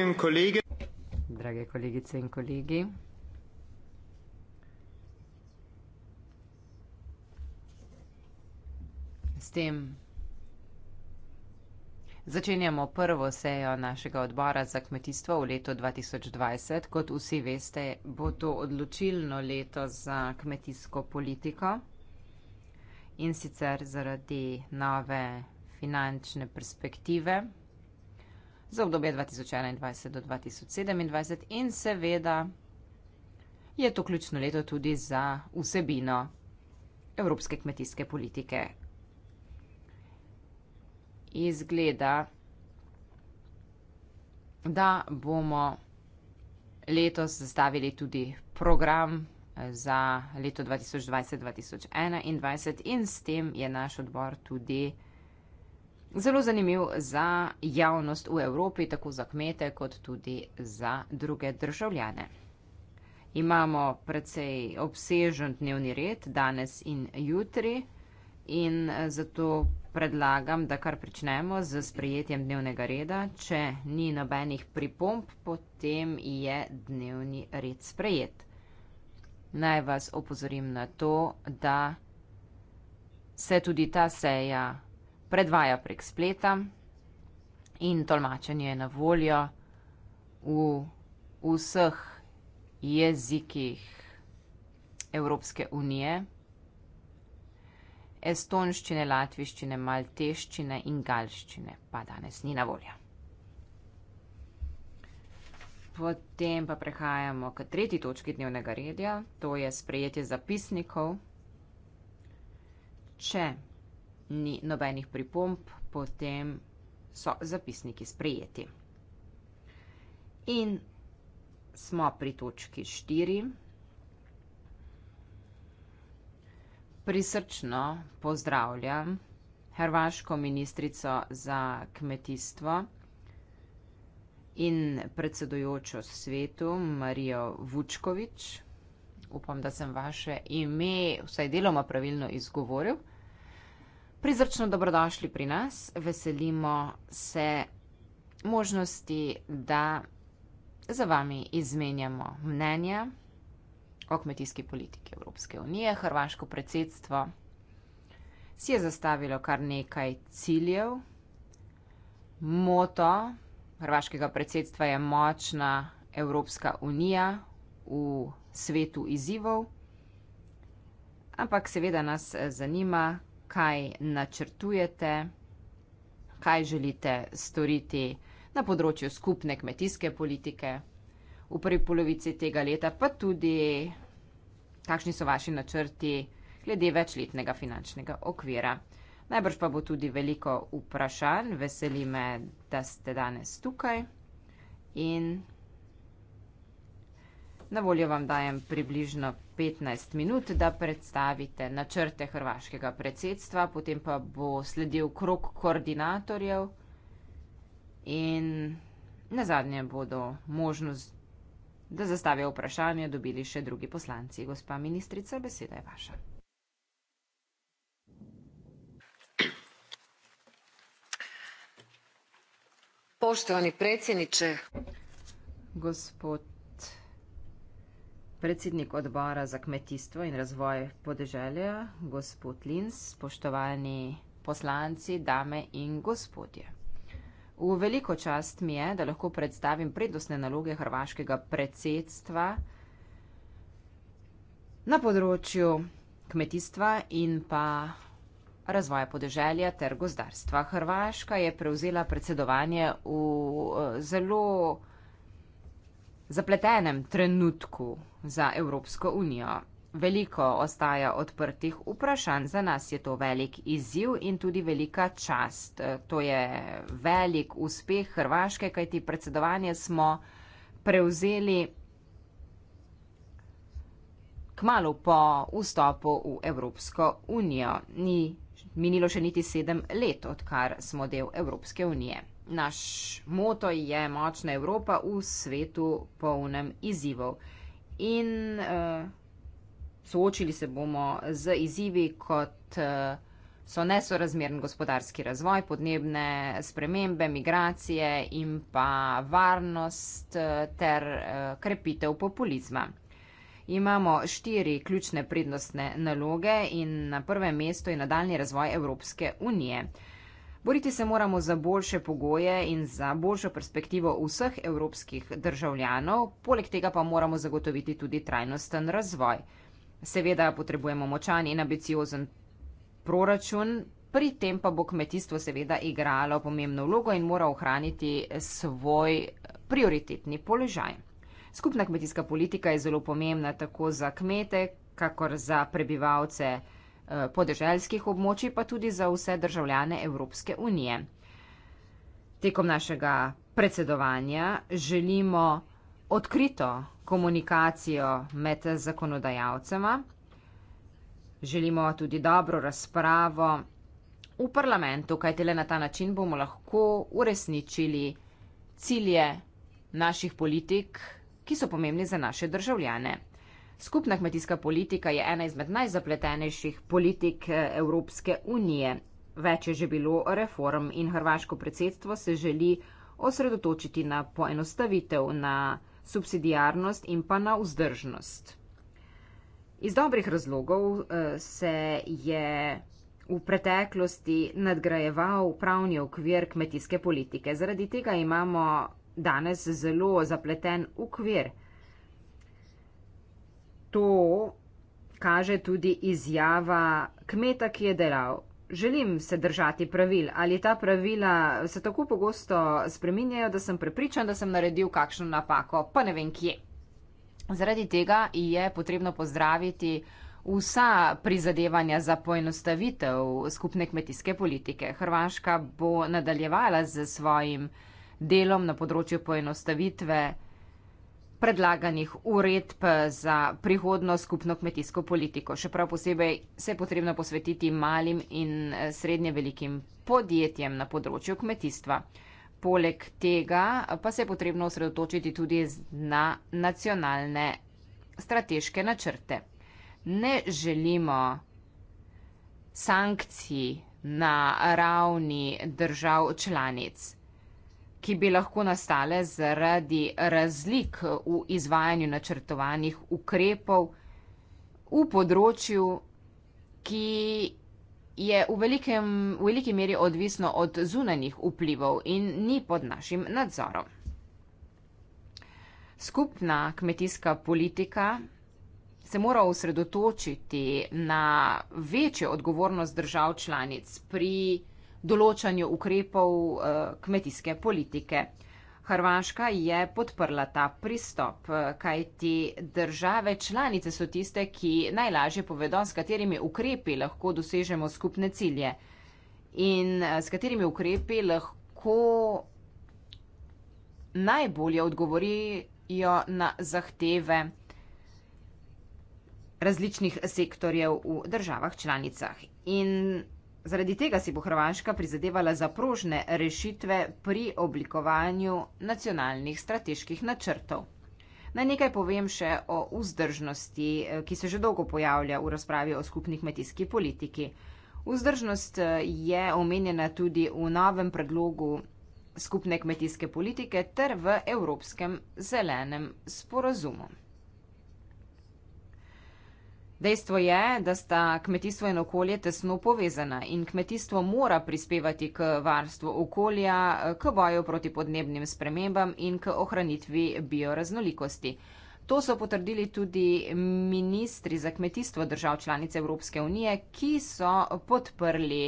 in kolege. Drage kolegice in kolegi. S tem začenjamo prvo sejo našega odbora za kmetijstvo v letu 2020. Kot vsi veste, bo to odločilno leto za kmetijsko politiko in sicer zaradi nove finančne perspektive za obdobje 2021 do 2027 in seveda je to ključno leto tudi za vsebino evropske kmetijske politike. Izgleda, da bomo letos zastavili tudi program eh, za leto 2020-2021 in s tem je naš odbor tudi zelo zanimiv za javnost v Evropi, tako za kmete, kot tudi za druge državljane. Imamo precej obsežen dnevni red danes in jutri in zato predlagam, da kar pričnemo z sprejetjem dnevnega reda. Če ni nobenih pripomp, potem je dnevni red sprejet. Naj vas opozorim na to, da se tudi ta seja predvaja prek spleta in tolmačenje je na voljo v vseh jezikih Evropske unije, estonščine, latviščine, malteščine in galščine pa danes ni na voljo. Potem pa prehajamo k tretji točki dnevnega reda, to je sprejetje zapisnikov. Če ni nobenih pripomb, potem so zapisniki sprejeti. In smo pri točki štiri. Prisrčno pozdravljam hrvaško ministrico za kmetijstvo in predsedujočo svetu Marijo Vučkovič. Upam, da sem vaše ime vsaj deloma pravilno izgovoril. Prizrčno dobrodošli pri nas, veselimo se možnosti, da za vami izmenjamo mnenja o kmetijski politiki Evropske unije. Hrvaško predsedstvo si je zastavilo kar nekaj ciljev. Moto hrvaškega predsedstva je močna Evropska unija v svetu izzivov. Ampak seveda nas zanima, kaj načrtujete, kaj želite storiti na področju skupne kmetijske politike v prvi polovici tega leta, pa tudi kakšni so vaši načrti glede večletnega finančnega okvira. Najbrž pa bo tudi veliko vprašanj. Veseli me, da ste danes tukaj in na voljo vam dajem približno 15 minut, da predstavite načrte hrvaškega predsedstva, potem pa bo sledil krok koordinatorjev in na zadnje bodo možnost, da zastavijo vprašanje, dobili še drugi poslanci. Gospa ministrica, beseda je vaša. Poštovani predsjedniče. Gospod Predsednik odbora za kmetijstvo in razvoj podeželja, gospod Lins, spoštovani poslanci, dame in gospodje. V veliko čast mi je, da lahko predstavim prednostne naloge hrvaškega predsedstva na področju kmetijstva in pa razvoja podeželja ter gozdarstva. Hrvaška je prevzela predsedovanje v eh, zelo zapletenem trenutku za Evropsko unijo. Veliko ostaja odprtih vprašanj, za nas je to velik izziv in tudi velika čast. To je velik uspeh Hrvaške, kajti predsedovanje smo prevzeli kmalo po vstopu v Evropsko unijo. Ni minilo še niti sedem let, odkar smo del Evropske unije. Naš moto je močna Evropa v svetu polnem izzivov. In uh, soočili se bomo z izzivi, kot uh, so nesorazmeren gospodarski razvoj, podnebne spremembe, migracije in pa varnost eh, ter uh, krepitev populizma. Imamo štiri ključne prednostne naloge in na prvem mestu je nadaljni razvoj Evropske unije. Boriti se moramo za boljše pogoje in za boljšo perspektivo vseh evropskih državljanov, poleg tega pa moramo zagotoviti tudi trajnosten razvoj. Seveda potrebujemo močan in ambiciozen proračun, pri tem pa bo kmetijstvo seveda igralo pomembno vlogo in mora ohraniti svoj prioritetni položaj. Skupna kmetijska politika je zelo pomembna tako za kmete, kakor za prebivalce. Eh, podeželskih območij, pa tudi za vse državljane Evropske unije. Tekom našega predsedovanja želimo odkrito komunikacijo med zakonodajalcema, želimo tudi dobro razpravo v parlamentu, kajte le na ta način bomo lahko uresničili cilje naših politik, ki so pomembni za naše državljane. Skupna kmetijska politika je ena izmed najzapletenejših politik eh, Evropske unije. Več je že bilo reform in hrvaško predsedstvo se želi osredotočiti na poenostavitev, na subsidijarnost in pa na vzdržnost. Iz dobrih razlogov eh, se je v preteklosti nadgrajeval pravni okvir kmetijske politike. Zaradi tega imamo danes zelo zapleten okvir to kaže tudi izjava kmeta, ki je delal. Želim se držati pravil, ali ta pravila se tako pogosto spreminjajo, da sem prepričan, da sem naredil kakšno napako, pa ne vem kje. Zaradi tega je potrebno pozdraviti vsa prizadevanja za poenostavitev skupne kmetijske politike. Hrvaška bo nadaljevala z svojim delom na področju poenostavitve predlaganih uredb za prihodno skupno kmetijsko politiko. Še prav posebej se je potrebno posvetiti malim in eh, srednje velikim podjetjem na področju kmetijstva. Poleg tega eh, pa se je potrebno osredotočiti tudi na nacionalne strateške načrte. Ne želimo sankcij na ravni držav članic ki bi lahko nastale zaradi razlik v izvajanju načrtovanih ukrepov v področju, ki je v, velikem, v veliki meri odvisno od zunanjih vplivov in ni pod našim nadzorom. Skupna kmetijska politika se mora osredotočiti na večjo odgovornost držav članic pri določanju ukrepov eh, kmetijske politike. Hrvaška je podprla ta pristop, eh, kajti države članice so tiste, ki najlažje povedo, s katerimi ukrepi lahko dosežemo skupne cilje in eh, s katerimi ukrepi lahko najbolje odgovorijo na zahteve različnih sektorjev v državah članicah. In Zaradi tega si bo Hrvaška prizadevala za prožne rešitve pri oblikovanju nacionalnih strateških načrtov. Naj nekaj povem še o vzdržnosti, eh, ki se že dolgo pojavlja v razpravi o skupni kmetijski politiki. Vzdržnost eh, je omenjena tudi v novem predlogu skupne kmetijske politike ter v Evropskem zelenem sporazumu. Dejstvo je, da sta kmetijstvo in okolje tesno povezana in kmetijstvo mora prispevati k varstvu okolja, k boju proti podnebnim spremembam in k ohranitvi bioraznolikosti. To so potrdili tudi ministri za kmetijstvo držav članic Evropske unije, ki so podprli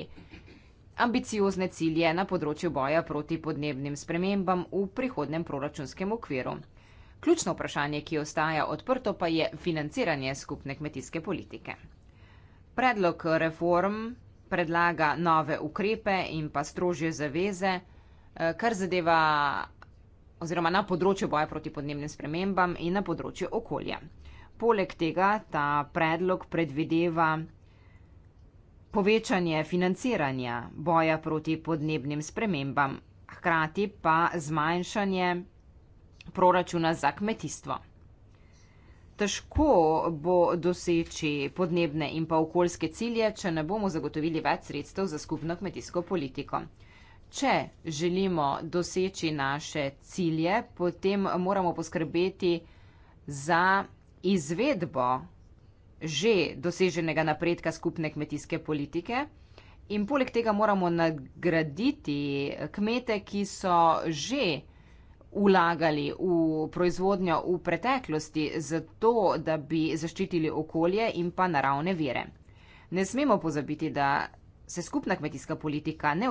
ambiciozne cilje na področju boja proti podnebnim spremembam v prihodnem proračunskem okviru. Ključno vprašanje, ki ostaja odprto, pa je financiranje skupne kmetijske politike. Predlog reform predlaga nove ukrepe in pa strožje zaveze, eh, kar zadeva oziroma na področju boja proti podnebnim spremembam in na področju okolja. Poleg tega ta predlog predvideva povečanje financiranja boja proti podnebnim spremembam, hkrati pa zmanjšanje proračuna za kmetijstvo. Težko bo doseči podnebne in pa okoljske cilje, če ne bomo zagotovili več sredstev za skupno kmetijsko politiko. Če želimo doseči naše cilje, potem moramo poskrbeti za izvedbo že doseženega napredka skupne kmetijske politike in poleg tega moramo nagraditi kmete, ki so že vlagali v proizvodnjo v preteklosti, zato da bi zaščitili okolje in pa naravne vire. Ne smemo pozabiti, da se skupna kmetijska politika ne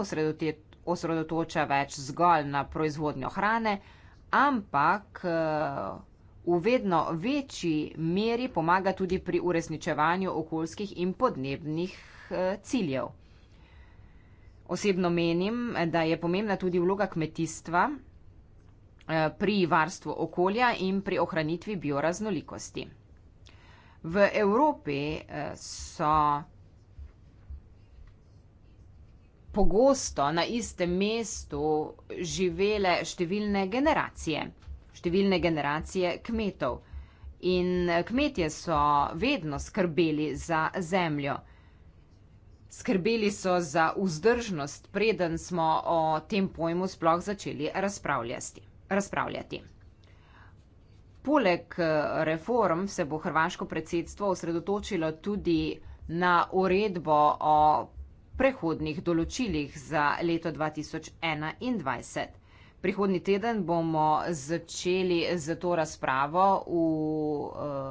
osredotoča več zgolj na proizvodnjo hrane, ampak v vedno večji meri pomaga tudi pri uresničevanju okoljskih in podnebnih ciljev. Osebno menim, da je pomembna tudi vloga kmetijstva, Eh, pri varstvu okolja in pri ohranitvi bioraznolikosti. V Evropi eh, so pogosto na istem mestu živele številne generacije, številne generacije kmetov. In eh, kmetje so vedno skrbeli za zemljo. Skrbeli so za vzdržnost, preden smo o tem pojmu sploh začeli razpravljati razpravljati. Poleg eh, reform se bo hrvaško predsedstvo osredotočilo tudi na uredbo o prehodnih določilih za leto 2021. Prihodni teden bomo začeli z to razpravo v uh,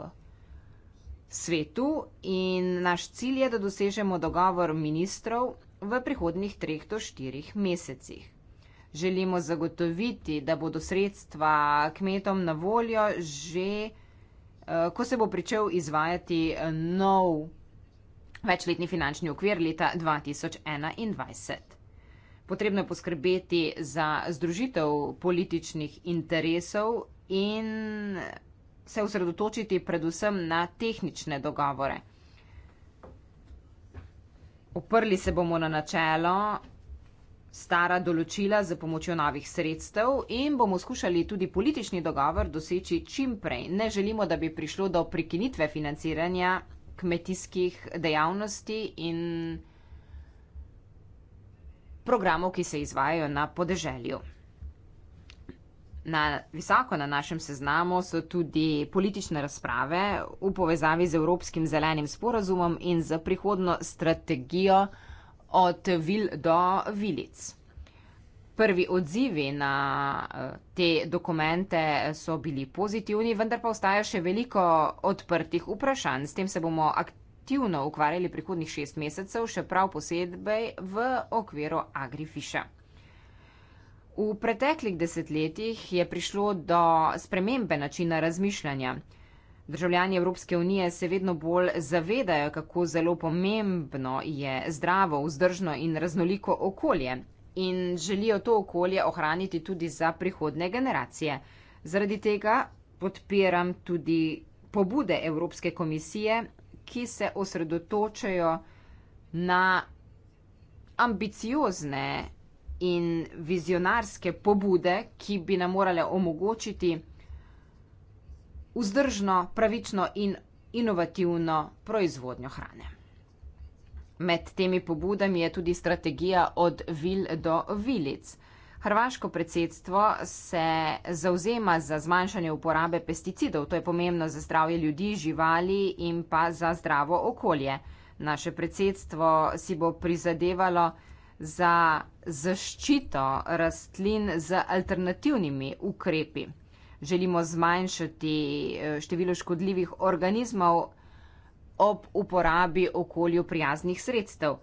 svetu in naš cilj je, da dosežemo dogovor ministrov v prihodnih treh do štirih mesecih želimo zagotoviti, da bodo sredstva kmetom na voljo že, eh, ko se bo pričel izvajati eh, nov večletni finančni okvir leta 2021. Potrebno je poskrbeti za združitev političnih interesov in se osredotočiti predvsem na tehnične dogovore. Oprli se bomo na načelo, stara določila z pomočjo novih sredstev in bomo skušali tudi politični dogovor doseči čim prej. Ne želimo, da bi prišlo do prekinitve financiranja kmetijskih dejavnosti in programov, ki se izvajajo na podeželju. Na visoko na našem seznamu so tudi politične razprave v povezavi z Evropskim zelenim sporazumom in z prihodno strategijo od vil do vilic. Prvi odzivi na eh, te dokumente so bili pozitivni, vendar pa ostaja še veliko odprtih vprašanj. S tem se bomo aktivno ukvarjali prihodnih šest mesecev, še prav posebej v okviru Agrifiša. V preteklih desetletjih je prišlo do spremembe načina razmišljanja. Državljani Evropske unije se vedno bolj zavedajo, kako zelo pomembno je zdravo, vzdržno in raznoliko okolje in želijo to okolje ohraniti tudi za prihodne generacije. Zaradi tega podpiram tudi pobude Evropske komisije, ki se osredotočajo na ambiciozne in vizionarske pobude, ki bi nam morale omogočiti, vzdržno, pravično in inovativno proizvodnjo hrane. Med temi pobudami je tudi strategija od vil do vilic. Hrvaško predsedstvo se zauzema za zmanjšanje uporabe pesticidov, to je pomembno za zdravje ljudi, živali in pa za zdravo okolje. Naše predsedstvo si bo prizadevalo za zaščito rastlin z alternativnimi ukrepi želimo zmanjšati eh, število škodljivih organizmov ob uporabi okolju prijaznih sredstev.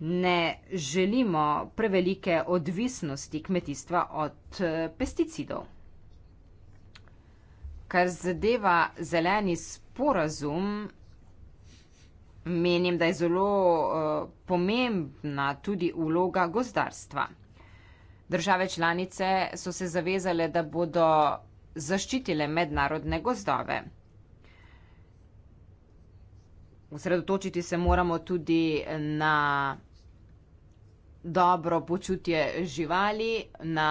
Ne želimo prevelike odvisnosti kmetijstva od eh, pesticidov. Kar zadeva zeleni sporazum, menim, da je zelo eh, pomembna tudi vloga gozdarstva. Države članice so se zavezale, da bodo zaščitile mednarodne gozdove. Osredotočiti se moramo tudi na dobro počutje živali, na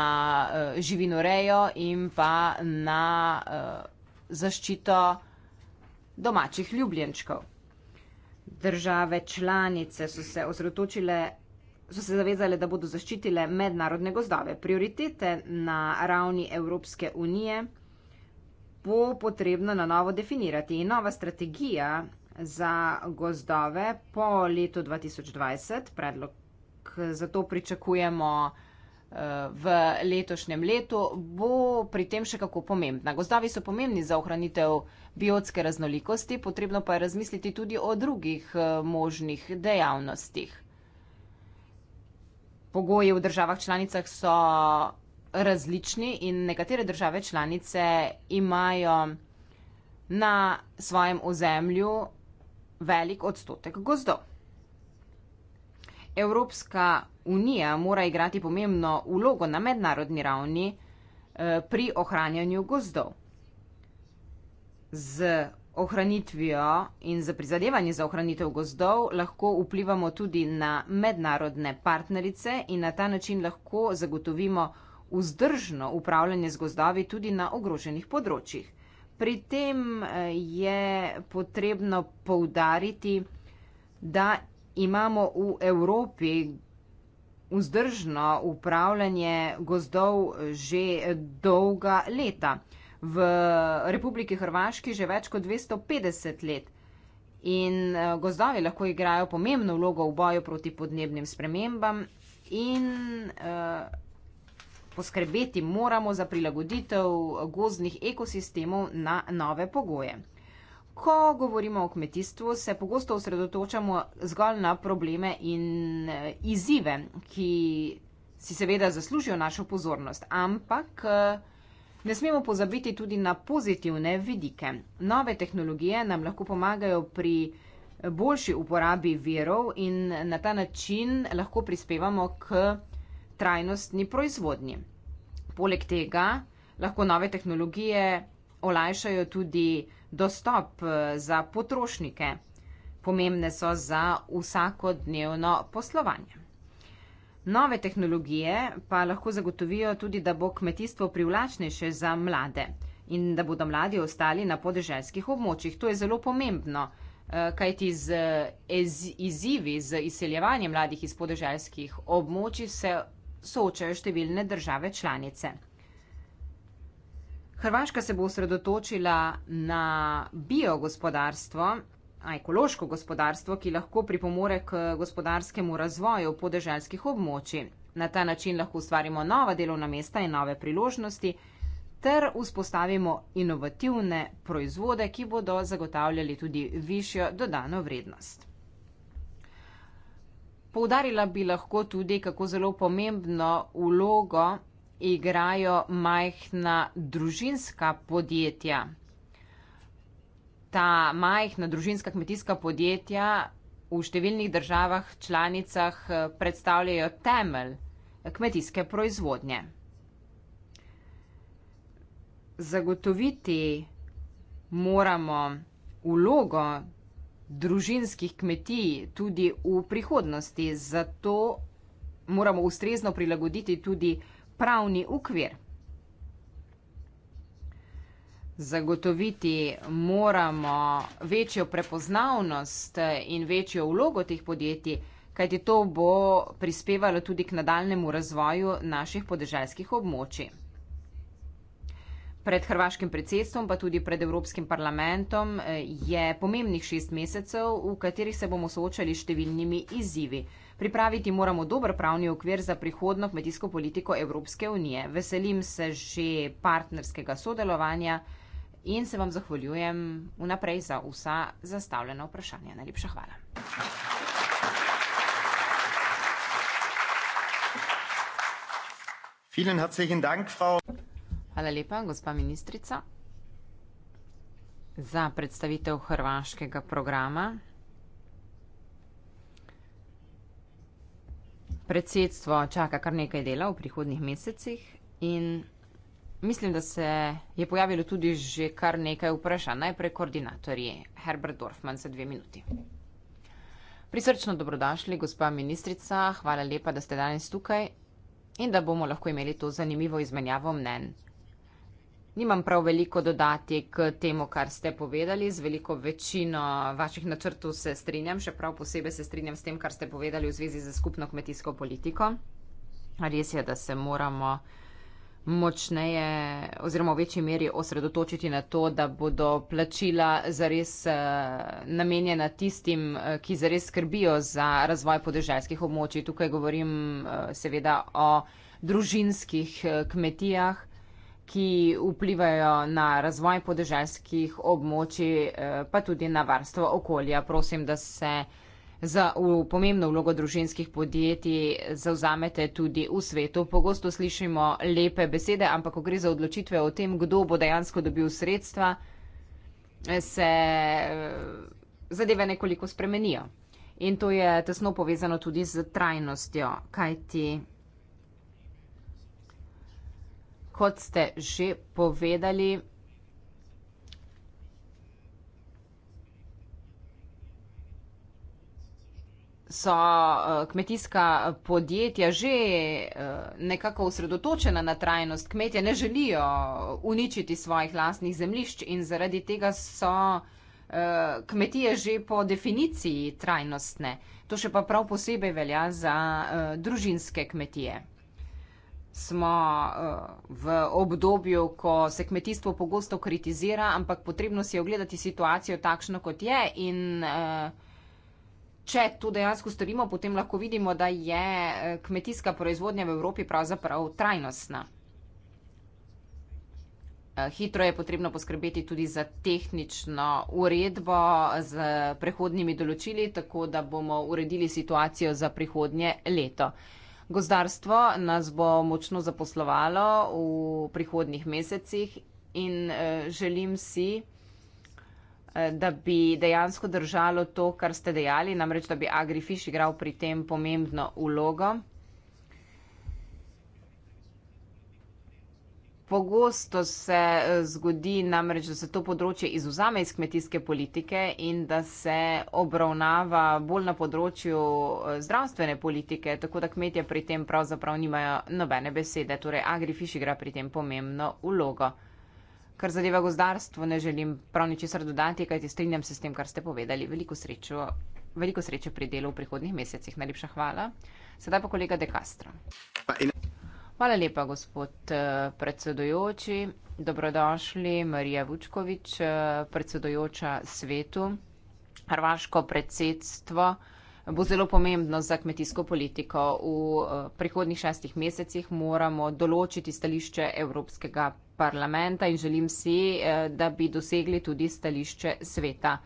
eh, živinorejo in pa na eh, zaščito domačih ljubljenčkov. Države članice so se osredotočile vsega, so se zavezale, da bodo zaščitile mednarodne gozdove. Prioritete na ravni Evropske unije bo potrebno na novo definirati. Nova strategija za gozdove po letu 2020, predlog za to pričakujemo eh, v letošnjem letu, bo pri tem še kako pomembna. Gozdovi so pomembni za ohranitev biotske raznolikosti, potrebno pa je razmisliti tudi o drugih eh, možnih dejavnostih pogoji v državah članicah so različni in nekatere države članice imajo na svojem ozemlju velik odstotek gozdov. Evropska unija mora igrati pomembno vlogo na mednarodni ravni eh, pri ohranjanju gozdov. Z ohranitvijo in za prizadevanje za ohranitev gozdov lahko vplivamo tudi na mednarodne partnerice in na ta način lahko zagotovimo vzdržno upravljanje z gozdovi tudi na ogroženih področjih. Pri tem eh, je potrebno poudariti, da imamo v Evropi vzdržno upravljanje gozdov že dolga leta v Republiki Hrvaški že več kot 250 let. In eh, gozdovi lahko igrajo pomembno vlogo v boju proti podnebnim spremembam in uh, poskrbeti moramo za prilagoditev gozdnih ekosistemov na nove pogoje. Ko govorimo o kmetijstvu, se pogosto osredotočamo zgolj na probleme in eh, izzive, ki si seveda zaslužijo našo pozornost, ampak uh, Ne smemo pozabiti tudi na pozitivne vidike. Nove tehnologije nam lahko pomagajo pri boljši uporabi virov in na ta način lahko prispevamo k trajnostni proizvodnji. Poleg tega lahko nove tehnologije olajšajo tudi dostop eh, za potrošnike. Pomembne so za vsakodnevno poslovanje. Nove tehnologije pa lahko zagotovijo tudi, da bo kmetijstvo privlačnejše za mlade in da bodo mladi ostali na podeželskih območjih. To je zelo pomembno, eh, kajti z izzivi, z izseljevanjem mladih iz podeželskih območij se soočajo številne države članice. Hrvaška se bo osredotočila na biogospodarstvo, a ekološko gospodarstvo, ki lahko pripomore k gospodarskemu razvoju podeželskih območij. Na ta način lahko ustvarimo nova delovna mesta in nove priložnosti ter vzpostavimo inovativne proizvode, ki bodo zagotavljali tudi višjo dodano vrednost. Poudarila bi lahko tudi, kako zelo pomembno vlogo igrajo majhna družinska podjetja ta majhna družinska kmetijska podjetja v številnih državah članicah eh, predstavljajo temelj kmetijske proizvodnje. Zagotoviti moramo vlogo družinskih kmetij tudi v prihodnosti, zato moramo ustrezno prilagoditi tudi pravni ukvir. Zagotoviti moramo večjo prepoznavnost in večjo vlogo teh podjetij, kajti to bo prispevalo tudi k nadaljnemu razvoju naših podeželskih območij. Pred hrvaškim predsedstvom, pa tudi pred Evropskim parlamentom, je pomembnih šest mesecev, v katerih se bomo soočali s številnimi izzivi. Pripraviti moramo dober pravni okvir za prihodno kmetijsko politiko Evropske unije. Veselim se že partnerskega sodelovanja in se vam zahvaljujem vnaprej za vsa zastavljena vprašanja. Najlepša hvala. Hvala lepa, gospa ministrica, za predstavitev hrvaškega programa. Predsedstvo čaka kar nekaj dela v prihodnjih mesecih in Mislim, da se je pojavilo tudi že kar nekaj vprašanj. Najprej koordinatorji Herbert Dorfman za dve minuti. Prisrčno dobrodošli, gospa ministrica. Hvala lepa, da ste danes tukaj in da bomo lahko imeli to zanimivo izmenjavo mnen. Nimam prav veliko dodati k temu, kar ste povedali. Z veliko večino vaših načrtov se strinjam, še prav posebej se strinjam s tem, kar ste povedali v zvezi z skupno kmetijsko politiko. Res je, da se moramo močneje oziroma v večji meri osredotočiti na to, da bodo plačila zares eh, namenjena tistim, eh, ki zares skrbijo za razvoj podeželskih območij. Tukaj govorim eh, seveda o družinskih kmetijah, ki vplivajo na razvoj podeželskih območij, pa tudi na varstvo okolja. Prosim, da se za pomembno vlogo družinskih podjetij zauzamete tudi v svetu. Pogosto slišimo lepe besede, ampak ko gre za odločitve o tem, kdo bo dejansko dobil sredstva, se eh, zadeve nekoliko spremenijo. In to je tesno povezano tudi z trajnostjo, kajti. Kot ste že povedali, so eh, kmetijska podjetja že eh, nekako osredotočena na trajnost. Kmetje ne želijo eh, uničiti svojih lastnih zemljišč in zaradi tega so kmetije že po definiciji trajnostne. To še pa prav posebej velja za družinske kmetije. Smo v obdobju, ko se kmetijstvo pogosto kritizira, ampak potrebno si je ogledati situacijo takšno, kot je in eh, če to dejansko storimo, potem lahko vidimo, da je eh, kmetijska proizvodnja v Evropi pravzaprav trajnostna. Eh, hitro je potrebno poskrbeti tudi za tehnično uredbo z prehodnimi določili, tako da bomo uredili situacijo za prihodnje leto. Gozdarstvo nas bo močno zaposlovalo v prihodnih mesecih in eh, želim si, Eh, da bi dejansko držalo to, kar ste dejali, namreč da bi Agrifiš igral pri tem pomembno ulogo. Pogosto se eh, zgodi namreč, da se to področje izuzame iz kmetijske politike in da se obravnava bolj na področju eh, zdravstvene politike, tako da kmetje pri tem pravzaprav nimajo nobene besede. Torej, Agrifiš igra pri tem pomembno ulogo kar zadeva gozdarstvo, ne želim prav ničesar dodati, kajti strinjam se s tem, kar ste povedali. Veliko, srečo, veliko sreče pri delu v prihodnih mesecih. Najlepša hvala. Sedaj pa kolega De Castro. Hvala lepa, gospod eh, predsedujoči. Dobrodošli, Marija Vučkovič, eh, predsedujoča svetu. Hrvaško predsedstvo bo zelo pomembno za kmetijsko politiko. V eh, prihodnih šestih mesecih moramo določiti stališče Evropskega parlamenta in želim si, eh, da bi dosegli tudi stališče sveta.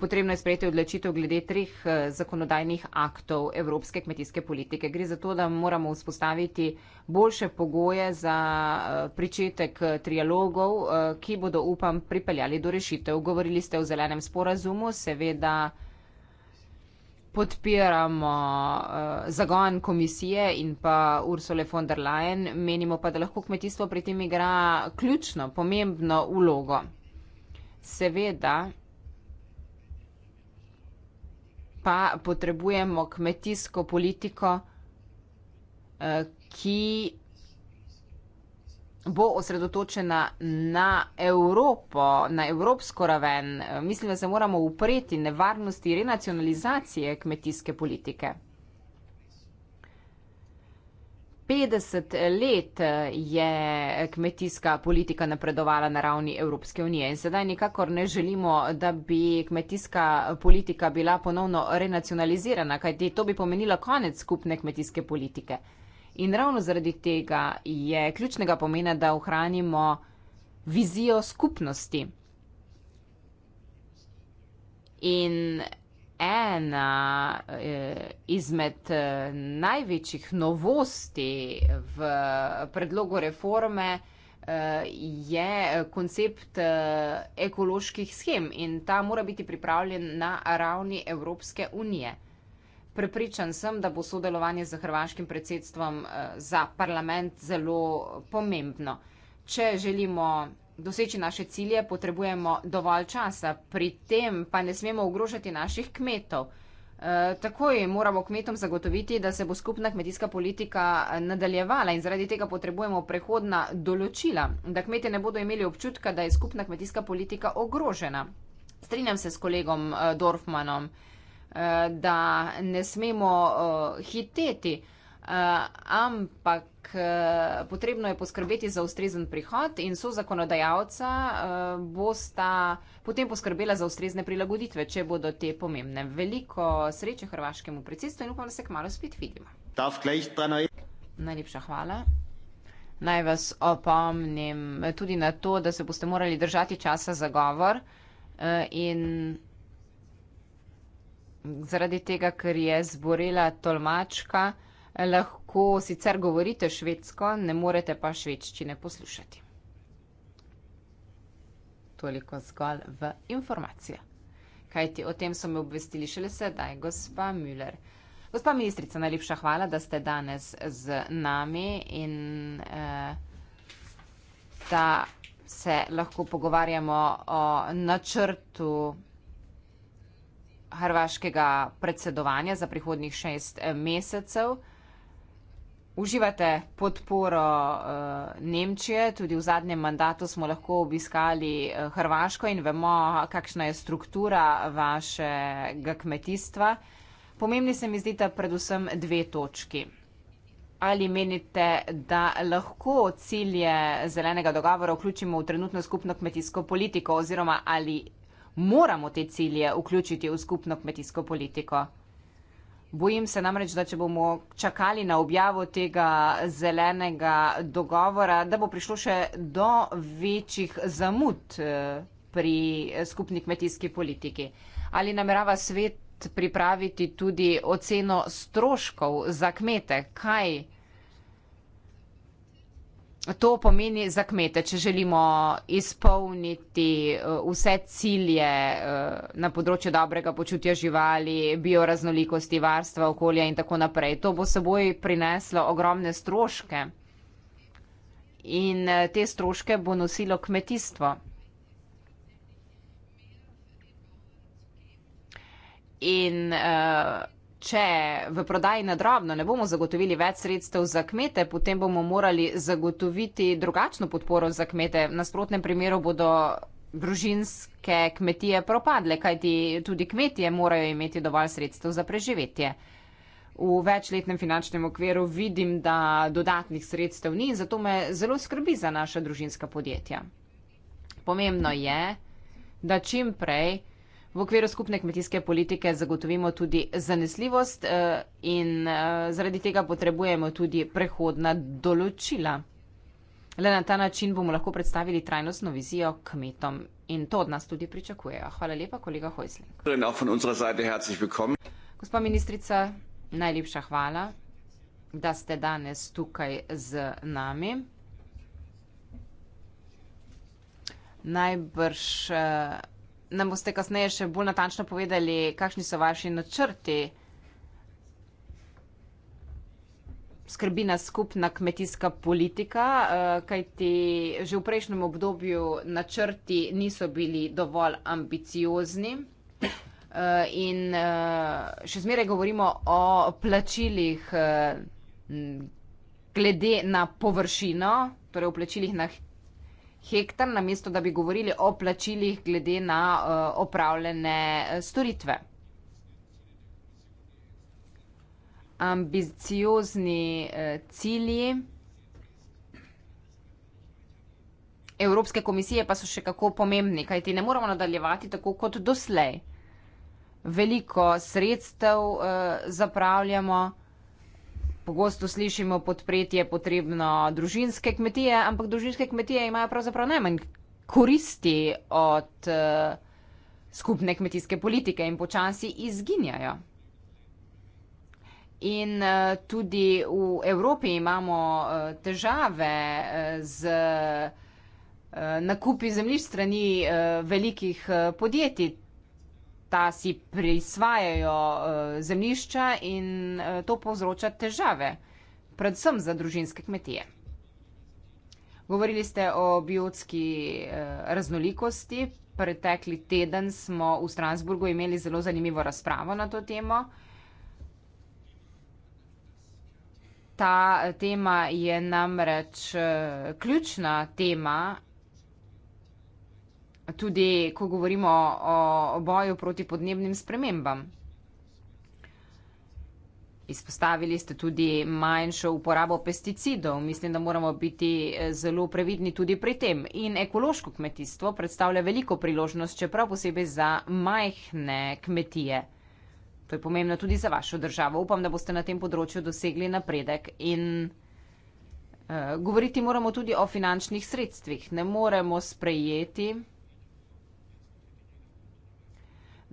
Potrebno je sprejeti odločitev glede treh eh, zakonodajnih aktov evropske kmetijske politike. Gre za to, da moramo vzpostaviti boljše pogoje za eh, pričetek trialogov, ki bodo, upam, pripeljali do rešitev. Govorili ste o zelenem sporazumu, seveda podpiramo uh, zagon komisije in pa Ursula von der Leyen, menimo pa, da lahko kmetijstvo pri tem igra ključno, pomembno ulogo. Seveda pa potrebujemo kmetijsko politiko, uh, ki bo osredotočena na Evropo, na evropsko raven. Mislim, da se moramo upreti nevarnosti renacionalizacije kmetijske politike. 50 let je kmetijska politika napredovala na ravni Evropske unije in sedaj nikakor ne želimo, da bi kmetijska politika bila ponovno renacionalizirana, kajti to bi pomenilo konec skupne kmetijske politike. In ravno zaradi tega je ključnega pomena, da ohranimo vizijo skupnosti. In ena eh, izmed eh, največjih novosti v predlogu reforme eh, je koncept ekoloških schem in ta mora biti pripravljen na ravni Evropske unije. Prepričan sem, da bo sodelovanje z hrvaškim predsedstvom eh, za parlament zelo pomembno. Če želimo doseči naše cilje, potrebujemo dovolj časa, pri tem pa ne smemo ogrožati naših kmetov. E, takoj moramo kmetom zagotoviti, da se bo skupna kmetijska politika eh, nadaljevala in zaradi tega potrebujemo prehodna določila, da kmete ne bodo imeli občutka, da je skupna kmetijska politika ogrožena. Strinjam se s kolegom Dorfmanom. Eh, da ne smemo eh, hiteti, eh, ampak potrebno je poskrbeti za ustrezen prihod in so zakonodajalca bosta potem poskrbela za ustrezne prilagoditve, če bodo te pomembne. Veliko sreče hrvaškemu predsedstvu in upam, da se kmalo spet vidimo. Najlepša hvala. Naj vas opomnim tudi na to, da se boste morali držati časa za govor in zaradi tega, ker je zborela tolmačka, lahko sicer govorite švedsko, ne morete pa švedščine poslušati. Toliko zgolj v informacijo. Kajti o tem so me obvestili šele sedaj, gospa Müller. Gospa ministrica, najlepša hvala, da ste danes z nami in eh, da se lahko pogovarjamo o načrtu hrvaškega predsedovanja za prihodnih šest eh, mesecev. Uživate podporo eh, Nemčije, tudi v zadnjem mandatu smo lahko obiskali eh, Hrvaško in vemo, kakšna je struktura vašega kmetijstva. Pomembni se mi zdita predvsem dve točki. Ali menite, da lahko cilje zelenega dogovora vključimo v trenutno skupno kmetijsko politiko oziroma ali moramo te cilje vključiti v skupno kmetijsko politiko. Bojim se namreč, da če bomo čakali na objavo tega zelenega dogovora, da bo prišlo še do večjih zamud eh, pri skupni kmetijski politiki. Ali namerava svet pripraviti tudi oceno stroškov za kmete, kaj to pomeni za kmete, če želimo izpolniti uh, vse cilje uh, na področju dobrega počutja živali, bioraznolikosti, varstva okolja in tako naprej. To bo seboj prineslo ogromne stroške in uh, te stroške bo nosilo kmetijstvo. In uh, če v prodaji nadrobno ne bomo zagotovili več sredstev za kmete, potem bomo morali zagotoviti drugačno podporo za kmete. V nasprotnem primeru bodo družinske kmetije propadle, kajti tudi kmetije morajo imeti dovolj sredstev za preživetje. V večletnem finančnem okviru vidim, da dodatnih sredstev ni in zato me zelo skrbi za naša družinska podjetja. Pomembno je, da čim prej V okviru skupne kmetijske politike zagotovimo tudi zanesljivost eh, in eh, zaradi tega potrebujemo tudi prehodna določila. Le na ta način bomo lahko predstavili trajnostno vizijo kmetom in to od nas tudi pričakujejo. Hvala lepa, kolega Hojsling. Gospa ministrica, najlepša hvala, da ste danes tukaj z nami. Najbrž. Uh, nam boste kasneje še bolj natančno povedali, kakšni so vaši načrti. Skrbi nas skupna kmetijska politika, eh, kajti že v prejšnjem obdobju načrti niso bili dovolj ambiciozni. Eh, in eh, še zmeraj govorimo o plačilih glede na površino, torej o plačilih na hektar, namesto da bi govorili o plačilih glede na uh, opravljene eh, storitve. Ambiciozni uh, cilji Evropske komisije pa so še kako pomembni, kajti ne moramo nadaljevati tako kot doslej. Veliko sredstev uh, zapravljamo. Pogosto slišimo podpretje potrebno družinske kmetije, ampak družinske kmetije imajo pravzaprav najmanj koristi od uh, skupne kmetijske politike in počasi izginjajo. In uh, tudi v Evropi imamo uh, težave uh, z uh, nakupi zemljišč strani uh, velikih uh, podjetij ta si prisvajajo uh, zemljišča in uh, to povzroča težave, predvsem za družinske kmetije. Govorili ste o biotski uh, raznolikosti. Pretekli teden smo v Strasburgu imeli zelo zanimivo razpravo na to temo. Ta tema je namreč ključna tema tudi ko govorimo o, o boju proti podnebnim spremembam. Izpostavili ste tudi manjšo uporabo pesticidov. Mislim, da moramo biti eh, zelo previdni tudi pri tem. In ekološko kmetijstvo predstavlja veliko priložnost, čeprav posebej za majhne kmetije. To je pomembno tudi za vašo državo. Upam, da boste na tem področju dosegli napredek. In uh, govoriti moramo tudi o finančnih sredstvih. Ne moremo sprejeti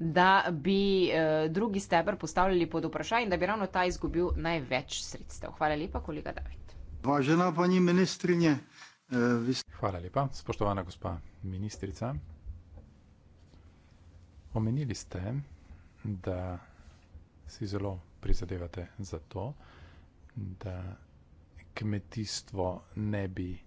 da bi eh, drugi stebr postavljali pod vprašanje in da bi ravno ta izgubil največ sredstev. Hvala lepa, kolega David. Važena pani ministrinje. Eh, Hvala lepa, spoštovana gospa ministrica. Omenili ste, da si zelo prizadevate za to, da kmetijstvo ne bi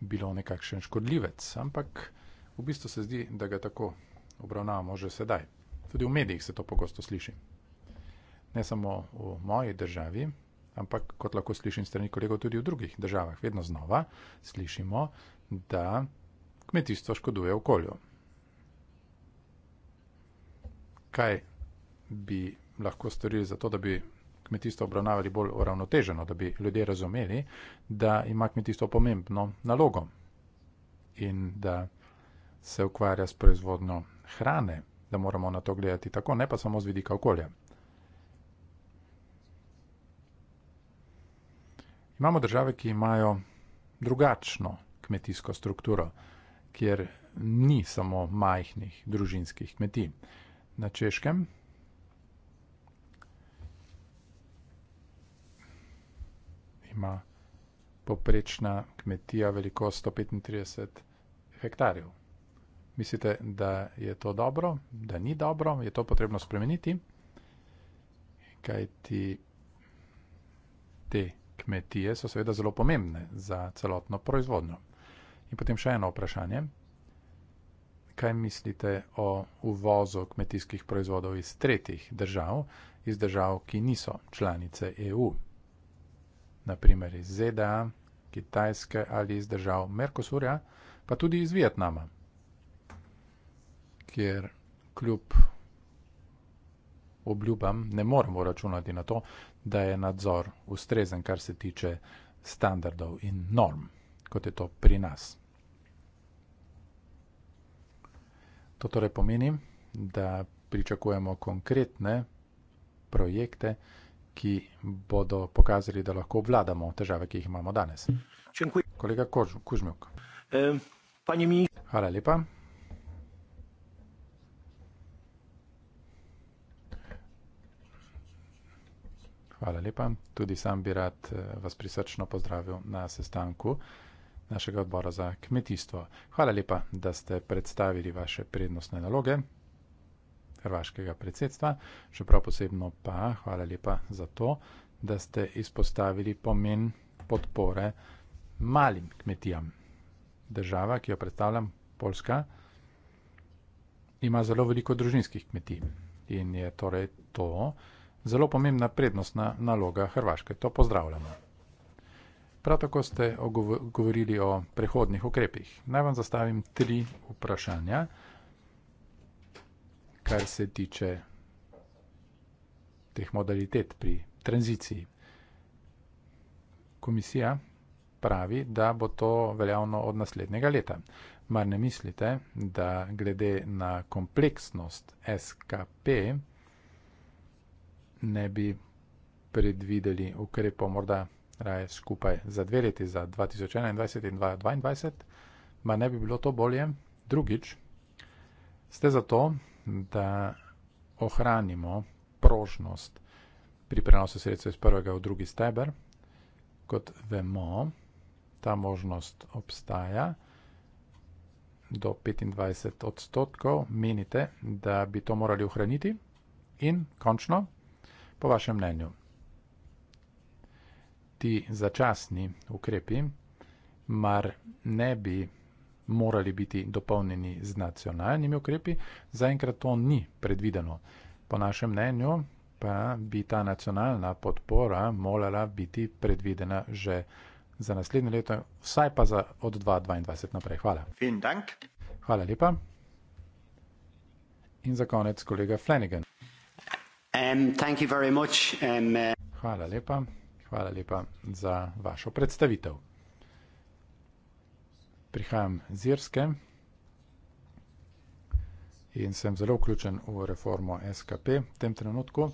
bilo nekakšen škodljivec, ampak v bistvu se zdi, da ga tako obravnavamo že sedaj. Tudi v medijih se to pogosto sliši. Ne samo v moji državi, ampak kot lahko slišim strani kolegov tudi v drugih državah. Vedno znova slišimo, da kmetijstvo škoduje okolju. Kaj bi lahko storili za to, da bi kmetijstvo obravnavali bolj uravnoteženo, da bi ljudje razumeli, da ima kmetijstvo pomembno nalogo in da se ukvarja s proizvodno hrane da moramo na to gledati tako, ne pa samo z vidika okolja. Imamo države, ki imajo drugačno kmetijsko strukturo, kjer ni samo majhnih družinskih kmetij. Na češkem ima poprečna kmetija velikost 135 hektarjev. Mislite, da je to dobro, da ni dobro, je to potrebno spremeniti, kaj ti te kmetije so seveda zelo pomembne za celotno proizvodnjo. In potem še eno vprašanje. Kaj mislite o uvozu kmetijskih proizvodov iz tretjih držav, iz držav, ki niso članice EU? Naprimer iz ZDA, Kitajske ali iz držav Merkosurja, pa tudi iz Vietnama, kjer kljub obljubam ne moremo računati na to, da je nadzor ustrezen, kar se tiče standardov in norm, kot je to pri nas. To torej pomeni, da pričakujemo konkretne projekte, ki bodo pokazali, da lahko obvladamo težave, ki jih imamo danes. Kolega Kožmjuk. Hvala lepa. hvala lepa. Tudi sam bi rad eh, vas prisrčno pozdravil na sestanku našega odbora za kmetijstvo. Hvala lepa, da ste predstavili vaše prednostne naloge hrvaškega predsedstva, še prav posebno pa hvala lepa za to, da ste izpostavili pomen podpore malim kmetijam. Država, ki jo predstavljam, Poljska, ima zelo veliko družinskih kmetij in je torej to, zelo pomembna prednostna naloga Hrvaške. To pozdravljamo. Prav tako ste govorili o prehodnih ukrepih. Naj vam zastavim tri vprašanja, kar se tiče teh modalitet pri tranziciji. Komisija pravi, da bo to veljavno od naslednjega leta. Mar ne mislite, da glede na kompleksnost SKP ne bi predvideli ukrepov morda raje skupaj za dve leti, za 2021 in 2022, ma ne bi bilo to bolje. Drugič, ste za to, da ohranimo prožnost pri prenosu sredstva iz prvega v drugi steber. Kot vemo, ta možnost obstaja do 25 odstotkov, menite, da bi to morali ohraniti. In končno, po vašem mnenju, ti začasni ukrepi mar ne bi morali biti dopolnjeni z nacionalnimi ukrepi, zaenkrat to ni predvideno. Po našem mnenju pa bi ta nacionalna podpora morala biti predvidena že za naslednje leto, vsaj pa za od 2022 naprej. Hvala. Hvala lepa. In za konec kolega Flanagan. Um, um, uh, Hvala lepa. Hvala lepa za vašo predstavitev. Prihajam z Irske in sem zelo vključen v reformo SKP v tem trenutku,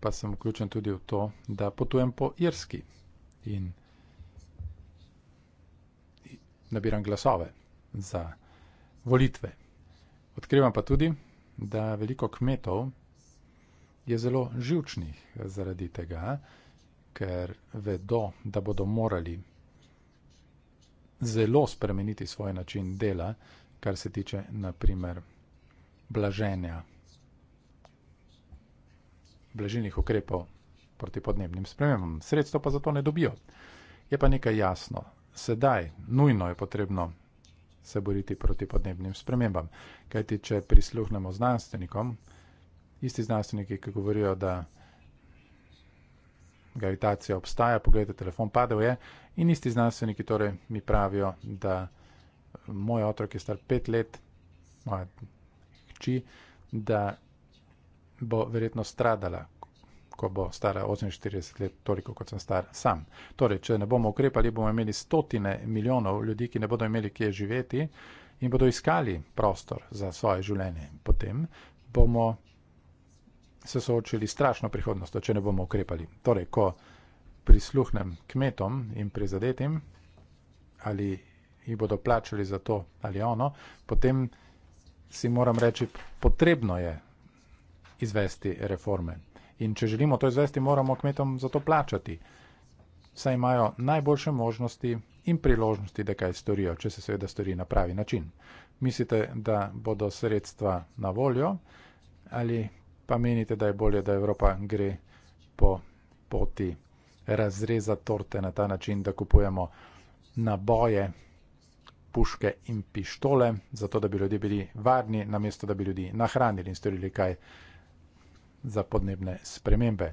pa sem vključen tudi v to, da potujem po Irski in nabiram glasove za volitve. Odkrivam pa tudi, da veliko kmetov, je zelo živčnih zaradi tega, ker vedo, da bodo morali zelo spremeniti svoj način dela, kar se tiče naprimer blaženja, blažilnih ukrepov proti podnebnim spremembam. Sredstvo pa zato ne dobijo. Je pa nekaj jasno. Sedaj nujno je potrebno se boriti proti podnebnim spremembam, kajti če prisluhnemo znanstvenikom, isti znanstveniki, ki govorijo, da gravitacija obstaja, pogledajte, telefon padel je, in isti znanstveniki torej mi pravijo, da moj otrok je star pet let, moja hči, da bo verjetno stradala, ko bo stara 48 let, toliko kot sem star sam. Torej, če ne bomo ukrepali, bomo imeli stotine milijonov ljudi, ki ne bodo imeli kje živeti in bodo iskali prostor za svoje življenje. Potem bomo se soočili s strašno prihodnostjo, če ne bomo ukrepali. Torej, ko prisluhnem kmetom in prizadetim, ali jih bodo plačali za to ali ono, potem si moram reči, potrebno je izvesti reforme. In če želimo to izvesti, moramo kmetom za to plačati. Saj imajo najboljše možnosti in priložnosti, da kaj storijo, če se seveda stori na pravi način. Mislite, da bodo sredstva na voljo ali pa menite, da je bolje, da Evropa gre po poti razreza torte na ta način, da kupujemo naboje, puške in pištole, zato da bi ljudje bili varni, namesto da bi ljudi nahranili in storili kaj za podnebne spremembe.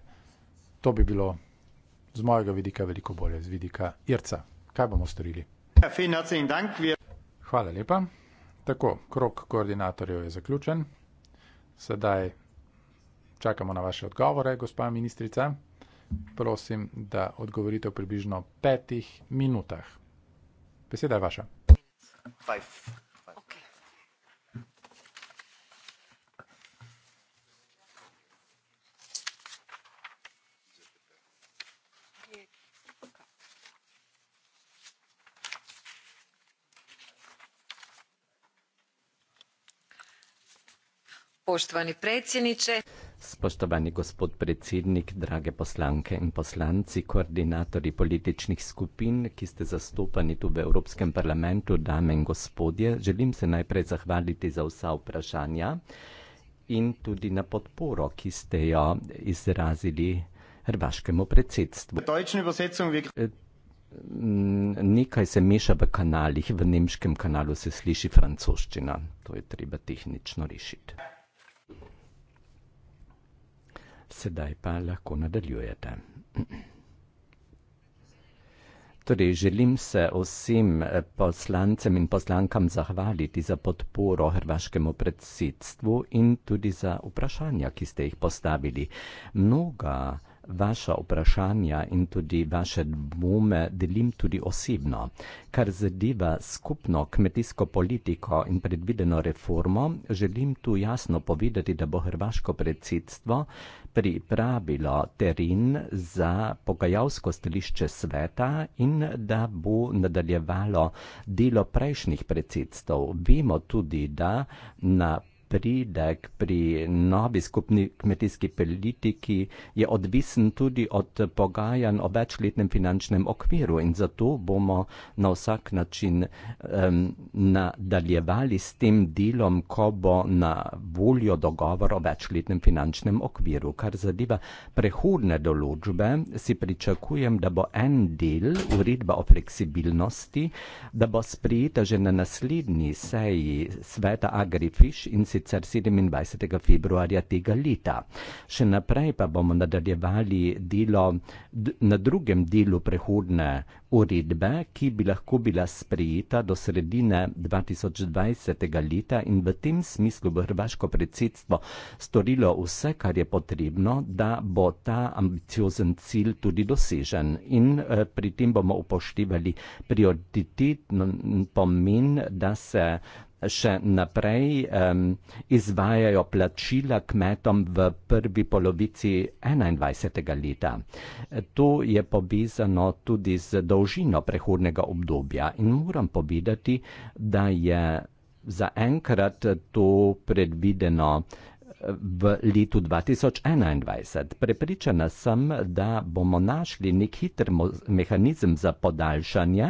To bi bilo z mojega vidika veliko bolje, z vidika Irca. Kaj bomo storili? Ja, Hvala lepa. Tako, krok koordinatorjev je zaključen. Sedaj Čakamo na vaše odgovore, gospa ministrica. Prosim, da odgovorite v približno petih minutah. Beseda je vaša. Poštovani predsjedniče. Spoštovani gospod predsednik, drage poslanke in poslanci, koordinatorji političnih skupin, ki ste zastopani tu v Evropskem parlamentu, dame in gospodje, želim se najprej zahvaliti za vsa vprašanja in tudi na podporo, ki ste jo izrazili hrvaškemu predsedstvu. Eh, nekaj se meša v kanalih, v nemškem kanalu se sliši francoščina, to je treba tehnično rešiti sedaj pa lahko nadaljujete. Torej, želim se vsem eh, poslancem in poslankam zahvaliti za podporo hrvaškemu predsedstvu in tudi za vprašanja, ki ste jih postavili. Mnoga vaša vprašanja in tudi vaše dvome delim tudi osebno. Kar zadeva skupno kmetijsko politiko in predvideno reformo, želim tu jasno povedati, da bo hrvaško predsedstvo pripravilo teren za pogajalsko stališče sveta in da bo nadaljevalo delo prejšnjih predsedstv. Vemo tudi, da na pridek pri novi skupni kmetijski politiki je odvisen tudi od pogajanj o večletnem finančnem okviru in zato bomo na vsak način um, nadaljevali s tem delom, ko bo na voljo dogovor o večletnem finančnem okviru. Kar zadeva prehodne določbe, si pričakujem, da bo en del uredba o fleksibilnosti, da bo sprijeta že na naslednji seji sveta Agrifish in si sicer 27. februarja tega leta. Še naprej pa bomo nadaljevali delo na drugem delu prehodne uredbe, ki bi lahko bila sprejeta do sredine 2020. leta in v tem smislu bo hrvaško predsedstvo storilo vse, kar je potrebno, da bo ta ambiciozen cilj tudi dosežen. In eh, pri tem bomo upoštevali prioritetno pomen, da se še naprej um, izvajajo plačila kmetom v prvi polovici 21. leta. To je povezano tudi z dolžino prehodnega obdobja in moram povedati, da je zaenkrat to predvideno v letu 2021. Prepričana sem, da bomo našli nek hiter mehanizem za podaljšanje,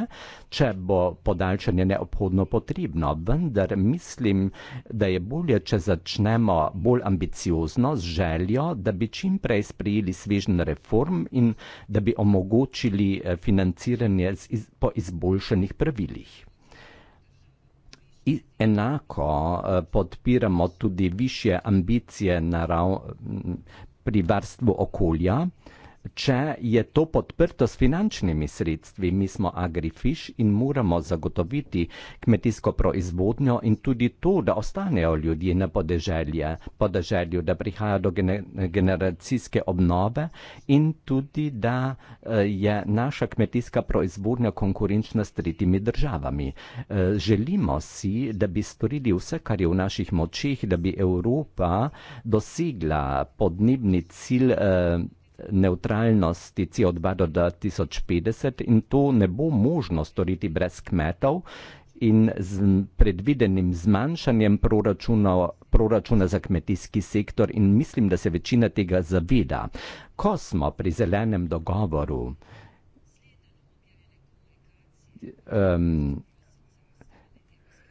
če bo podaljšanje neobhodno potrebno, vendar mislim, da je bolje, če začnemo bolj ambiciozno z željo, da bi čim prej sprejeli svežen reform in da bi omogočili eh, financiranje iz, po izboljšanih pravilih enako eh, podpiramo tudi višje ambicije na ravni pri varstvu okolja. Če je to podprto s finančnimi sredstvi, mi smo agrifiš in moramo zagotoviti kmetijsko proizvodnjo in tudi to, da ostanejo ljudje na podeželju, da prihaja do generacijske obnove in tudi, da eh, je naša kmetijska proizvodnja konkurenčna s tretjimi državami. Eh, želimo si, da bi storili vse, kar je v naših močih, da bi Evropa dosegla podnebni cilj eh, neutralnosti CO2 do 2050 in to ne bo možno storiti brez kmetov in z predvidenim zmanjšanjem proračuna, proračuna za kmetijski sektor in mislim, da se večina tega zaveda. Ko smo pri zelenem dogovoru, um,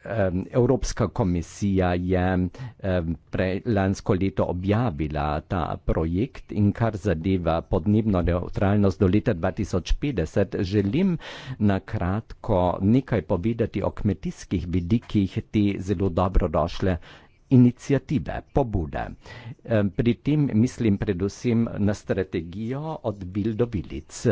um, Evropska komisija je um, pre, lansko leto objavila ta projekt in kar zadeva podnebno neutralnost do leta 2050, želim na kratko nekaj povedati o kmetijskih vidikih te zelo dobrodošle inicijative, pobude. Eh, pri tem mislim predvsem na strategijo od bil do bilic.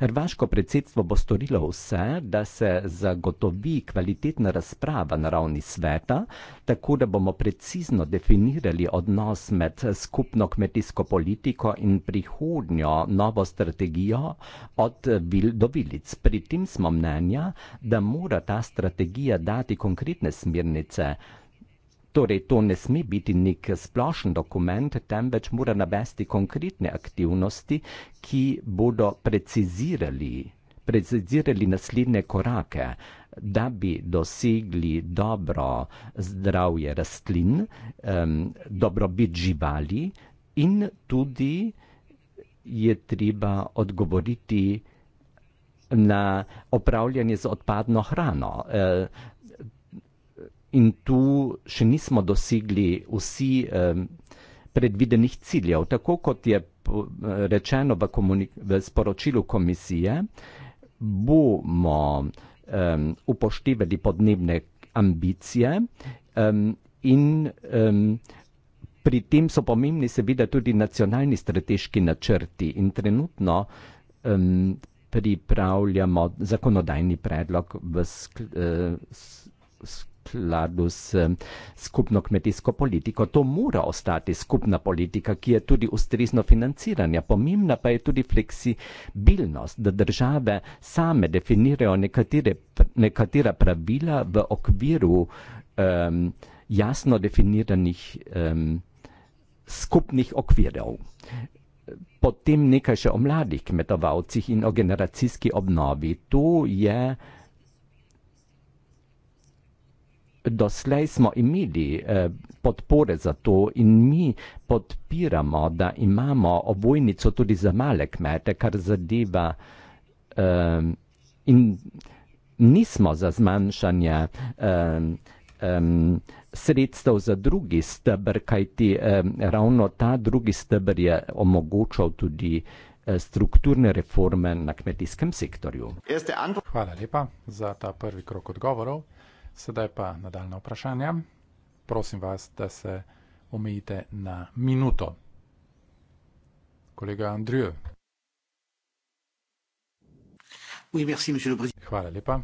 Hrvaško predsedstvo bo storilo vse, da se zagotovi kvalitetna razprava na ravni sveta, tako da bomo precizno definirali odnos med skupno kmetijsko politiko in prihodnjo novo strategijo od bil do bilic. Pri tem smo mnenja, da mora ta strategija dati konkretne smernice, Torej, to ne sme biti nek splošen dokument, temveč mora navesti konkretne aktivnosti, ki bodo precizirali, precizirali naslednje korake, da bi dosegli dobro zdravje rastlin, um, dobrobit živali in tudi je treba odgovoriti na opravljanje z odpadno hrano. Uh, in tu še nismo dosegli vsi predvidenih ciljev. Tako kot je rečeno v, v sporočilu komisije, bomo um, upoštevali podnebne ambicije um, in um, pri tem so pomembni seveda tudi nacionalni strateški načrti in trenutno um, pripravljamo zakonodajni predlog v sklopu. Uh, eh, ladus skupno kmetijsko politiko. To mora ostati skupna politika, ki je tudi ustrezno financiranja. Pomembna pa je tudi fleksibilnost, da države same definirajo nekatere, nekatera pravila v okviru um, jasno definiranih um, skupnih okvirov. Potem nekaj še o mladih kmetovalcih in o generacijski obnovi. To je doslej smo imeli eh, podpore za to in mi podpiramo, da imamo obojnico tudi za male kmete, kar zadeva eh, in nismo za zmanjšanje eh, eh, sredstev za drugi stebr, kajti eh, ravno ta drugi stebr je omogočal tudi eh, strukturne reforme na kmetijskem sektorju. Hvala lepa za ta prvi krok odgovorov. Sedaj pa nadaljna vprašanja. Prosim vas, da se omejite na minuto. Kolega Andrej. Hvala lepa,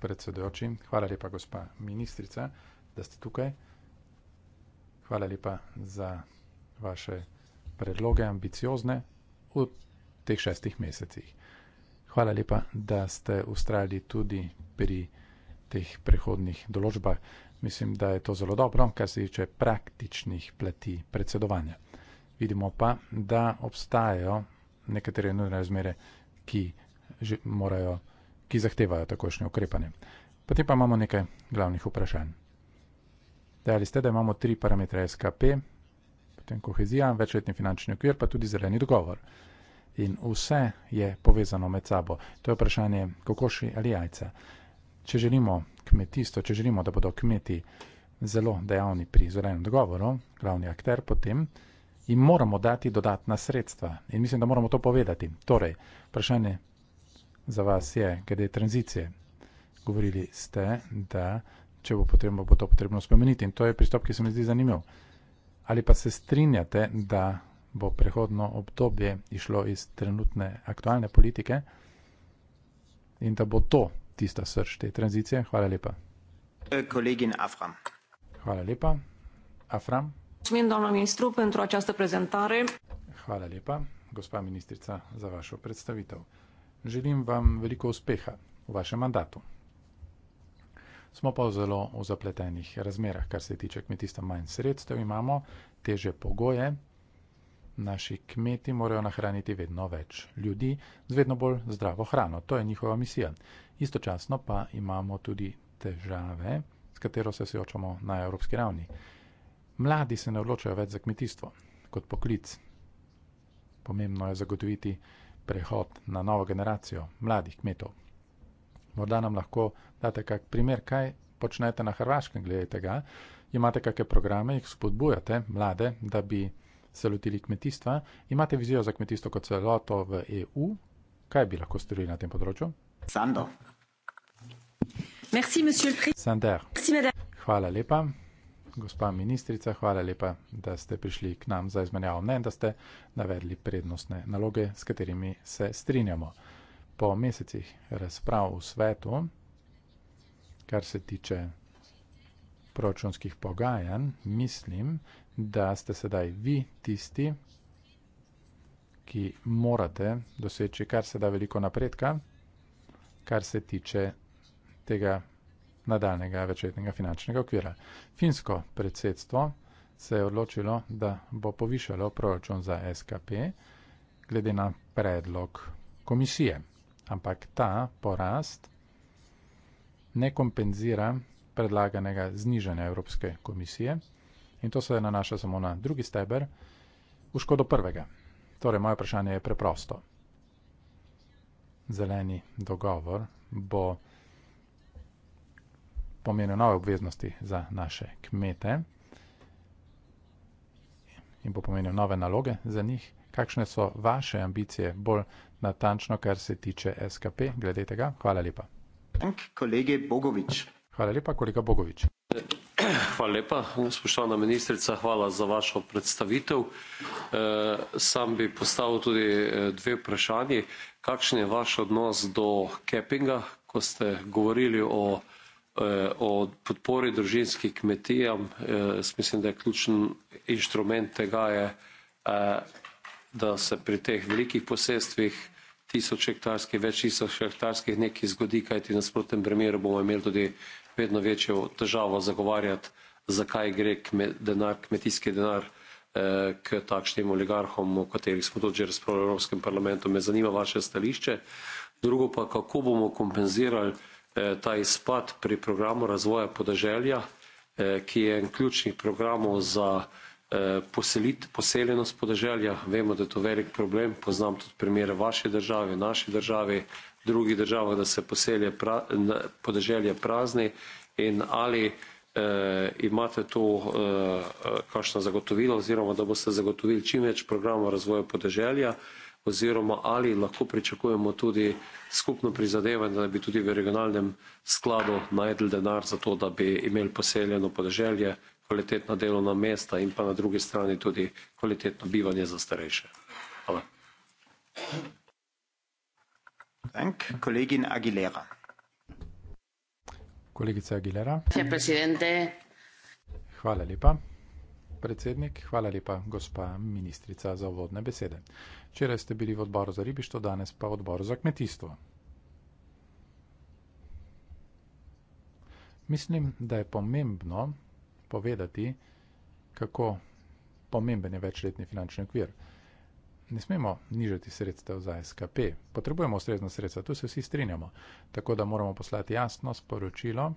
predsedujoči. Hvala lepa, gospa ministrica, da ste tukaj. Hvala lepa za vaše predloge, ambiciozne v teh šestih mesecih. Hvala lepa, da ste ustrajali tudi pri teh prehodnih določbah. Mislim, da je to zelo dobro, kar se tiče praktičnih plati predsedovanja. Vidimo pa, da obstajajo nekatere nujne razmere, ki, morajo, ki zahtevajo takošnje ukrepanje. Potem pa imamo nekaj glavnih vprašanj. Dejali ste, da imamo tri parametre SKP, potem kohezija, večletni finančni okvir, pa tudi zeleni dogovor. In vse je povezano med sabo. To je vprašanje kokoši ali jajca če želimo kmetijstvo, če želimo, da bodo kmeti zelo dejavni pri zelenem dogovoru, glavni akter, potem jim moramo dati dodatna sredstva. In mislim, da moramo to povedati. Torej, vprašanje za vas je, glede tranzicije. Govorili ste, da če bo potrebno, bo to potrebno spremeniti. In to je pristop, ki se mi zdi zanimiv. Ali pa se strinjate, da bo prehodno obdobje išlo iz trenutne aktualne politike in da bo to tista srč te tranzicije. Hvala lepa. Kolegin Afram. Hvala lepa. Afram. Smin, domnul ministru, pentru această prezentare. Hvala lepa, gospa ministrica, za vašo predstavitev. Želim vam veliko uspeha v vašem mandatu. Smo pa zelo v zapletenih razmerah, kar se tiče kmetijstva manj sredstev, imamo teže pogoje, Naši kmeti morajo nahraniti vedno več ljudi z vedno bolj zdravo hrano. To je njihova misija. Istočasno pa imamo tudi težave, s katero se soočamo na evropski ravni. Mladi se ne odločajo več za kmetijstvo kot poklic. Pomembno je zagotoviti prehod na novo generacijo mladih kmetov. Morda nam lahko date kak primer, kaj počnete na Hrvaškem glede tega. Imate kakšne programe, jih spodbujate mlade, da bi se lotili kmetijstva. Imate vizijo za kmetijstvo kot celoto v EU? Kaj bi lahko storili na tem področju? Sando. Merci, Sander. Merci, hvala lepa, gospa ministrica, hvala lepa, da ste prišli k nam za izmenjavo mnen, da ste navedli prednostne naloge, s katerimi se strinjamo. Po mesecih razprav v svetu, kar se tiče proračunskih pogajanj, mislim, da ste sedaj vi tisti, ki morate doseči kar se da veliko napredka, kar se tiče tega nadaljnega večletnega finančnega okvira. Finsko predsedstvo se je odločilo, da bo povišalo proračun za SKP glede na predlog komisije. Ampak ta porast ne kompenzira predlaganega znižanja Evropske komisije in to se nanaša samo na drugi steber, v škodo prvega. Torej, moje vprašanje je preprosto. Zeleni dogovor bo pomenil nove obveznosti za naše kmete in bo pomenil nove naloge za njih. Kakšne so vaše ambicije bolj natančno, kar se tiče SKP? Glede tega, hvala lepa. Dank, kolege Bogovič. Hvala lepa, kolega Bogovič. Hvala lepa, spoštovana ministrica, hvala za vašo predstavitev. Eh, sam bi postavil tudi eh, dve vprašanji. Kakšen je vaš odnos do kepinga, ko ste govorili o, eh, o podpori družinskih kmetijam? Jaz mislim, da je ključen inštrument tega je, da se pri teh velikih posestvih tisoč hektarskih, več tisoč hektarskih nekaj zgodi, kajti v nasprotnem primeru bomo imeli tudi vedno večjo težavo zagovarjati, zakaj gre denar, kmetijski denar eh, k takšnim oligarhom, o katerih smo tudi že razpravljali v Evropskem parlamentu. Me zanima vaše stališče. Drugo pa, kako bomo kompenzirali eh, ta izpad pri programu razvoja podeželja, eh, ki je en ključnih programov za poselit, poseljenost podeželja. Vemo, da je to velik problem, poznam tudi primere vaše države, naše države, drugih državah, da se poselje pra, na, podeželje prazni in ali eh, imate tu eh, kakšno zagotovilo oziroma da boste zagotovili čim več programov razvoja podeželja oziroma ali lahko pričakujemo tudi skupno prizadevanje, da bi tudi v regionalnem skladu najdel denar za to, da bi imeli poseljeno podeželje, kvalitetna delovna mesta in pa na drugi strani tudi kvalitetno bivanje za starejše. Hvala. Thank. Kollegin Aguilera. Kolegica Aguilera. Hvala lepa, predsednik. Hvala lepa, gospa ministrica, za uvodne besede. Včeraj ste bili v odboru za ribištvo, danes pa v odboru za kmetijstvo. Mislim, da je pomembno povedati, kako pomemben je večletni finančni okvir ne smemo nižati sredstev za SKP, potrebujemo ustrezna sredstva, tu se vsi strinjamo. Tako da moramo poslati jasno sporočilo,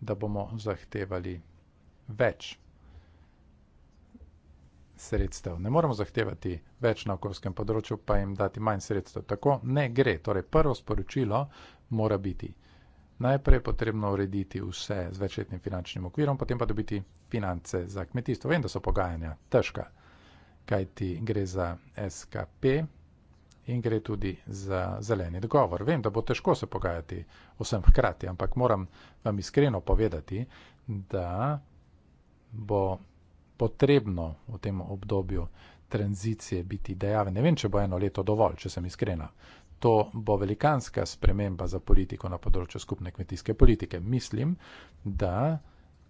da bomo zahtevali več sredstev. Ne moramo zahtevati več na okoljskem področju, pa jim dati manj sredstev. Tako ne gre. Torej, prvo sporočilo mora biti. Najprej je potrebno urediti vse z večletnim finančnim okvirom, potem pa dobiti finance za kmetijstvo. Vem, da so pogajanja težka kajti gre za SKP in gre tudi za zeleni dogovor. Vem, da bo težko se pogajati vsem hkrati, ampak moram vam iskreno povedati, da bo potrebno v tem obdobju tranzicije biti dejaven. Ne vem, če bo eno leto dovolj, če sem iskrena. To bo velikanska sprememba za politiko na področju skupne kmetijske politike. Mislim, da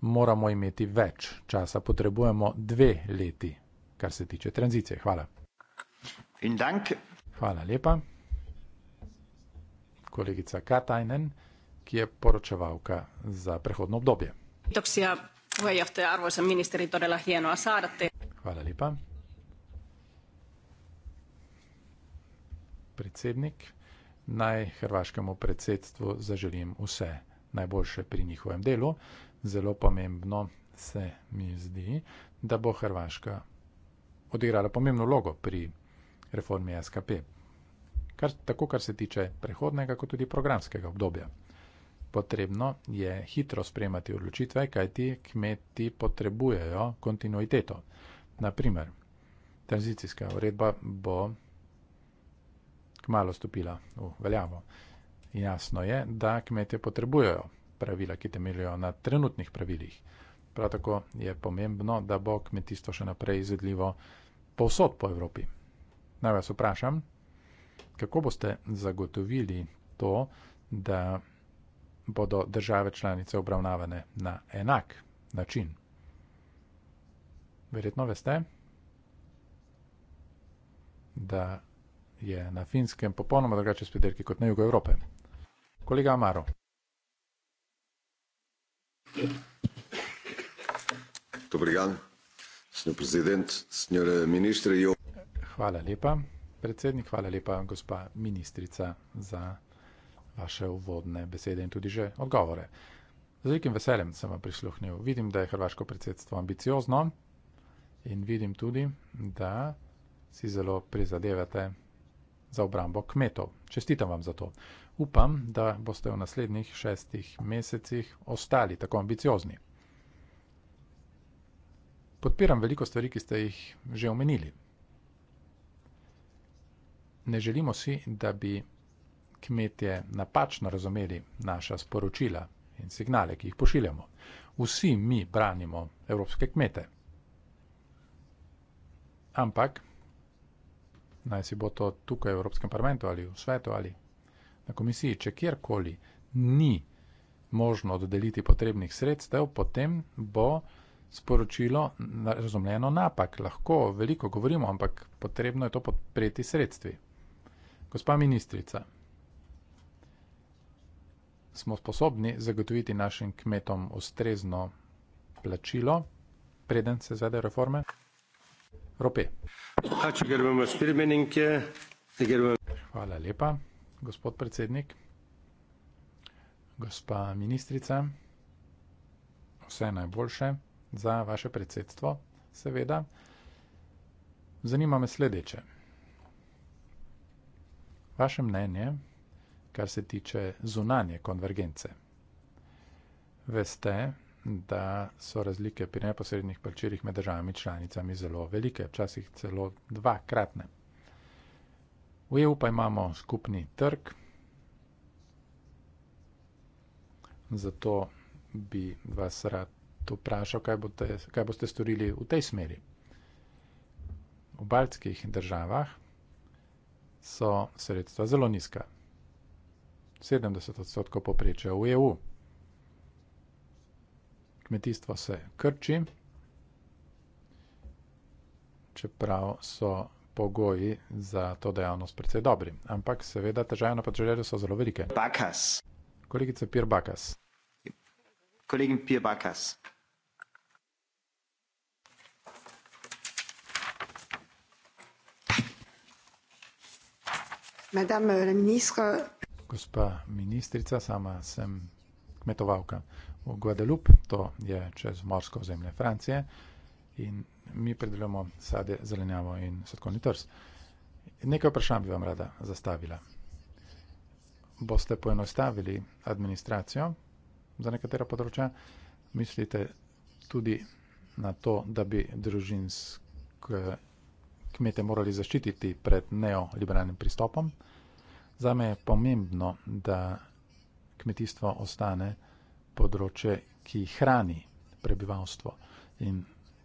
moramo imeti več časa. Potrebujemo dve leti kar se tiče tranzicije. Hvala. In dank. Hvala lepa. Kolegica Katajnen, ki je poročevalka za prehodno obdobje. Hvala lepa. Predsednik, naj hrvaškemu predsedstvu zaželim vse najboljše pri njihovem delu. Zelo pomembno se mi zdi, da bo Hrvaška odigrala pomembno vlogo pri reformi SKP, kar, tako kar se tiče prehodnega, kot tudi programskega obdobja. Potrebno je hitro spremati odločitve, kajti kmeti potrebujejo kontinuiteto. Naprimer, tranzicijska uredba bo kmalo stopila v veljavo. Jasno je, da kmete potrebujejo pravila, ki temeljijo na trenutnih pravilih. Prav tako je pomembno, da bo kmetijstvo še naprej izvedljivo povsod po Evropi. Naj vas vprašam, kako boste zagotovili to, da bodo države članice obravnavane na enak način? Verjetno veste, da je na finskem popolnoma drugače spedelki kot na jugu Evrope. Kolega Amaro. Dobrý deň, Senhor presidente, senhora ministra, eu... Hvala lepa, predsednik, hvala lepa, gospa ministrica, za vaše uvodne besede in tudi že odgovore. Z velikim veseljem sem vam prisluhnil. Vidim, da je hrvaško predsedstvo ambiciozno in vidim tudi, da si zelo prizadevate za obrambo kmetov. Čestitam vam za to. Upam, da boste v naslednjih šestih mesecih ostali tako ambiciozni. Podpiram veliko stvari, ki ste jih že omenili. Ne želimo si, da bi kmetje napačno razumeli naša sporočila in signale, ki jih pošiljamo. Vsi mi branimo evropske kmete. Ampak, naj si bo to tukaj v Evropskem parlamentu ali v svetu ali na komisiji, če kjerkoli ni možno dodeliti potrebnih sredstev, potem bo sporočilo razumljeno napak. Lahko veliko govorimo, ampak potrebno je to podpreti sredstvi. Gospa ministrica, smo sposobni zagotoviti našim kmetom ustrezno plačilo, preden se zvede reforme? Rope. Hvala lepa, gospod predsednik. Gospa ministrica, vse najboljše za vaše predsedstvo, seveda. Zanima me sledeče. Vaše mnenje, kar se tiče zunanje konvergence. Veste, da so razlike pri neposrednih plačilih med državami članicami zelo velike, včasih celo dvakratne. V EU pa imamo skupni trg, zato bi vas rad to vprašal, kaj, bote, kaj boste storili v tej smeri. V baltskih državah so sredstva zelo nizka. 70 odstotkov poprečja v EU. Kmetijstvo se krči, čeprav so pogoji za to dejavnost precej dobri. Ampak seveda težave na podželjelju so zelo velike. Bakas. Kolegica Pir Bakas. Kolegin Pir Bakas. Gospa ministrica, sama sem kmetovalka v Guadeloupe, to je čez morsko zemlje Francije in mi predelujemo sadje, zelenjavo in sladkorni trs. Nekaj vprašanj bi vam rada zastavila. Boste poenostavili administracijo za nekatera področja? Mislite tudi na to, da bi družinske kmete morali zaščititi pred neoliberalnim pristopom. Za me je pomembno, da kmetijstvo ostane področje, ki hrani prebivalstvo in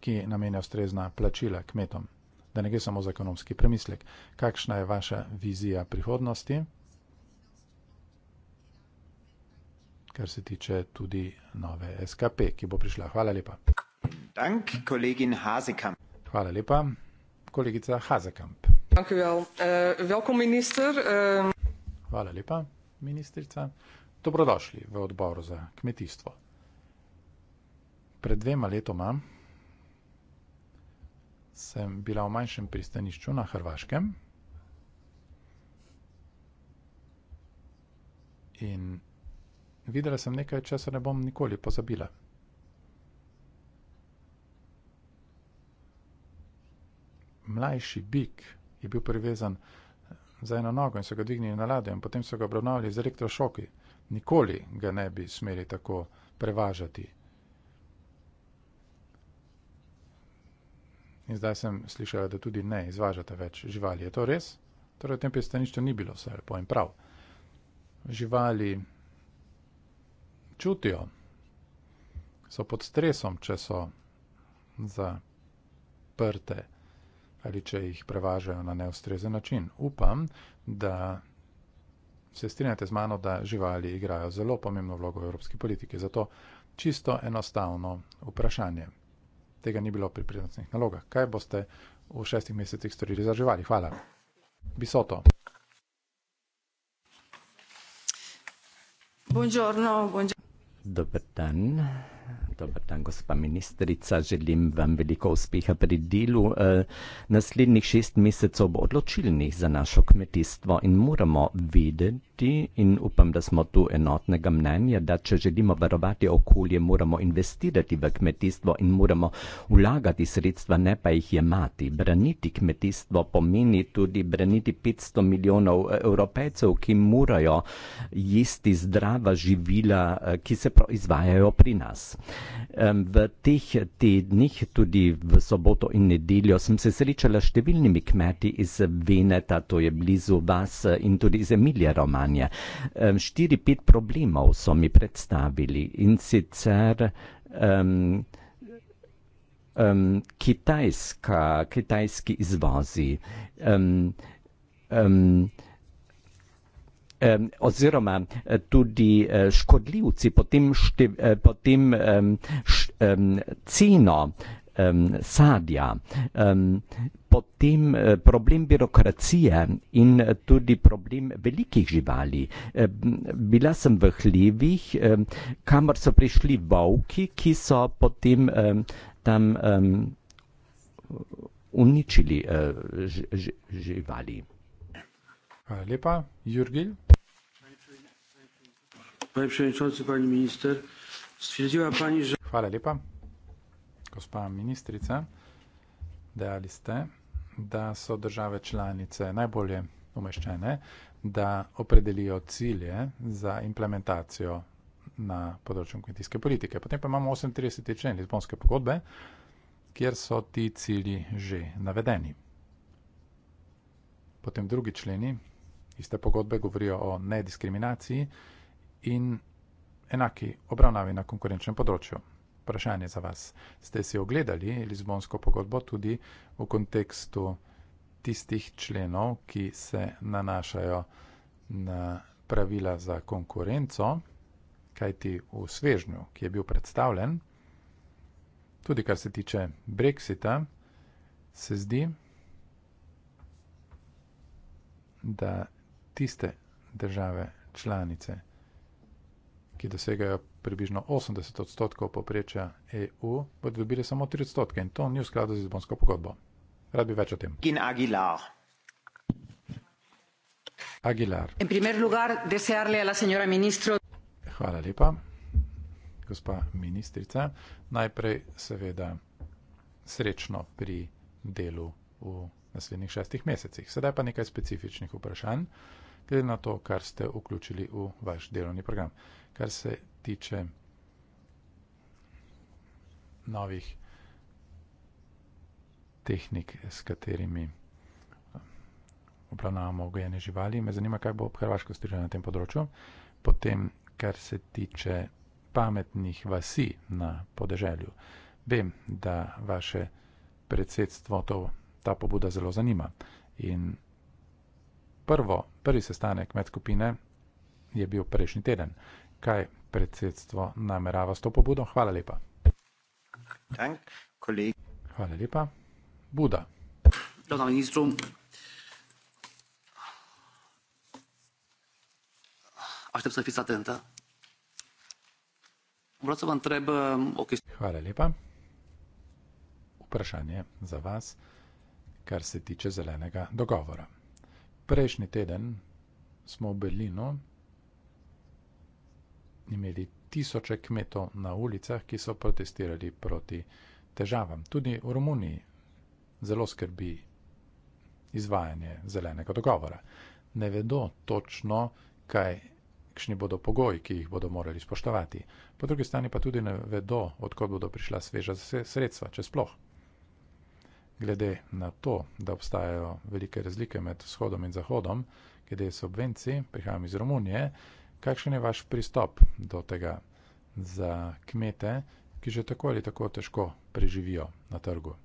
ki namenja ustrezna plačila kmetom. Da ne gre samo za ekonomski premislek. Kakšna je vaša vizija prihodnosti, kar se tiče tudi nove SKP, ki bo prišla? Hvala lepa. Dank, kolegin Hazekam. Hvala lepa kolegica Hazekamp. Velkom, eh, minister. Eh, Hvala lepa, ministrica. Dobrodošli v odbor za kmetijstvo. Pred dvema letoma sem bila v manjšem pristanišču na Hrvaškem in videla sem nekaj, česar ne bom nikoli pozabila. mlajši bik je bil privezan za eno nogo in so ga dvignili na ladjo in potem so ga obravnavali z elektrošoki. Nikoli ga ne bi smeli tako prevažati. In zdaj sem slišala, da tudi ne izvažate več živali. Je to res? Torej, v tem pristanišču ni bilo vse lepo in prav. Živali čutijo, so pod stresom, če so zaprte ali če jih prevažajo na neustrezen način. Upam, da se strinjate z mano, da živali igrajo zelo pomembno vlogo v evropski politiki. Zato čisto enostavno vprašanje. Tega ni bilo pri prednostnih nalogah. Kaj boste v šestih mesecih storili za živali? Hvala. Bisoto. Buongiorno, buongiorno. Dober dan. Dobar dan, gospa ministrica. Želim vam veliko uspeha pri delu. E, naslednjih šest mesecev bo odločilnih za našo kmetijstvo in moramo vedeti, in upam, da smo tu enotnega mnenja, da če želimo varovati okolje, moramo investirati v kmetijstvo in moramo vlagati sredstva, ne pa jih jemati. Braniti kmetijstvo pomeni tudi braniti 500 milijonov evropejcev, ki morajo jesti zdrava živila, e, ki se proizvajajo pri nas. V teh tednih, tudi v soboto in nedeljo, sem se srečala s številnimi kmeti iz Veneta, to je blizu vas, in tudi iz Emilije Romanje. Štiri, pet problemov so mi predstavili in sicer. Um, Um, kitajska, kitajski izvozi. Um, um, eh, oziroma eh, tudi eh, škodljivci, potem, šte, eh, potem eh, š, eh, ceno eh, sadja, eh, potem eh, problem birokracije in eh, tudi problem velikih živali. Eh, bila sem v hlivih, eh, kamor so prišli volki, ki so potem eh, tam. Eh, uničili uh, živali. Ž, ž, Hvala lepa. Jurgil. Pani predsedujoči, pani minister, stvrdila pani, že. Hvala lepa. Gospa ministrica, dejali ste, da so države članice najbolje umeščene, da opredelijo cilje za implementacijo na področju kmetijske politike. Potem pa imamo 38. člen Lizbonske pogodbe, kjer so ti cilji že navedeni. Potem drugi členi, iste pogodbe govorijo o nediskriminaciji in enaki obravnavi na konkurenčnem področju. Vprašanje za vas. Ste si ogledali Lizbonsko pogodbo tudi v kontekstu tistih členov, ki se nanašajo na pravila za konkurenco, kajti v svežnju, ki je bil predstavljen, tudi kar se tiče Brexita, se zdi, da tiste države članice, ki dosegajo približno 80 odstotkov poprečja EU, bodo dobile samo 3 odstotke in to ni v skladu z izbonsko pogodbo. Rad bi več o tem. In Aguilar. Aguilar. In primer lugar, desearle a la senjora ministro. Hvala lepa, gospa ministrica. Najprej seveda srečno pri delu v naslednjih šestih mesecih. Sedaj pa nekaj specifičnih vprašanj glede na to, kar ste vključili v vaš delovni program. Kar se tiče novih tehnik, s katerimi obravnavamo gojene živali, me zanima, kaj bo Hrvaško strižen na tem področju. Potem, kar se tiče pametnih vasi na podeželju. Vem, da vaše predsedstvo to, ta pobuda zelo zanima in prvo, prvi sestanek med skupine je bil prejšnji teden. Kaj predsedstvo namerava s to pobudo? Hvala lepa. Tank, Hvala lepa. Buda. Hvala ministru. Aštep se fisa atenta. Vrat se vam treba... Um, okay. Hvala lepa. Vprašanje za vas, kar se tiče zelenega dogovora prejšnji teden smo v Berlinu imeli tisoče kmetov na ulicah, ki so protestirali proti težavam. Tudi v Romuniji zelo skrbi izvajanje zelenega dogovora. Ne vedo točno, kaj, kakšni bodo pogoji, ki jih bodo morali spoštovati. Po drugi strani pa tudi ne vedo, odkot bodo prišla sveža sredstva, če sploh glede na to, da obstajajo velike razlike med vzhodom in zahodom, glede subvencij, prihajam iz Romunije, kakšen je vaš pristop do tega za kmete, ki že tako ali tako težko preživijo na trgu?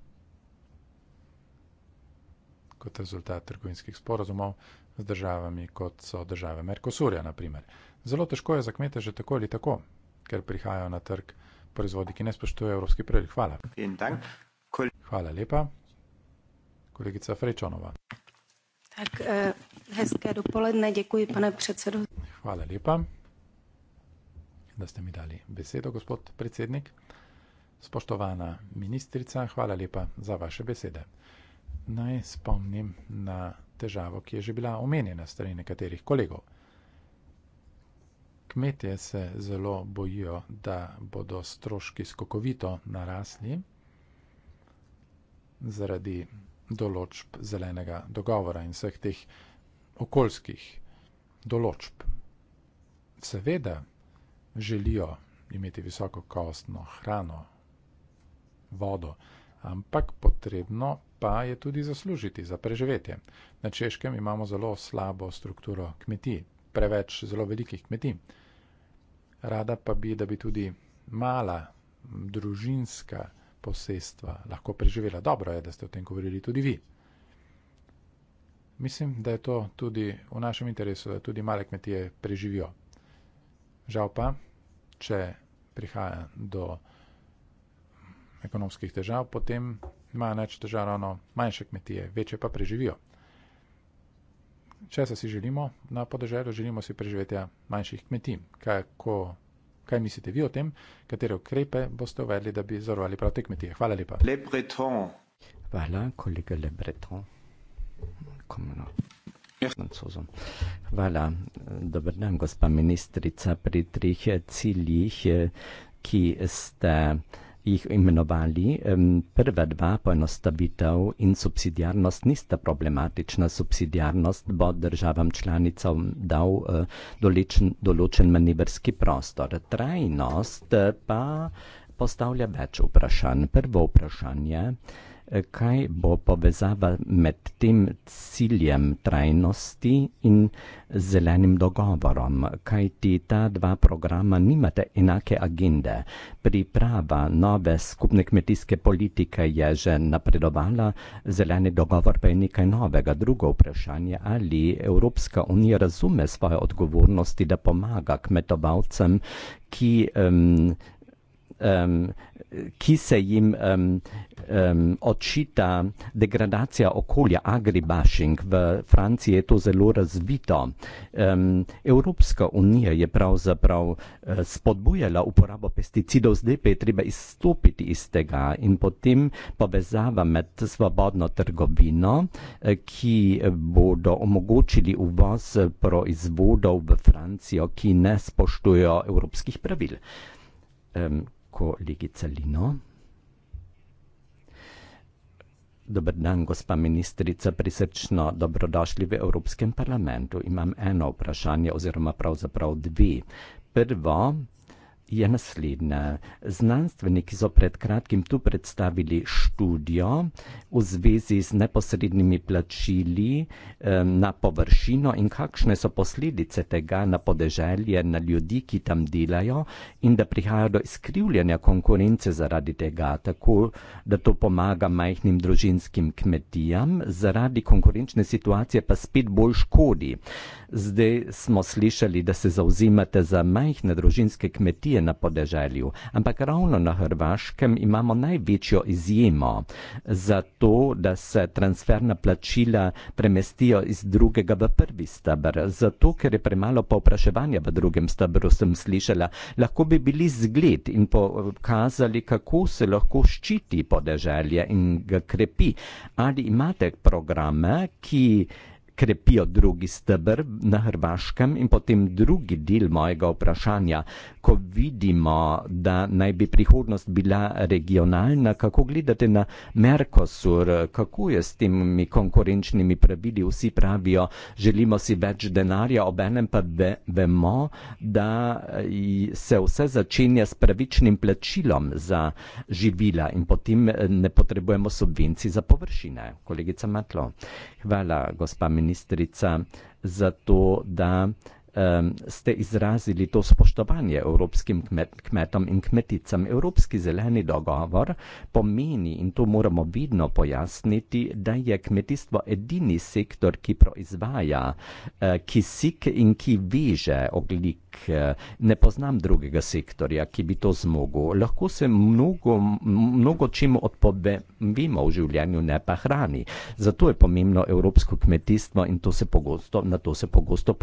Kot rezultat trgovinskih sporazumov z državami, kot so države Merkosurja, naprimer. Zelo težko je za kmete že tako ali tako, ker prihajajo na trg proizvodi, ki ne spoštujejo evropski prilik. Hvala. Hvala lepa. Kolegica Frečonova. Tak, eh, hezké dopoledne, děkuji, pane předsedo. Hvala lepa, da ste mi dali besedo, gospod predsednik. Spoštovana ministrica, hvala lepa za vaše besede. Naj spomnim na težavo, ki je že bila omenjena strani nekaterih kolegov. Kmetje se zelo bojijo, da bodo stroški skokovito narasli zaradi določb zelenega dogovora in vseh teh okoljskih določb. Seveda želijo imeti visoko kostno hrano, vodo, ampak potrebno pa je tudi zaslužiti za preživetje. Na češkem imamo zelo slabo strukturo kmetij, preveč zelo velikih kmetij. Rada pa bi, da bi tudi mala družinska kmetija posestva lahko preživela. Dobro je, da ste o tem govorili tudi vi. Mislim, da je to tudi v našem interesu, da tudi male kmetije preživijo. Žal pa, če prihaja do ekonomskih težav, potem imajo več težav ravno manjše kmetije, večje pa preživijo. Če se si želimo na podeželju, želimo si preživetja manjših kmetij. Kako Kaj mislite vi o tem, katere ukrepe boste uvedli, da bi zavarovali prav te kmetije? Hvala lepa. Le Breton. Hvala, kolega Le Breton. Komuno. Ja. Francozom. Hvala. Dobar dan, gospa ministrica. Pri trih ciljih, ki ste jih imenovali. Prva dva, poenostavitev in subsidijarnost, nista problematična. Subsidijarnost bo državam članicam dal eh, določen, določen manevrski prostor. Trajnost eh, pa postavlja več vprašanj. Prvo vprašanje je, kaj bo povezava med tem ciljem trajnosti in zelenim dogovorom, kaj ti ta dva programa nimate enake agende. Priprava nove skupne kmetijske politike je že napredovala, zeleni dogovor pa je nekaj novega. Drugo vprašanje, ali Evropska unija razume svoje odgovornosti, da pomaga kmetovalcem, ki um, um, ki se jim um, um, očita degradacija okolja, agribashing. V Franciji je to zelo razvito. Um, Evropska unija je pravzaprav uh, spodbujala uporabo pesticidov, zdaj pa je treba izstopiti iz tega in potem povezava med svobodno trgovino, uh, ki bodo omogočili uvoz proizvodov v Francijo, ki ne spoštujo evropskih pravil. Um, kolegica Lino. Dobr dan, gospa ministrica, prisrčno dobrodošli v Evropskem parlamentu. Imam eno vprašanje, oziroma pravzaprav dve. Prvo, je naslednja. Znanstveniki so pred kratkim tu predstavili študijo v zvezi z neposrednimi plačili na površino in kakšne so posledice tega na podeželje, na ljudi, ki tam delajo in da prihaja do izkrivljanja konkurence zaradi tega, tako da to pomaga majhnim družinskim kmetijam, zaradi konkurenčne situacije pa spet bolj škodi. Zdaj smo slišali, da se zauzimate za majhne družinske kmetije, drugje na podeželju, ampak ravno na Hrvaškem imamo največjo izjemo za to, da se transferna plačila premestijo iz drugega v prvi stabr. Zato, ker je premalo povpraševanja v drugem stabru, sem slišala, lahko bi bili zgled in pokazali, kako se lahko ščiti podeželje in ga krepi. Ali imate programe, ki krepijo drugi stebr na Hrvaškem in potem drugi del mojega vprašanja. Ko vidimo, da naj bi prihodnost bila regionalna, kako gledate na Mercosur, kako je s temi konkurenčnimi pravili, vsi pravijo, želimo si več denarja, obenem pa ve, vemo, da eh, se vse začenja s pravičnim plačilom za živila in potem eh, ne potrebujemo subvencij za površine. Kolegica Matlo, hvala, gospa ministrica ministrica za to, da um, ste izrazili to spoštovanje evropskim kmet, kmetom in kmeticam. Evropski zeleni dogovor pomeni, in to moramo vidno pojasniti, da je kmetijstvo edini sektor, ki proizvaja uh, eh, kisik in ki veže oglik. Eh, ne poznam drugega sektorja, ki bi to zmogel. Lahko se mnogo, mnogo čemu odpovemo v življenju, ne pa hrani. Zato je pomembno evropsko kmetijstvo in to pogosto, na to se pogosto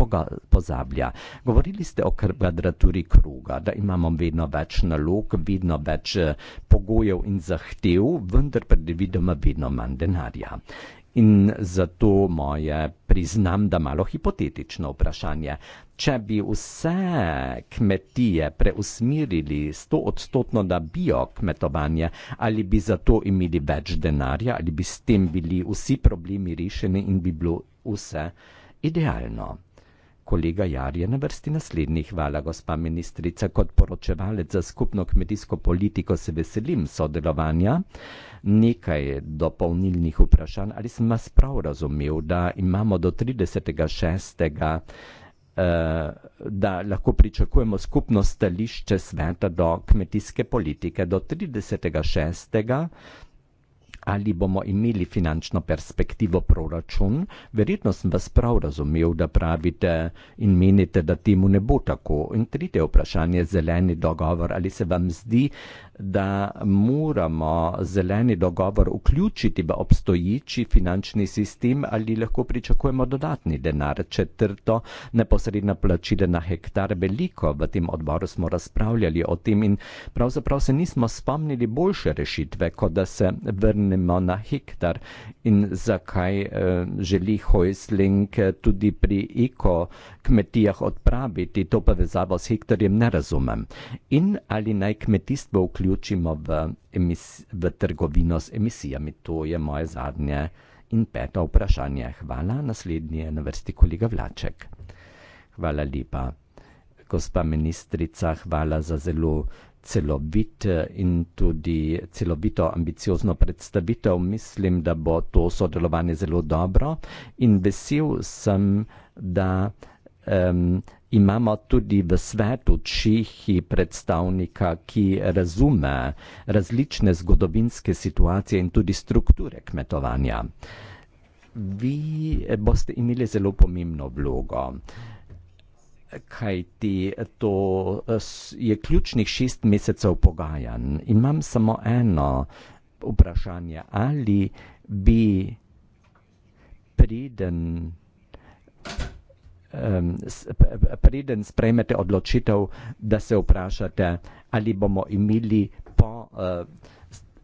pozabi pozablja. Govorili ste o kvadraturi kruga, da imamo vedno več nalog, vedno več eh, pogojev in zahtev, vendar predvidoma vedno manj denarja. In zato moje priznam, da malo hipotetično vprašanje. Če bi vse kmetije preusmirili stoodstotno na biokmetovanje, ali bi zato imeli več denarja, ali bi s tem bili vsi problemi rešeni in bi bilo vse idealno? kolega Jar je na vrsti naslednji. Hvala, gospa ministrica. Kot poročevalec za skupno kmetijsko politiko se veselim sodelovanja. Nekaj dopolnilnih vprašanj. Ali sem vas prav razumel, da imamo do 36. Eh, da lahko pričakujemo skupno stališče sveta do kmetijske politike. Do 36 ali bomo imeli finančno perspektivo proračun. Verjetno sem vas prav razumel, da pravite in menite, da temu ne bo tako. In tretje vprašanje, zeleni dogovor, ali se vam zdi, da moramo zeleni dogovor vključiti v obstoječi finančni sistem ali lahko pričakujemo dodatni denar. Četrto, neposredna plačila na hektar. Veliko v tem odboru smo razpravljali o tem in pravzaprav se nismo spomnili boljše rešitve, kot da se vrnemo na hektar in zakaj eh, želi Hoisling eh, tudi pri eko kmetijah odpraviti to povezavo s hektarjem, ne razumem. In ali naj kmetijstvo vključi vključimo v, emis, v trgovino z emisijami. To je moje zadnje in peto vprašanje. Hvala, naslednji je na vrsti kolega Vlaček. Hvala lepa, gospa ministrica, hvala za zelo celovit eh, in tudi celovito ambiciozno predstavitev. Mislim, da bo to sodelovanje zelo dobro in vesel sem, da. Um, imamo tudi v svetu Čehi predstavnika, ki razume različne zgodovinske situacije in tudi strukture kmetovanja. Vi eh, boste imeli zelo pomembno vlogo, kaj ti to eh, je ključnih šest mesecev pogajanj. Imam samo eno vprašanje, ali bi preden um, preden sprejmete odločitev, da se vprašate, ali bomo imeli po uh,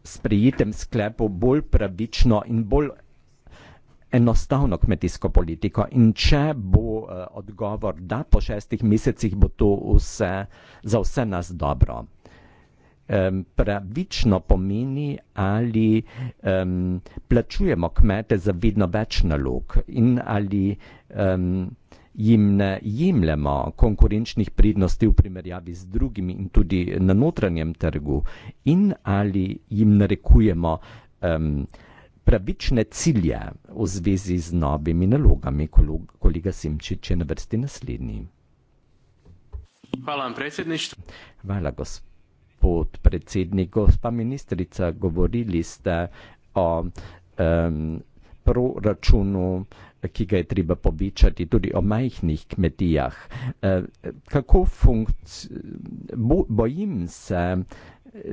sprejitem sklepu bolj pravično in bolj enostavno kmetijsko politiko in če bo uh, odgovor, da po šestih mesecih bo to vse, za vse nas dobro. Um, pravično pomeni, ali um, plačujemo kmete za vedno več nalog in ali um, jim ne jemljemo konkurenčnih prednosti v primerjavi z drugimi in tudi na notranjem trgu, in ali jim narekujemo um, pravične cilje v zvezi z novimi nalogami, kolega Simčič je na vrsti naslednji. Hvala vam, predsedništvo. Hvala, gospod predsednik. Gospa ministrica, govorili ste o um, proračunu ki ga je treba povečati tudi o majhnih kmetijah. E, kako funkcionira? Bojim se,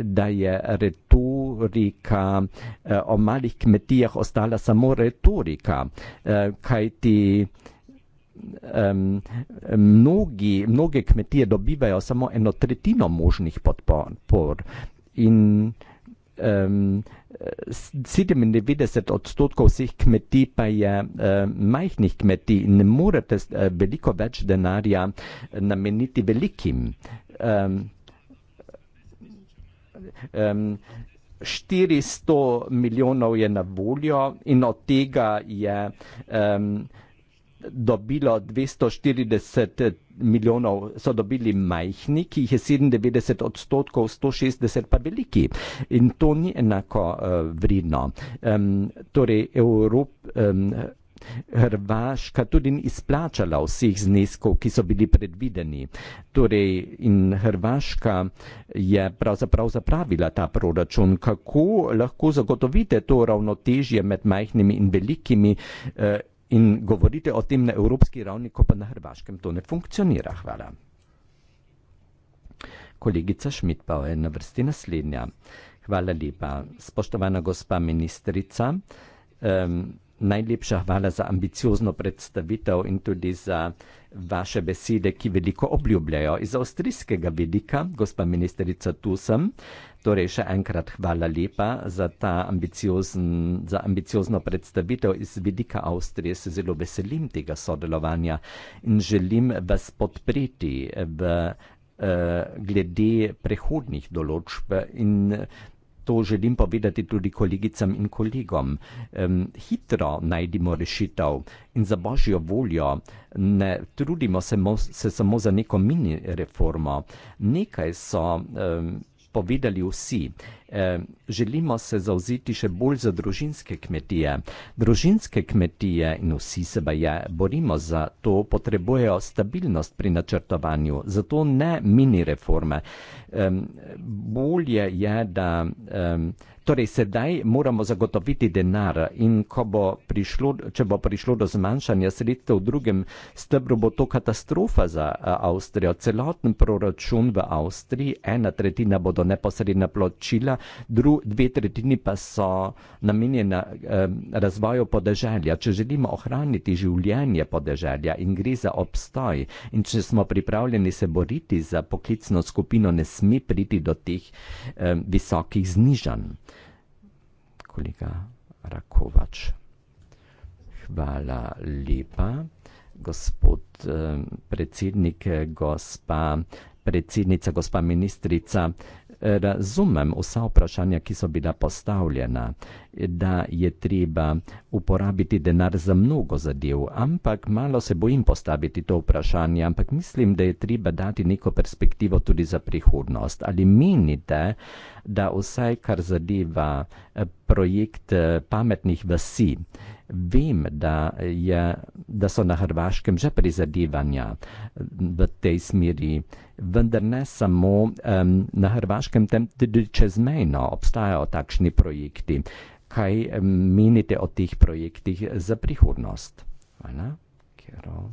da je retorika e, o malih kmetijah ostala samo retorika, e, kajti Um, mnogi, mnoge kmetije dobivajo samo eno tretjino možnih podpor, in um, ehm, 97 odstotkov vseh kmetij pa je uh, majhnih kmetij in ne morete uh, veliko več denarja eh, nameniti velikim. Um, um, 400 milijonov je na voljo in od tega je um, dobilo 240 milijonov, so dobili majhni, ki jih je 97 odstotkov, 160 pa veliki. In to ni enako uh, vredno. Um, torej, Evrop, um, Hrvaška tudi ni izplačala vseh zneskov, ki so bili predvideni. Torej, in Hrvaška je pravzaprav zapravila ta proračun. Kako lahko zagotovite to ravnotežje med majhnimi in velikimi? Uh, in govorite o tem na evropski ravni, ko pa na Hrvaškem to ne funkcionira. Hvala. Kolegica Šmit pa je na vrsti naslednja. Hvala lepa. Spoštovana gospa ministrica, um, najlepša hvala za ambiciozno predstavitev in tudi za vaše besede, ki veliko obljubljajo. Iz avstrijskega vidika, gospa ministrica, tu sem. Torej, še enkrat hvala lepa za ta ambiciozn, za ambiciozno predstavitev iz vidika Avstrije. Se zelo veselim tega sodelovanja in želim vas podpreti v, uh, glede prehodnih določb in uh, to želim povedati tudi kolegicam in kolegom. Um, hitro najdimo rešitev in za božjo voljo ne trudimo se, mo, se samo za neko mini reformo. Nekaj so. Um, povedali vsi. E, želimo se zauzeti še bolj za družinske kmetije. Družinske kmetije in vsi se baje borimo za to, potrebujejo stabilnost pri načrtovanju, zato ne mini reforme. E, bolje je, da. E, Torej, sedaj moramo zagotoviti denar in bo prišlo, če bo prišlo do zmanjšanja sredstev v drugem stebru, bo to katastrofa za Avstrijo. Celoten proračun v Avstriji, ena tretjina bodo neposredna pločila, dve tretjini pa so namenjena eh, razvoju podeželja. Če želimo ohraniti življenje podeželja in gre za obstoj in če smo pripravljeni se boriti za poklicno skupino, ne sme priti do teh eh, visokih znižanj kolega Rakovač. Hvala lepa, gospod eh, predsednik, gospa predsednica, gospa ministrica razumem vsa vprašanja, ki so bila postavljena, da je treba uporabiti denar za mnogo zadev, ampak malo se bojim postaviti to vprašanje, ampak mislim, da je treba dati neko perspektivo tudi za prihodnost. Ali menite, da vsaj kar zadeva eh, projekt eh, pametnih vasi, Vem, da, je, da so na Hrvaškem že prizadevanja v tej smeri, vendar ne samo um, na Hrvaškem, tudi čezmejno obstajajo takšni projekti. Kaj menite o teh projektih za prihodnost? Hvala, Kero.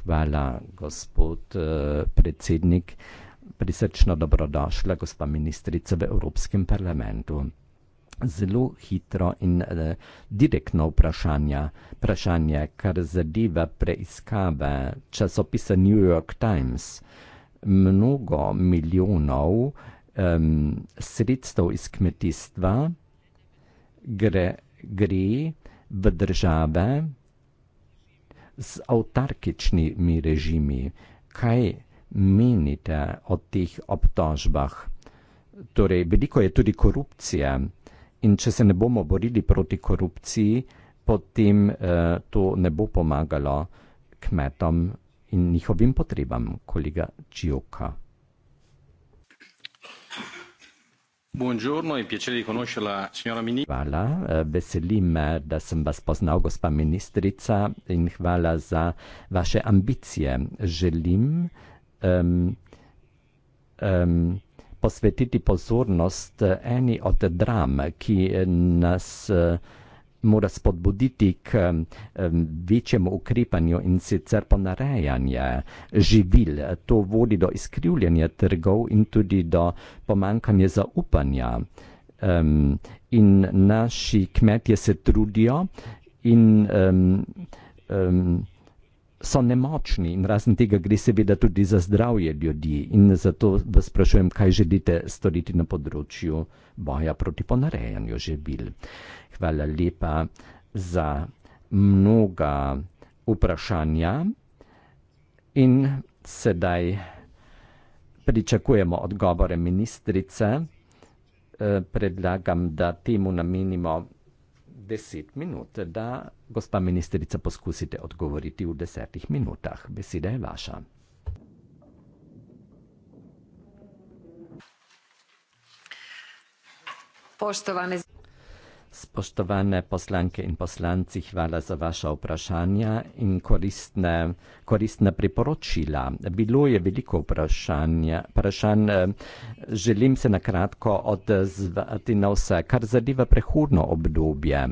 Hvala, gospod uh, predsednik. Prisrčno dobrodošla, gospa ministrica v Evropskem parlamentu zelo hitro in uh, direktno vprašanje, vprašanje, kar zadeva preiskave časopisa New York Times. Mnogo milijonov um, sredstev iz kmetijstva gre, gre v države z avtarkičnimi režimi. Kaj menite o teh obtožbah? Torej, veliko je tudi korupcije. In če se ne bomo borili proti korupciji, potem eh, to ne bo pomagalo kmetom in njihovim potrebam, kolega Čijoka. Buongiorno, hvala, eh, veselim me, da sem vas poznal, gospa ministrica, in hvala za vaše ambicije. Želim um, um, posvetiti pozornost eh, eni od dram, ki eh, nas eh, mora spodbuditi k večjemu ukrepanju in sicer ponarejanje živil. To vodi do izkrivljanja trgov in tudi do pomankanja zaupanja. In naši kmetje se trudijo in so nemočni in razen tega gre seveda tudi za zdravje ljudi in zato vas sprašujem, kaj želite storiti na področju boja proti ponarejanju živil. Hvala lepa za mnoga vprašanja in sedaj pričakujemo odgovore ministrice. Eh, predlagam, da temu namenimo deset minut, da gospa ministrica poskusite odgovoriti v desetih minutah. Beseda je vaša. Poštovane. Spoštovane poslanke in poslanci, hvala za vaše vprašanja in koristne, koristne priporočila. Bilo je veliko vprašanja, vprašanj, eh, želim se na kratko odzvati na vse, kar zadeva prehodno obdobje.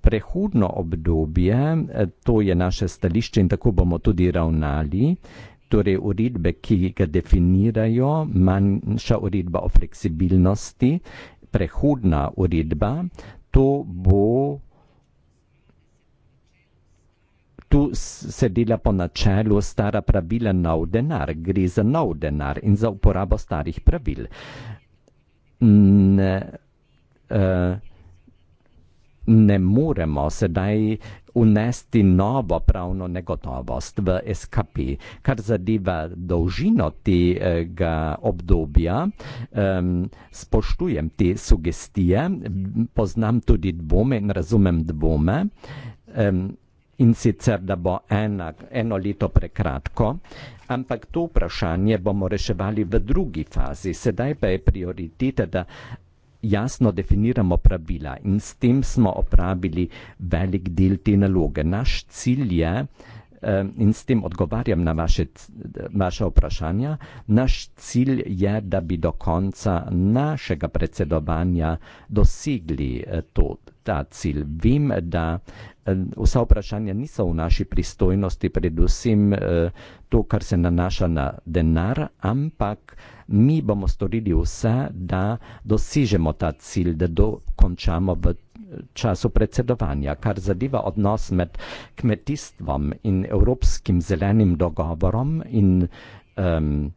Prehodno obdobje, eh, to je naše stališče in tako bomo tudi ravnali. Torej, uredbe, ki ga definirajo, manjša uredba o fleksibilnosti, prehodna uredba, to bo, tu se dela po načelu stara pravila nov denar, gre za nov denar in za uporabo starih pravil. Ne, uh, ne moremo sedaj unesti novo pravno negotovost v SKP. Kar zadeva dolžino tega obdobja, um, spoštujem te sugestije, poznam tudi dvome in razumem dvome. Um, In sicer, da bo ena, eno leto prekratko, ampak to vprašanje bomo reševali v drugi fazi. Sedaj pa je prioriteta, da jasno definiramo pravila in s tem smo opravili velik del te naloge. Naš cilj je, eh, in s tem odgovarjam na vaše, vaše vprašanja, naš cilj je, da bi do konca našega predsedovanja dosegli eh, to, ta cilj. Vem, da eh, vsa vprašanja niso v naši pristojnosti, predvsem to, kar se nanaša na denar, ampak mi bomo storili vse, da dosižemo ta cilj, da dokončamo v času predsedovanja. Kar zadeva odnos med kmetijstvom in evropskim zelenim dogovorom in um,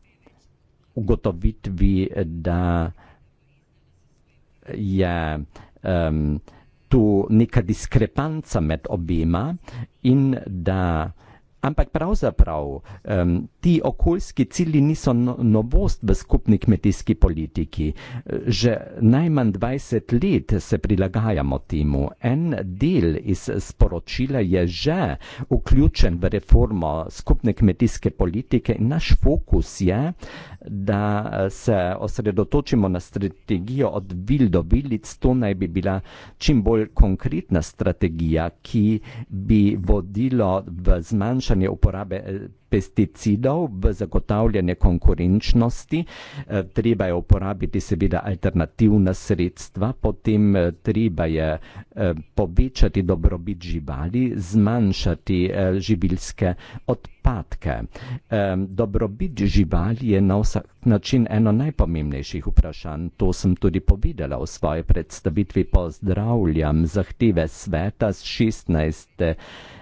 ugotovitvi, da je um, tu neka diskrepanca med obima in da Ampak pravzaprav um, ti okoljski cilji niso no, novost v skupni kmetijski politiki. Že najmanj 20 let se prilagajamo temu. En del iz sporočila je že vključen v reformo skupne kmetijske politike in naš fokus je uh, da eh, se osredotočimo na strategijo od vil do vilic. To naj bi bila čim bolj konkretna strategija, ki bi vodilo v zmanjšanje uporabe eh, pesticidov v zagotavljanje konkurenčnosti. Eh, treba je uporabiti seveda alternativna sredstva, potem eh, treba je eh, povečati dobrobit živali, zmanjšati živilske odpadke. Dobrobit živali je na vsak način eno najpomembnejših vprašanj, to sem tudi povedala v svoji predstavitvi, pozdravljam zahteve sveta z 16.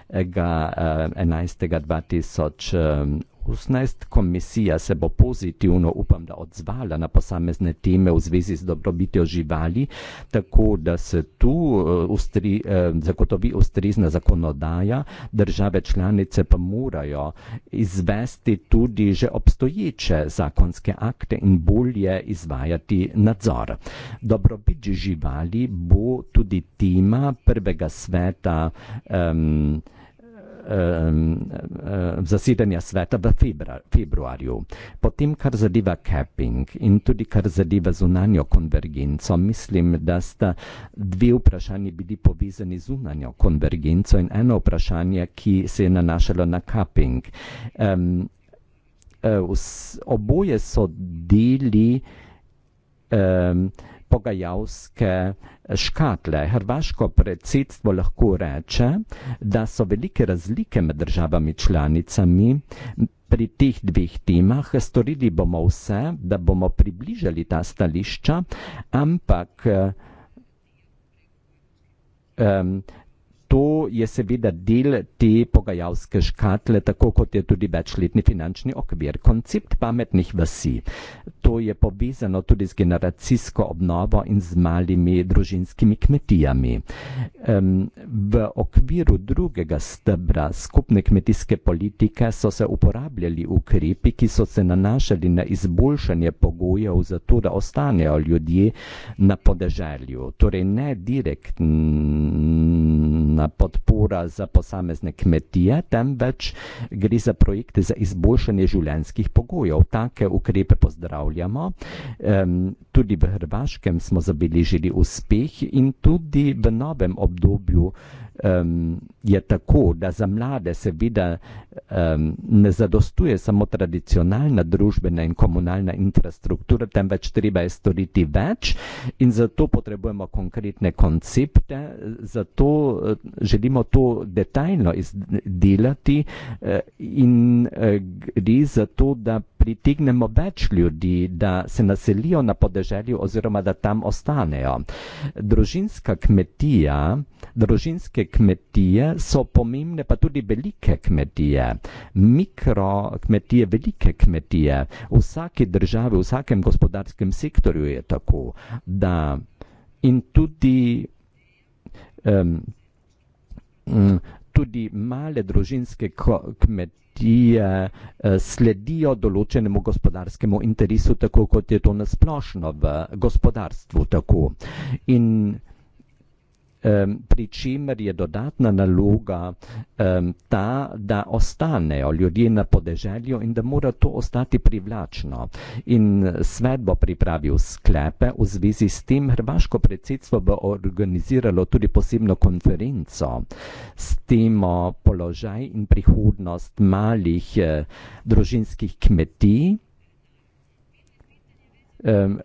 11. 2000 18 komisija se bo pozitivno, upam, da odzvala na posamezne teme v zvezi z dobrobitjo živali, tako da se tu eh, ustri, eh, zagotovi ustrezna zakonodaja, države članice pa morajo izvesti tudi že obstoječe zakonske akte in bolje izvajati nadzor. Dobrobit živali bo tudi tema prvega sveta. Um, um, zasedanja sveta v februarju. Potem, kar zadeva capping in tudi kar zadeva zunanjo konvergenco, mislim, da sta dve vprašanje bili povezani z zunanjo konvergenco in eno vprašanje, ki se je nanašalo na capping. Um, oboje so deli um, pogajalske škatle. Hrvaško predsedstvo lahko reče, da so velike razlike med državami članicami pri teh dveh temah. Storili bomo vse, da bomo približali ta stališča, ampak um, to je seveda del te pogajalske škatle, tako kot je tudi večletni finančni okvir. Koncept pametnih vasi, to je povezano tudi z generacijsko obnovo in z malimi družinskimi kmetijami. Um, v okviru drugega stebra skupne kmetijske politike so se uporabljali ukrepi, ki so se nanašali na izboljšanje pogojev za to, da ostanejo ljudje na podeželju. Torej ne direktno finančna podpora za posamezne kmetije, temveč gre za projekte za izboljšanje življenjskih pogojev. Take ukrepe pozdravljamo tudi v Hrvaškem smo zabeležili uspeh in tudi v novem obdobju um, je tako, da za mlade seveda um, ne zadostuje samo tradicionalna družbena in komunalna infrastruktura, temveč treba je storiti več in zato potrebujemo konkretne koncepte, zato eh, želimo to detaljno izdelati uh, in uh, gre za to, da pritignemo več ljudi, da se naselijo na podeželju oziroma da tam ostanejo. Družinska kmetija, družinske kmetije so pomembne, pa tudi velike kmetije, mikro kmetije, velike kmetije. V vsaki državi, v vsakem gospodarskem sektorju je tako, da in tudi. Um, tudi male družinske kmetije ki eh, eh, sledijo določenemu gospodarskemu interesu, tako kot je to nasplošno v gospodarstvu. Tako. In um, pri čemer je dodatna naloga um, ta, da ostanejo ljudje na podeželju in da mora to ostati privlačno. In svet bo pripravil sklepe v zvezi s tem, hrvaško predsedstvo bo organiziralo tudi posebno konferenco s temo položaj in prihodnost malih eh, družinskih kmetij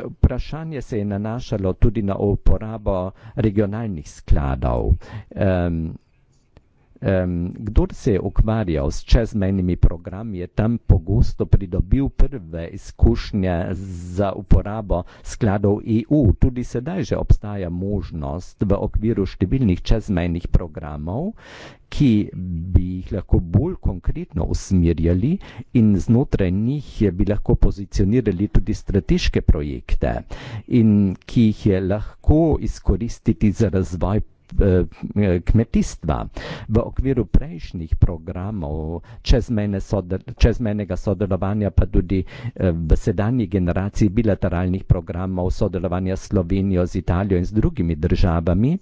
vprašanje se je nanašalo tudi na uporabo regionalnih skladov, Um, kdor se je ukvarjal s čezmejnimi programi, je tam pogosto pridobil prve izkušnje za uporabo skladov EU. Tudi sedaj že obstaja možnost v okviru številnih čezmejnih programov, ki bi jih lahko bolj konkretno usmirjali in znotraj njih bi lahko pozicionirali tudi strateške projekte in ki jih je lahko izkoristiti za razvoj. Eh, eh, kmetijstva. V okviru prejšnjih programov čezmene sodel, čezmenega sodelovanja, pa tudi eh, v sedanji generaciji bilateralnih programov sodelovanja s Slovenijo, z Italijo in z drugimi državami,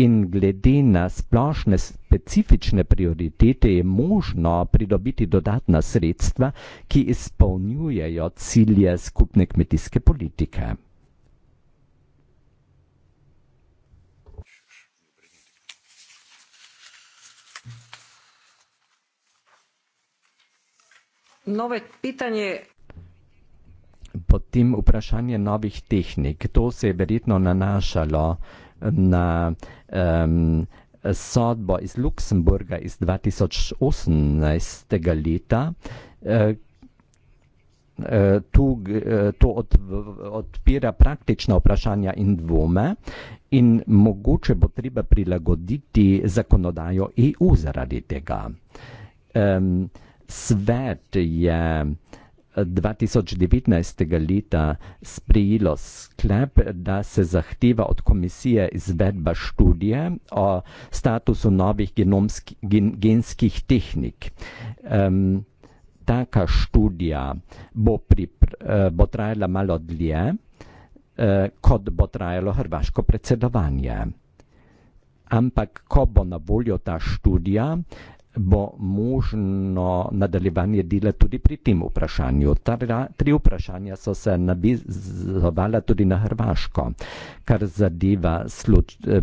in glede na splošne specifične prioritete je možno pridobiti dodatna sredstva, ki izpolnjujejo cilje skupne kmetijske politike. No, pitanje. Potem vprašanje novih tehnik. To se je verjetno nanašalo na um, sodbo iz Luksemburga iz 2018. leta. Uh, tu, uh, to od, odpira praktična vprašanja in dvome in mogoče bo treba prilagoditi zakonodajo EU zaradi tega. Um, svet je 2019. Eh, leta sprejelo sklep, da se zahteva od komisije izvedba študije o statusu novih genomski, gen, genskih tehnik. Um, taka študija bo, eh, bo trajala malo dlje, uh, kot bo trajalo hrvaško predsedovanje. Ampak, ko bo na voljo ta študija, bo možno nadaljevanje dela tudi pri tem vprašanju. Ta tri vprašanja so se navizovala tudi na Hrvaško, kar zadeva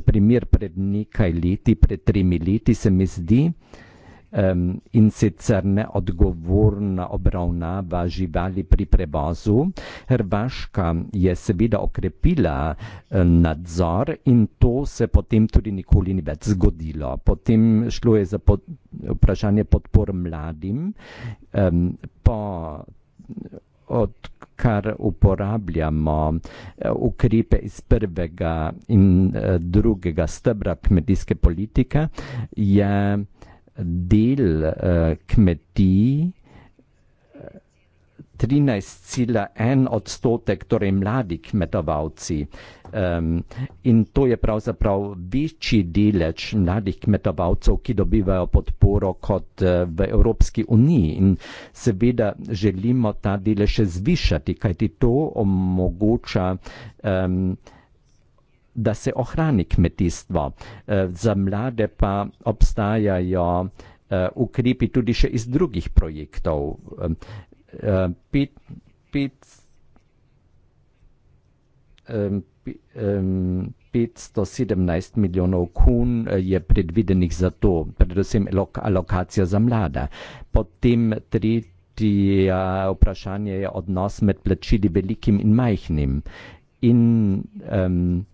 primer pred nekaj leti, pred tremi leti, se mi zdi, da um, in sicer neodgovorna obravnava živali pri prevozu. Hrvaška je seveda okrepila eh, nadzor in to se potem tudi nikoli ni več zgodilo. Potem šlo je za pod, vprašanje podpor mladim. Um, po, od, kar uporabljamo eh, ukrepe iz prvega in eh, drugega stebra kmetijske politike, je del uh, kmetij. 13,1 odstotek, torej mladi kmetovalci. Um, in to je pravzaprav večji delež mladih kmetovalcev, ki dobivajo podporo kot uh, v Evropski uniji. In seveda želimo ta delež zvišati, kajti to omogoča. Um, da se ohrani kmetijstvo. Uh, za mlade pa obstajajo uh, ukrepi tudi še iz drugih projektov. Uh, pet, pet, um, um, 517 milijonov kun je predvidenih za to, predvsem lok, alokacija za mlada. Potem tretje vprašanje je odnos med plačili velikim in majhnim. In um,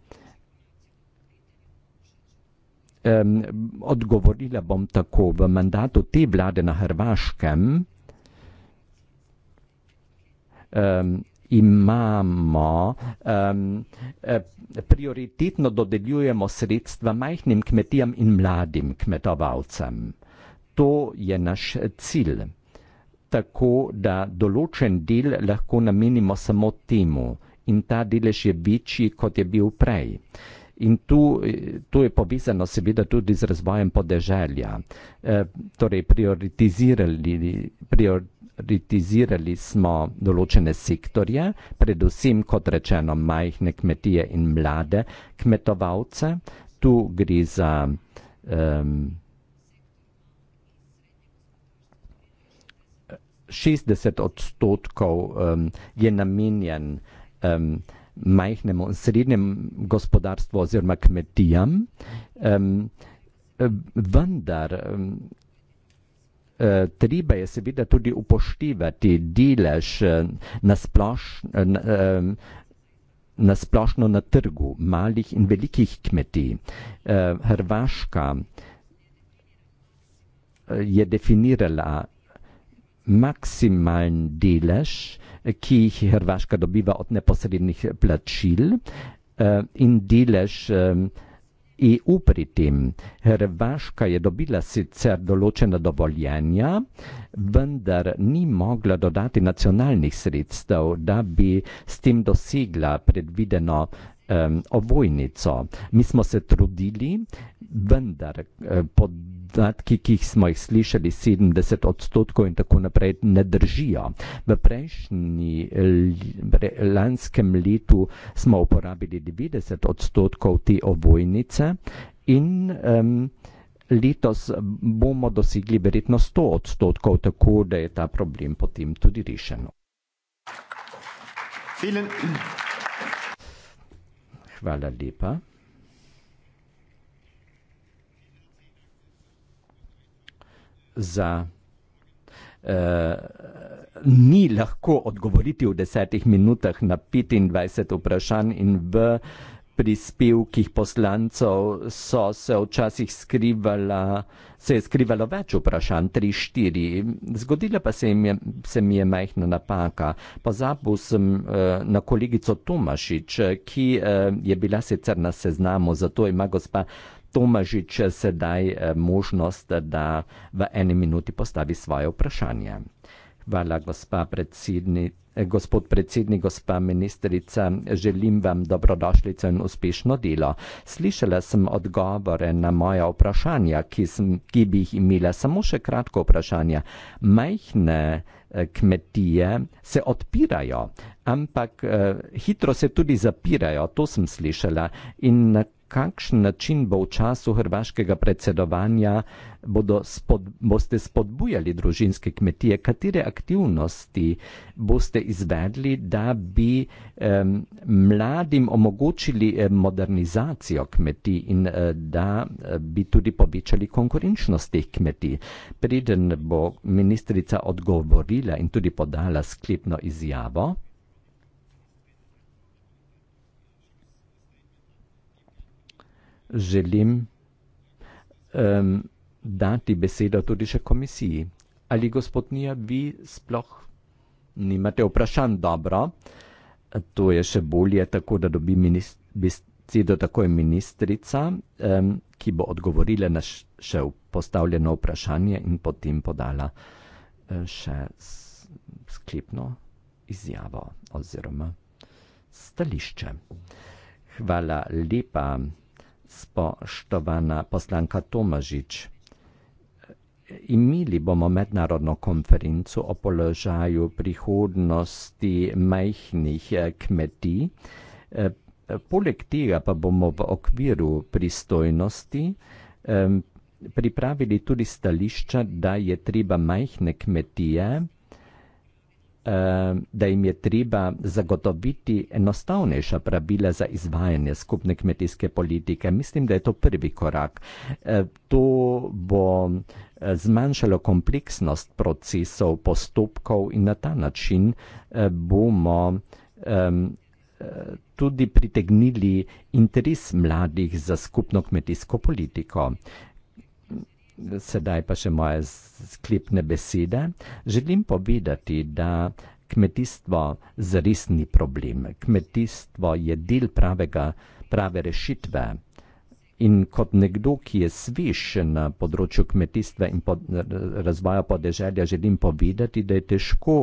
um, odgovorila bom tako, v mandatu te vlade na Hrvaškem um, imamo, um, prioritetno dodeljujemo sredstva majhnim kmetijam in mladim kmetovalcem. To je naš cilj. Tako da določen del lahko namenimo samo temu in ta delež je večji, kot je bil prej. In tu, tu je povezano seveda tudi z razvojem podeželja. E, torej, prioritizirali, prioritizirali smo določene sektorje, predvsem, kot rečeno, majhne kmetije in mlade kmetovalce. Tu gre za. Um, 60 odstotkov um, je namenjen um, majhnemu in srednjemu gospodarstvu oziroma kmetijam, um, vendar um, treba je seveda tudi upoštevati delež nasploš, na, na, na splošno na trgu malih in velikih kmetij. Eh, Hrvaška eh, je definirala maksimalen delež, ki jih Hrvaška dobiva od neposrednih plačil uh, in delež uh, eh, EU pri tem. Hrvaška je dobila sicer določena dovoljenja, vendar ni mogla dodati nacionalnih sredstev, da bi s tem dosegla predvideno uh, um, ovojnico. Mi smo se trudili, vendar pod eh, podatki, ki smo jih slišali, 70 odstotkov in tako naprej, ne držijo. V prejšnji lanskem letu smo uporabili 90 odstotkov te ovojnice in um, letos bomo dosegli verjetno 100 odstotkov, tako da je ta problem potem tudi rešen. Vielen Dank. Hvala lepa. Za Uh, ni lahko odgovoriti v desetih minutah na 25 vprašanj in v uh, prispevkih poslancev so se včasih skrivala, se je skrivalo več vprašanj, tri, štiri. Zgodila pa se, je, se mi je majhna napaka. Pozabil sem eh, na kolegico Tomašič, ki eh, je bila sicer na seznamu, zato ima gospa Tomašič eh, sedaj eh, možnost, da v eni minuti postavi svoje vprašanje. Eh, Hvala, predsedni, eh, gospod predsednik, gospa ministrica. Želim vam dobrodošlico in uspešno delo. Slišala sem odgovore na moja vprašanja, ki, sem, ki bi jih imela. Samo še kratko vprašanje. Majhne eh, kmetije se odpirajo, ampak eh, hitro se tudi zapirajo. To sem slišala. In na kakšen način bo v času hrvaškega predsedovanja, bodo, spod, boste spodbujali družinske kmetije, katere aktivnosti boste izvedli, da bi eh, mladim omogočili modernizacijo kmetij in eh, da eh, bi tudi povečali konkurenčnost teh kmetij. Preden bo ministrica odgovorila in tudi podala sklepno izjavo, želim um, dati besedo tudi še komisiji. Ali gospodnija, vi sploh nimate vprašanj dobro, to je še bolje, tako da dobi besedo takoj ministrica, um, ki bo odgovorila na še postavljeno vprašanje in potem podala eh, še sklepno izjavo oziroma stališče. Hvala lepa spoštovana poslanka Tomažič. Imeli bomo mednarodno konferenco o položaju prihodnosti majhnih eh, kmetij. Eh, poleg tega pa bomo v okviru pristojnosti eh, pripravili tudi stališča, da je treba majhne kmetije da jim je treba zagotoviti enostavnejša pravila za izvajanje skupne kmetijske politike. Mislim, da je to prvi korak. To bo eh, zmanjšalo kompleksnost procesov, postopkov in na ta način eh, bomo eh, tudi pritegnili interes mladih za skupno kmetijsko politiko sedaj pa še moje sklepne besede. Želim povedati, da kmetijstvo zares ni problem. Kmetijstvo je del pravega, prave rešitve. In kot nekdo, ki je sviš na področju kmetijstva in pod, razvoja podeželja, želim povedati, da je težko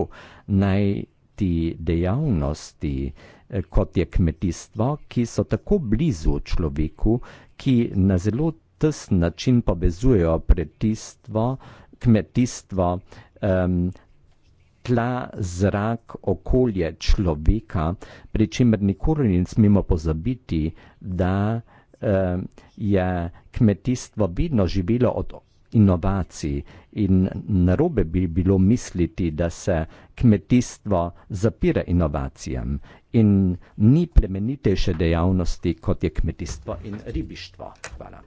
najti dejavnosti, eh, kot je kmetijstvo, ki so tako blizu človeku, ki na zelo tesen način povezujejo pretistvo, kmetijstvo, um, tla, zrak, okolje človeka, pri čemer nikoli ne smemo pozabiti, da um, je kmetijstvo vedno živelo od inovacij in narobe bi bilo misliti, da se kmetijstvo zapira inovacijam in ni plemenitejše dejavnosti, kot je kmetijstvo in ribištvo. Hvala.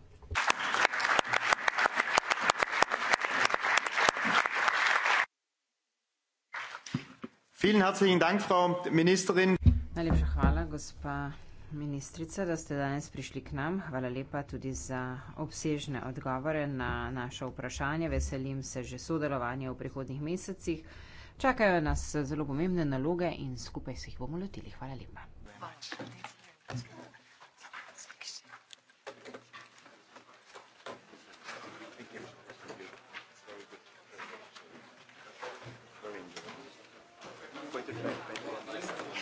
Vielen herzlichen Dank, Frau Ministerin. Najlepša hvala, gospa ministrica, da ste danes prišli k nam. Hvala lepa tudi za obsežne odgovore na naše vprašanje. Veselim se že sodelovanja v prihodnih mesecih. Čakajo nas zelo pomembne naloge in skupaj se jih bomo lotili. Hvala lepa. Hvala.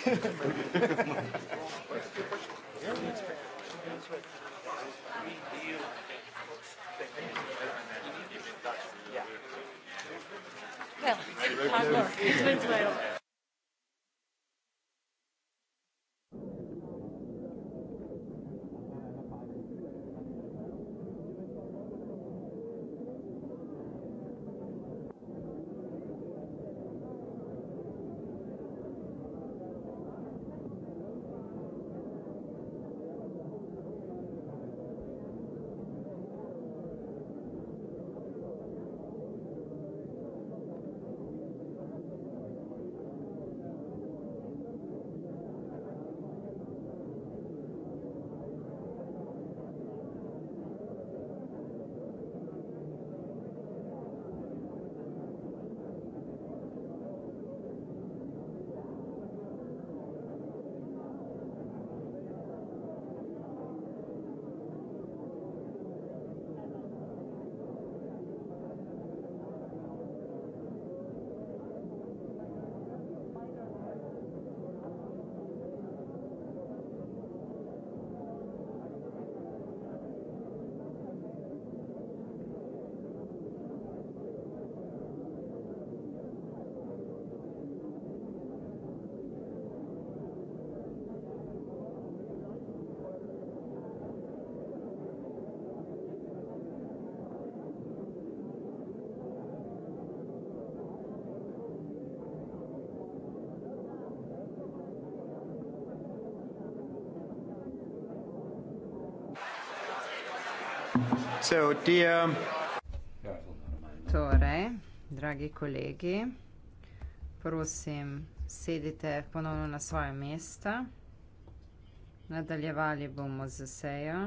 Yeah. Well, it's been Torej, dragi kolegi, prosim, sedite ponovno na svoje mesta. Nadaljevali bomo z sejo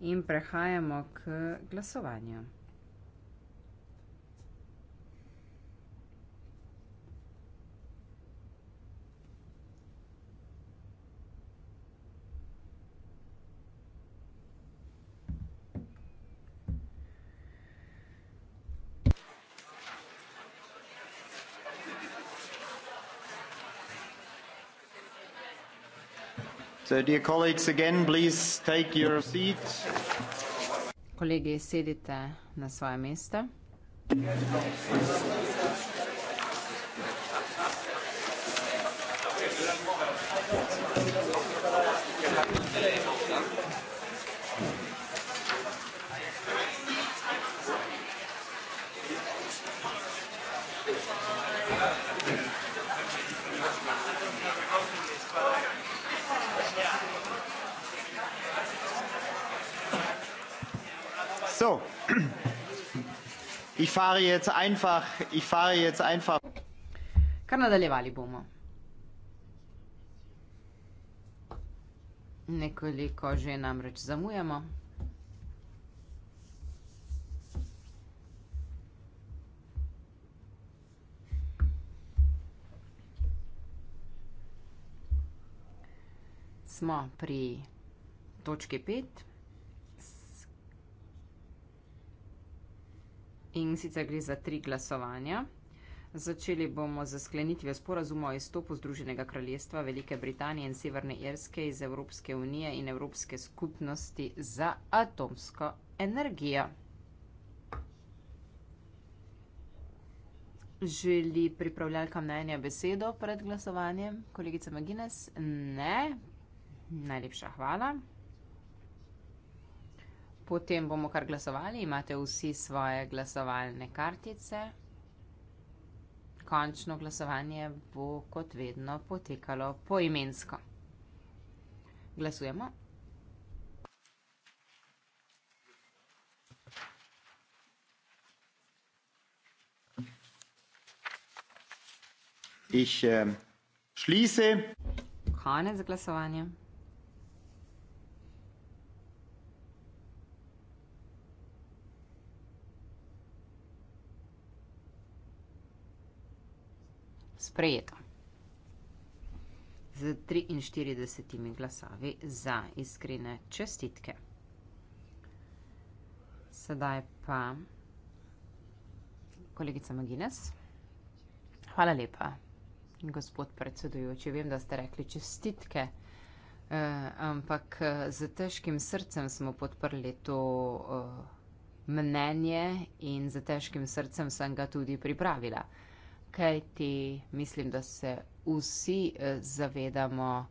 in prehajamo k glasovanju. Dear colleagues, again, please take your seats. Kolegi, sedite na svoje mesta. Hvala. Ich fahre jetzt einfach. Ich fahre jetzt einfach. Kar nadaljevali bomo. Nekoliko že namreč zamujamo. Smo pri točki 5. in sicer gre za tri glasovanja. Začeli bomo z sklenitvijo sporazuma o izstopu Združenega kraljestva Velike Britanije in Severne Irske iz Evropske unije in Evropske skupnosti za atomsko energijo. Želi pripravljalka mnenja besedo pred glasovanjem? Kolegica McGuinness? Ne. Najlepša hvala potem bomo kar glasovali. Imate vsi svoje glasovalne kartice. Končno glasovanje bo kot vedno potekalo poimensko. Glasujemo. Ich, äh, schließe. Konec glasovanja. sprejeto. Z 43 glasovi za iskrene čestitke. Sedaj pa kolegica Magines. Hvala lepa, gospod predsedujoči. Vem, da ste rekli čestitke, eh, ampak eh, z težkim srcem smo podprli to eh, mnenje in z težkim srcem sem ga tudi pripravila kajti mislim, da se vsi eh, zavedamo,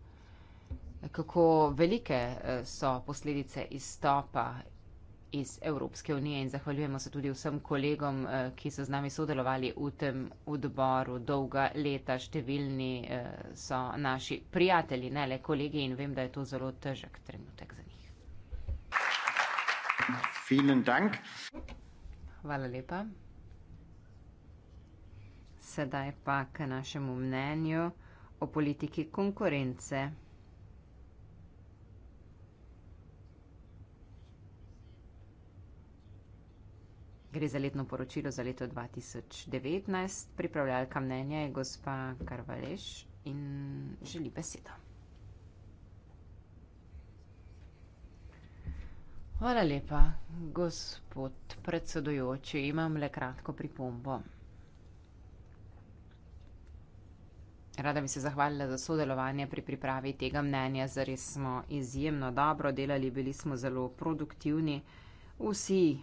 kako velike eh, so posledice izstopa iz Evropske unije in zahvaljujemo se tudi vsem kolegom, eh, ki so z nami sodelovali v tem odboru dolga leta. Številni so naši prijatelji, ne le kolegi in vem, da je to zelo težek trenutek za njih. Hvala lepa sedaj pa k našemu mnenju o politiki konkurence. Gre za letno poročilo za leto 2019. Pripravljalka mnenja je gospa Karvaleš in želi besedo. Hvala lepa, gospod predsedujoči. Imam le kratko pripombo. Rada bi se zahvalila za sodelovanje pri pripravi tega mnenja. Zares smo izjemno dobro delali, bili smo zelo produktivni. Vsi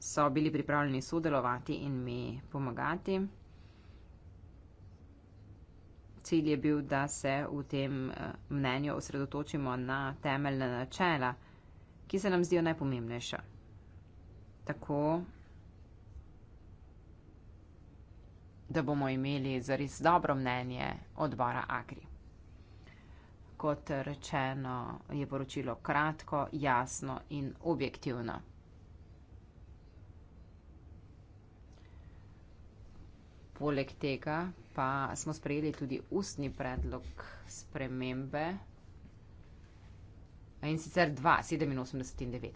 so bili pripravljeni sodelovati in mi pomagati. Cilj je bil, da se v tem eh, mnenju osredotočimo na temeljna načela, ki se nam zdijo najpomembnejša. Tako da bomo imeli zares dobro mnenje odbora Agri. Kot rečeno, je poročilo kratko, jasno in objektivno. Poleg tega pa smo sprejeli tudi ustni predlog spremembe in sicer 287.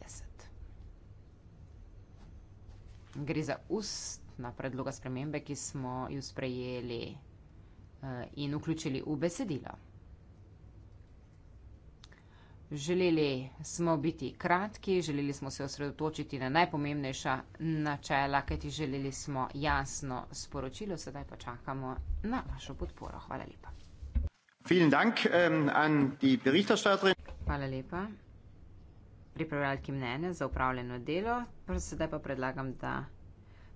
Gre za ust na predloga spremembe, ki smo jo sprejeli eh, in vključili v besedilo. Želeli smo biti kratki, želeli smo se osredotočiti na najpomembnejša načela, kajti želeli smo jasno sporočilo, sedaj pa čakamo na vašo podporo. Hvala lepa. Ähm, Hvala lepa pripravljalki mnenja za upravljeno delo. Sedaj pa predlagam, da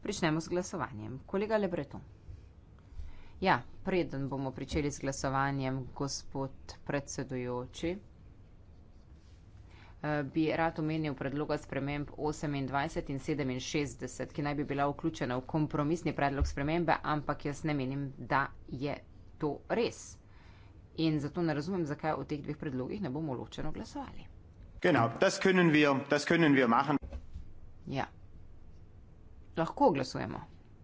Pričnemo z glasovanjem. Kolega Lebreton. Ja, preden bomo pričeli z glasovanjem, gospod predsedujoči, eh, bi rad omenil predloga sprememb 28 in 67, ki naj bi bila vključena v kompromisni predlog spremembe, ampak jaz ne menim, da je to res. In zato ne razumem, zakaj o teh dveh predlogih ne bomo ločeno glasovali. Genau, das können wir, das können wir machen. Ja, lahko glasujemo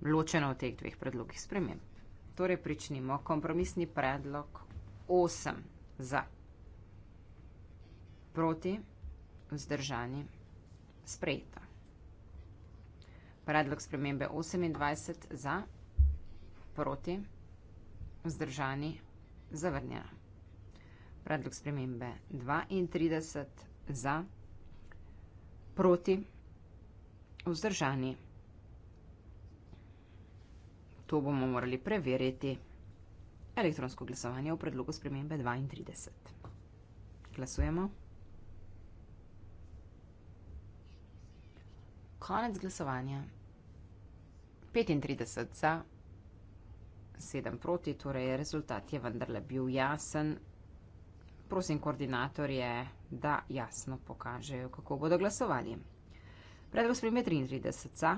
ločeno v teh dveh predlogih sprememb. Torej, pričnimo kompromisni predlog 8 za, proti, vzdržani, sprejeta. Predlog spremembe 28 za, proti, vzdržani, zavrnjena. Predlog spremembe 32 za, proti, vzdržani, zavrnjena. To bomo morali preveriti. Elektronsko glasovanje v predlogu spremembe 32. Glasujemo. Konec glasovanja. 35 za, 7 proti, torej rezultat je vendarle bil jasen. Prosim koordinatorje, da jasno pokažejo, kako bodo glasovali. Predlog spremembe 33 za,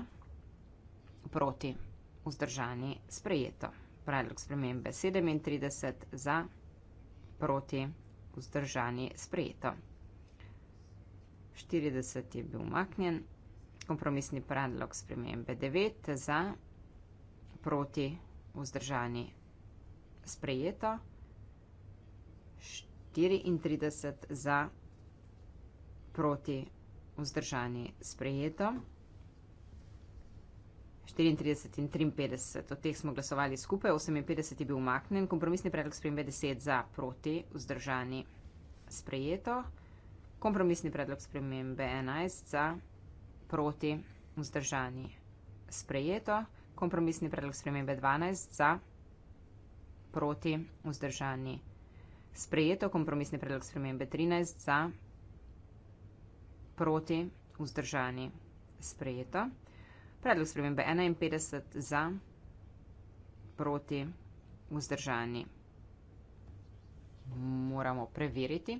proti vzdržani sprejeto. Predlog spremembe 37 za, proti vzdržani sprejeto. 40 je bil umaknjen. Kompromisni predlog spremembe 9 za, proti vzdržani sprejeto. 34 za, proti vzdržani sprejeto. 34 in 53, od teh smo glasovali skupaj, 58 je bil umaknen, kompromisni predlog spremembe 10 za proti, vzdržani sprejeto, kompromisni predlog spremembe 11 za proti, vzdržani sprejeto, kompromisni predlog spremembe 12 za proti, vzdržani sprejeto, kompromisni predlog spremembe 13 za proti, vzdržani sprejeto. Predlog spremembe 51 za, proti, vzdržani. Moramo preveriti.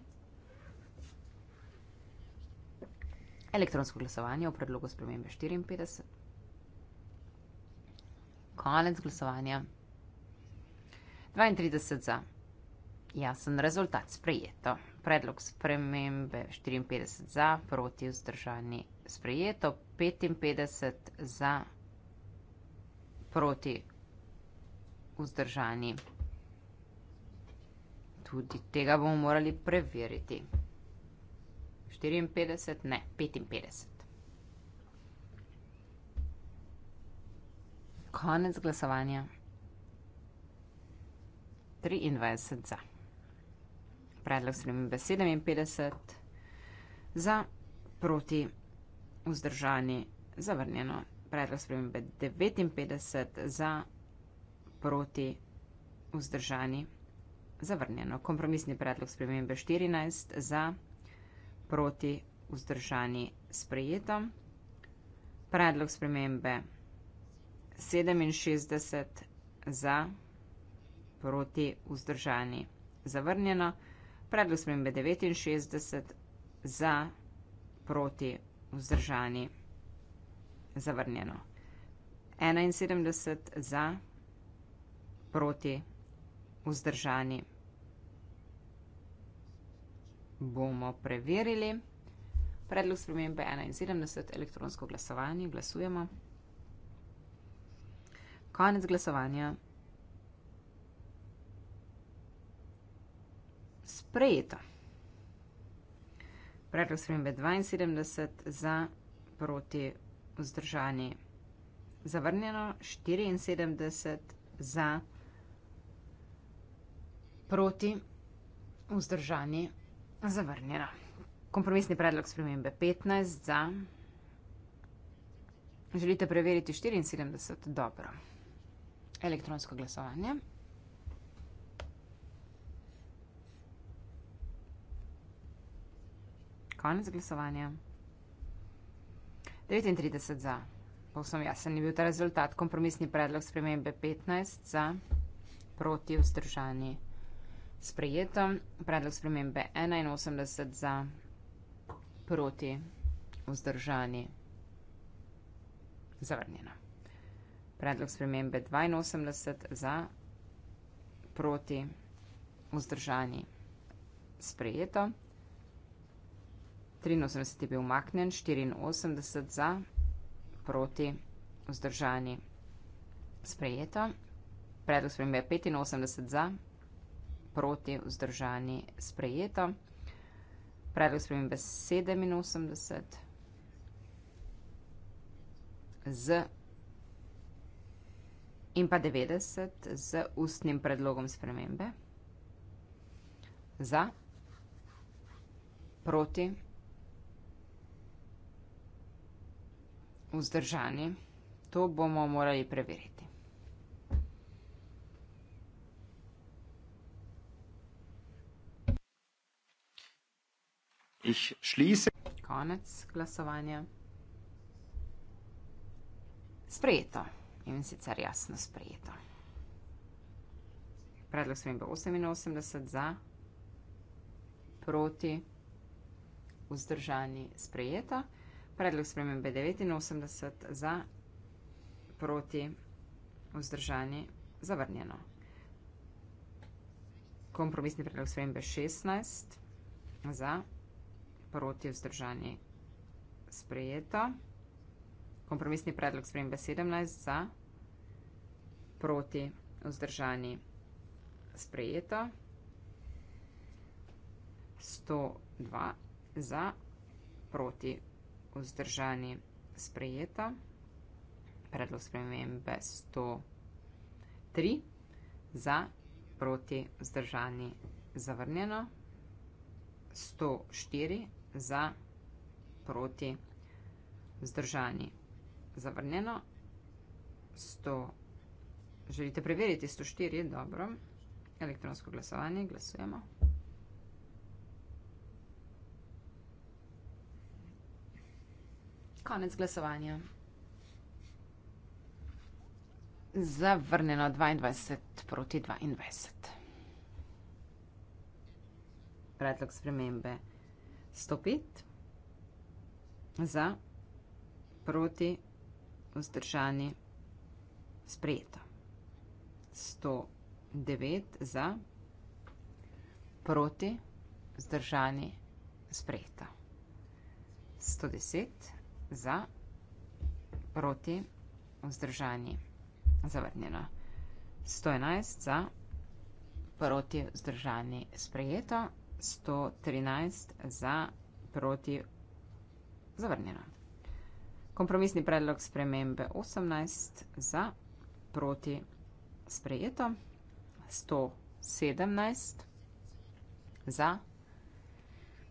Elektronsko glasovanje o predlogu spremembe 54. Konec glasovanja. 32 za. Jasen rezultat sprejeto. Predlog spremembe 54 za, proti vzdržanje sprejeto, 55 za proti vzdržani. Tudi tega bomo morali preveriti. 54, ne, 55. Konec glasovanja. 23 za. Predlog s 57 za proti vzdržani vzdržani, zavrnjeno. Predlog spremembe 59 za, proti, vzdržani, zavrnjeno. Kompromisni predlog spremembe 14 za, proti, vzdržani, sprejeto. Predlog spremembe 67 za, proti, vzdržani, zavrnjeno. Predlog spremembe 69 za, proti, vzdržani vzdržani. Zavrnjeno. 71 za, proti, vzdržani. Bomo preverili. Predlog spremembe 71, elektronsko glasovanje, glasujemo. Konec glasovanja. Sprejeto. Predlog spremembe 72 za proti vzdržani. Zavrnjeno 74 za proti vzdržani. Zavrnjeno. Kompromisni predlog spremembe 15 za. Želite preveriti 74? Dobro. Elektronsko glasovanje. konec glasovanja. 39 za. Povsem jasen je bil ta rezultat. Kompromisni predlog spremembe 15 za, proti vzdržani sprejeto. Predlog spremembe 81 za, proti vzdržani zavrnjeno. Predlog spremembe 82 za, proti vzdržani sprejeto. 83 je bil umaknen, 84 za, proti, vzdržani. Sprejeto. Predlog spremembe je 85 za, proti, vzdržani. Sprejeto. Predlog spremembe 87 z in pa 90 z ustnim predlogom spremembe. Za, proti, vzdržani. vzdržani. To bomo morali preveriti. Ich schließe. Konec glasovanja. Sprejeto. In sicer jasno sprejeto. Predlog sem imel 88 za, proti, vzdržani sprejeto. Predlog spremembe 89 za, proti, vzdržani, zavrnjeno. Kompromisni predlog spremembe 16 za, proti, vzdržani, sprejeto. Kompromisni predlog spremembe 17 za, proti, vzdržani, sprejeto. 102 za, proti, vzdržani vzdržani sprejeta. Predlog spremembe 103 za, proti vzdržani zavrnjeno, 104 za, proti vzdržani zavrnjeno, 100. Želite preveriti 104? Dobro. Elektronsko glasovanje, glasujemo. Konec glasovanja. Zavrnjeno 22 proti 22. Predlog spremembe. Stopit za proti vzdržani sprejeto. 109 za proti vzdržani sprejeto. 110 za za, proti, vzdržani, zavrnjeno. 111 za, proti, vzdržani, sprejeto. 113 za, proti, zavrnjeno. Kompromisni predlog spremembe 18 za, proti, sprejeto. 117 za,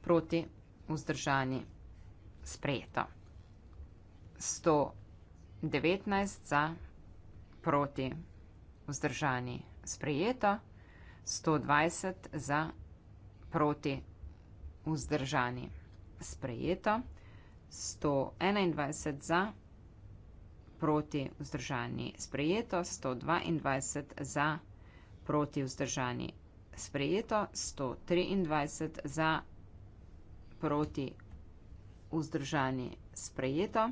proti, vzdržani, sprejeto. 119 za, proti vzdržani sprejeto, 120 za, proti vzdržani sprejeto, 121 za, proti vzdržani sprejeto, 122 za, proti vzdržani sprejeto, 123 za, proti vzdržani sprejeto.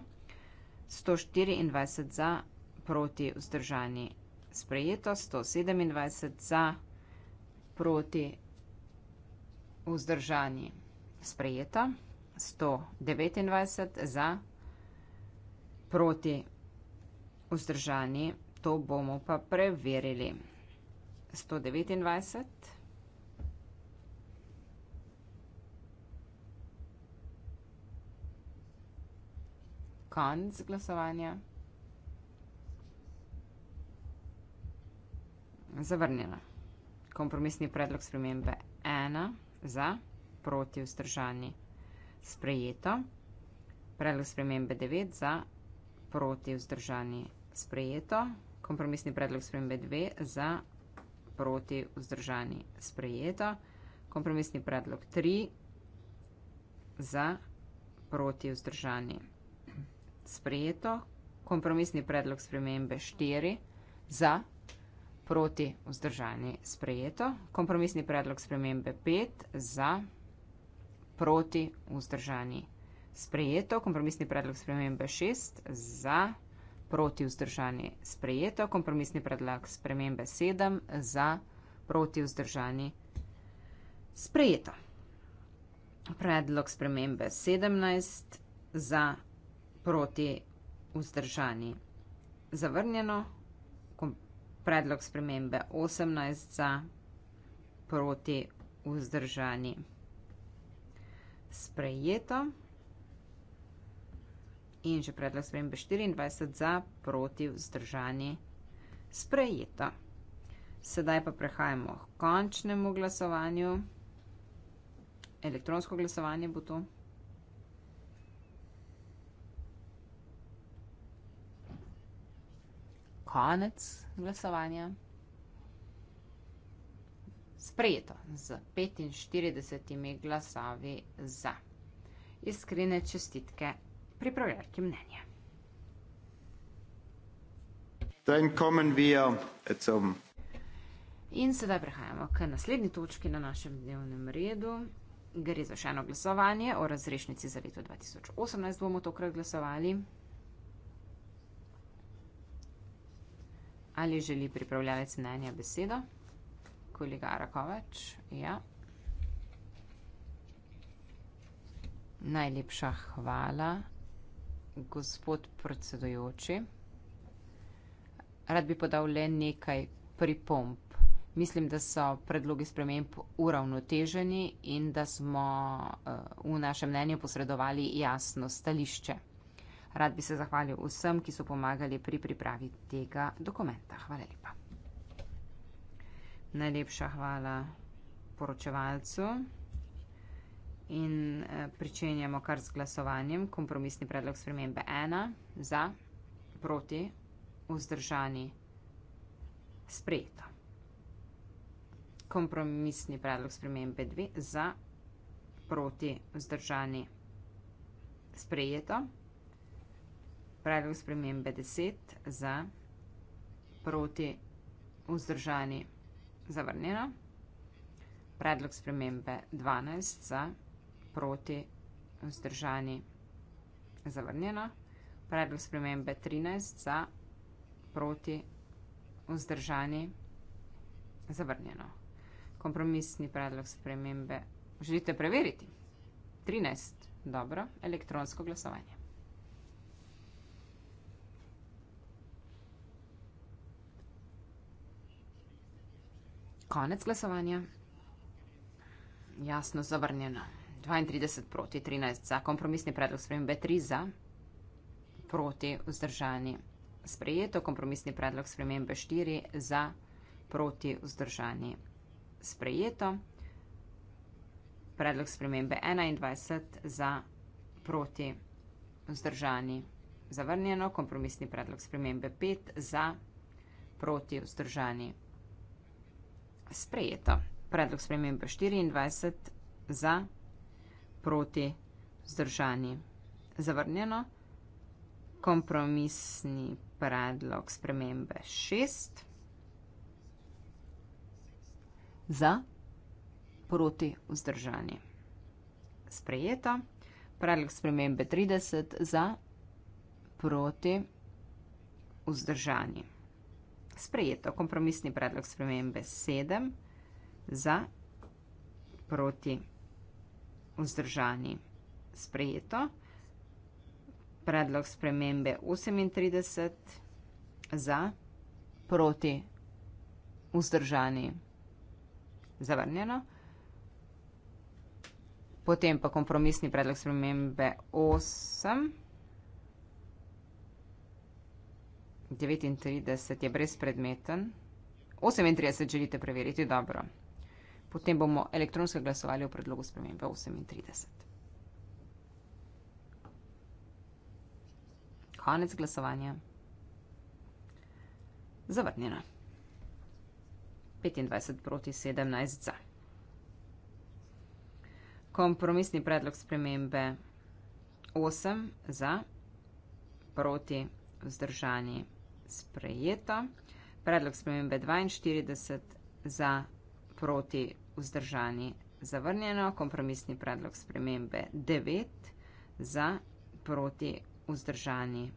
124 za, proti vzdržani sprejeto, 127 za, proti vzdržani sprejeto, 129 za, proti vzdržani, to bomo pa preverili. 129 za. konec glasovanja. Zavrnjeno. Kompromisni predlog spremembe ena za, proti vzdržani sprejeto. Predlog spremembe devet za, proti vzdržani sprejeto. Kompromisni predlog spremembe dve za, proti vzdržani sprejeto. Kompromisni predlog tri za, proti vzdržani sprejeto sprejeto, kompromisni predlog spremembe 4 za, proti vzdržani sprejeto, kompromisni predlog spremembe 5 za, proti vzdržani sprejeto, kompromisni predlog spremembe 6 za, proti vzdržani sprejeto, kompromisni predlog spremembe 7 za, proti vzdržani sprejeto. Predlog spremembe 17 za proti vzdržani. Zavrnjeno, predlog spremembe 18 za proti vzdržani. Sprejeto in že predlog spremembe 24 za proti vzdržani. Sprejeto. Sedaj pa prehajamo k končnemu glasovanju. Elektronsko glasovanje bo to. konec glasovanja. Sprejeto z 45 glasovi za. Iskrene čestitke pri projektu mnenja. In sedaj prehajamo k naslednji točki na našem dnevnem redu. Gre za še eno glasovanje o razrešnici za leto 2018. Bomo tokrat glasovali. Ali želi pripravljavec mnenja besedo? Kolega Rakovač, ja. Najlepša hvala, gospod predsedujoči. Rad bi podal le nekaj pripomb. Mislim, da so predlogi sprememb uravnoteženi in da smo eh, v našem mnenju posredovali jasno stališče. Rad bi se zahvalil vsem, ki so pomagali pri pripravi tega dokumenta. Hvala lepa. Najlepša hvala poročevalcu. In eh, pričenjamo kar z glasovanjem. Kompromisni predlog spremembe ena za, proti, vzdržani, sprejeto. Kompromisni predlog spremembe dve za, proti, vzdržani, sprejeto. Predlog spremembe 10 za, proti, vzdržani, zavrnjeno. Predlog spremembe 12 za, proti, vzdržani, zavrnjeno. Predlog spremembe 13 za, proti, vzdržani, zavrnjeno. Kompromisni predlog spremembe želite preveriti? 13. Dobro, elektronsko glasovanje. Konec glasovanja. Jasno zavrnjeno. 32 proti 13 za kompromisni predlog spremembe 3 za proti vzdržani. Sprejeto kompromisni predlog spremembe 4 za proti vzdržani. Sprejeto predlog spremembe 21 za proti vzdržani. Zavrnjeno kompromisni predlog spremembe 5 za proti vzdržani sprejeto. Predlog spremembe 24 za, proti, zdržani, zavrnjeno. Kompromisni predlog spremembe 6 za, proti, vzdržani, sprejeto. Predlog spremembe 30 za, proti, vzdržani sprejeto. Kompromisni predlog spremembe 7 za, proti, vzdržani, sprejeto. Predlog spremembe 38 za, proti, vzdržani, zavrnjeno. Potem pa kompromisni predlog spremembe 8 za, 39 je brezpredmeten. 38 želite preveriti, dobro. Potem bomo elektronsko glasovali o predlogu spremembe 38. Konec glasovanja. Zavrnjena. 25 proti 17 za. Kompromisni predlog spremembe 8 za, proti vzdržanji sprejeto. Predlog spremembe 42 za proti vzdržani zavrnjeno, kompromisni predlog spremembe 9 za proti vzdržani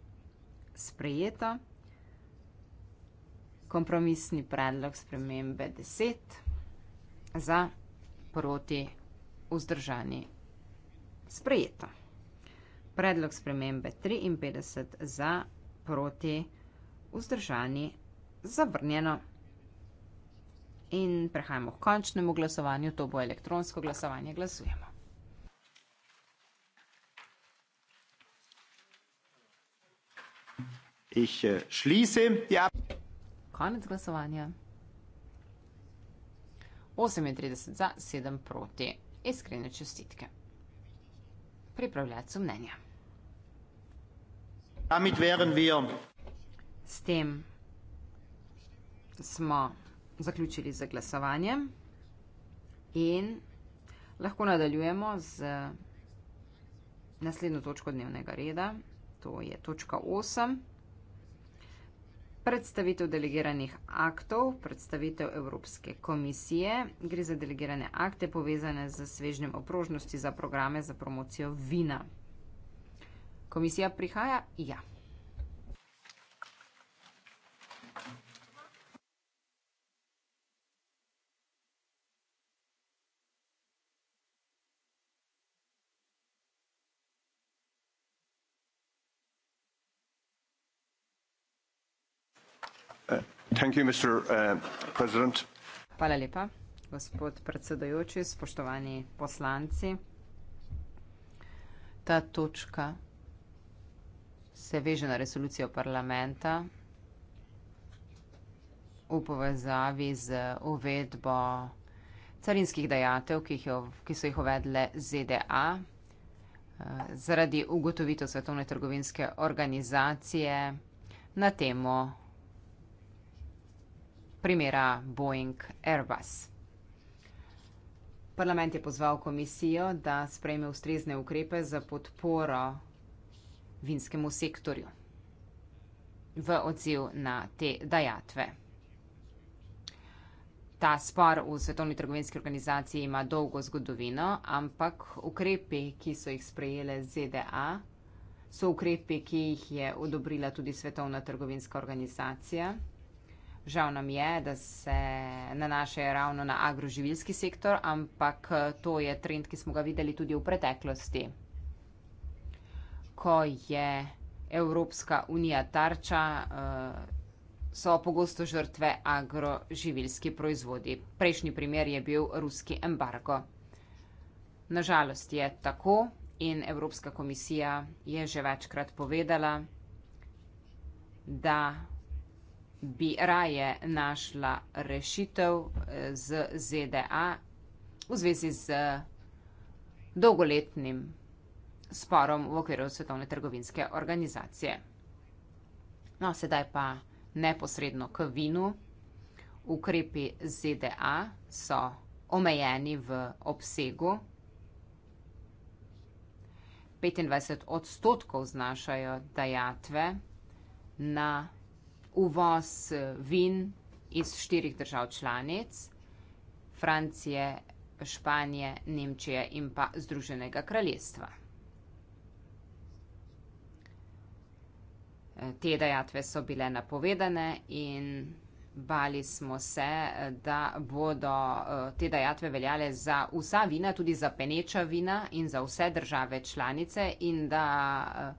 sprejeto, kompromisni predlog spremembe 10 za proti vzdržani sprejeto. Predlog spremembe 53 za proti vzdržani sprejeto vzdržani, zavrnjeno. In prehajamo k končnemu glasovanju, to bo elektronsko glasovanje. Glasujemo. Ich äh, schließe, ja. Konec glasovanja. 38 za, 7 proti. Iskrene čestitke. Pripravljajcu mnenja. Damit wären wir. S tem smo zaključili z glasovanjem in lahko nadaljujemo z naslednjo točko dnevnega reda, to je točka 8. Predstavitev delegiranih aktov, predstavitev Evropske komisije. Gre za delegirane akte povezane z svežnjem oprožnosti za programe za promocijo vina. Komisija prihaja? Ja. Thank you, Mr. Uh, President. Hvala lepa, gospod predsedujoči, spoštovani poslanci. Ta točka se veže na resolucijo parlamenta v povezavi z uvedbo carinskih dajatev, ki, jo, ki so jih uvedle ZDA eh, zaradi ugotovitev Svetovne trgovinske organizacije na temo primera Boeing Airbus. Parlament je pozval komisijo, da sprejme ustrezne ukrepe za podporo vinskemu sektorju v odziv na te dajatve. Ta spor v Svetovni trgovinski organizaciji ima dolgo zgodovino, ampak ukrepi, ki so jih sprejele ZDA, so ukrepi, ki jih je odobrila tudi Svetovna trgovinska organizacija. Žal nam je, da se nanašajo ravno na agroživilski sektor, ampak to je trend, ki smo ga videli tudi v preteklosti, ko je Evropska unija tarča. Eh, so pogosto žrtve agroživilski proizvodi. Prejšnji primer je bil ruski embargo. Nažalost je tako in Evropska komisija je že večkrat povedala, da bi raje našla rešitev eh, z ZDA v zvezi z dolgoletnim sporom v okviru Svetovne trgovinske organizacije. No, sedaj pa neposredno k vinu. Ukrepi ZDA so omejeni v obsegu. 25 odstotkov znašajo dajatve na uvoz eh, vin iz štirih držav članic, Francije, Španije, Nemčije in pa Združenega kraljestva. Eh, te dejatve so bile napovedane in bali smo se, eh, da bodo te dejatve veljale za vsa vina, tudi za peneča vina in za vse države članice in da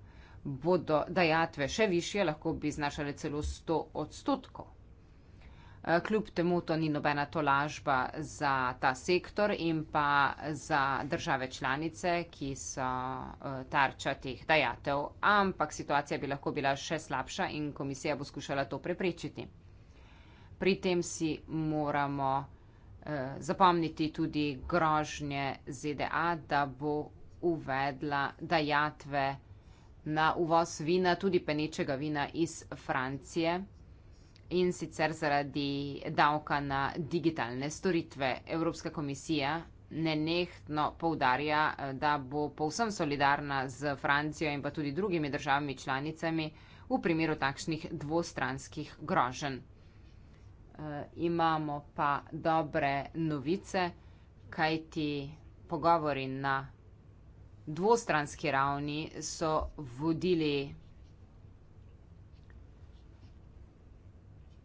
bodo dajatve še više, lahko bi znašale celo 100 odstotkov. Eh, kljub temu to ni nobena tolažba za ta sektor in pa za države članice, ki so eh, tarča teh dajatev, ampak situacija bi lahko bila še slabša in komisija bo skušala to preprečiti. Pri tem si moramo eh, zapomniti tudi grožnje ZDA, da bo uvedla dajatve na uvoz vina, tudi penečega vina iz Francije in sicer zaradi davka na digitalne storitve. Evropska komisija nenehno poudarja, da bo povsem solidarna z Francijo in pa tudi drugimi državami članicami v primeru takšnih dvostranskih grožen. E, eh, imamo pa dobre novice, kajti pogovori na dvostranski ravni so vodili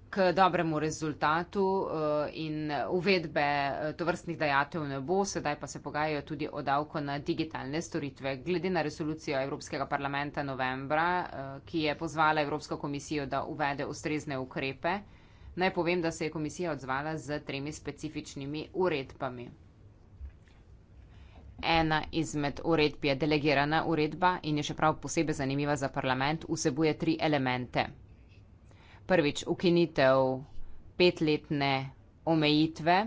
k dobremu rezultatu eh, in uvedbe eh, tovrstnih dajatev ne bo, sedaj pa se pogajajo tudi o davko na digitalne storitve. Glede na resolucijo Evropskega parlamenta novembra, eh, ki je pozvala Evropsko komisijo, da uvede ustrezne ukrepe, naj povem, da se je komisija odzvala z tremi specifičnimi uredbami ena izmed uredb je delegirana uredba in je še prav posebej zanimiva za parlament, vsebuje tri elemente. Prvič, ukinitev petletne omejitve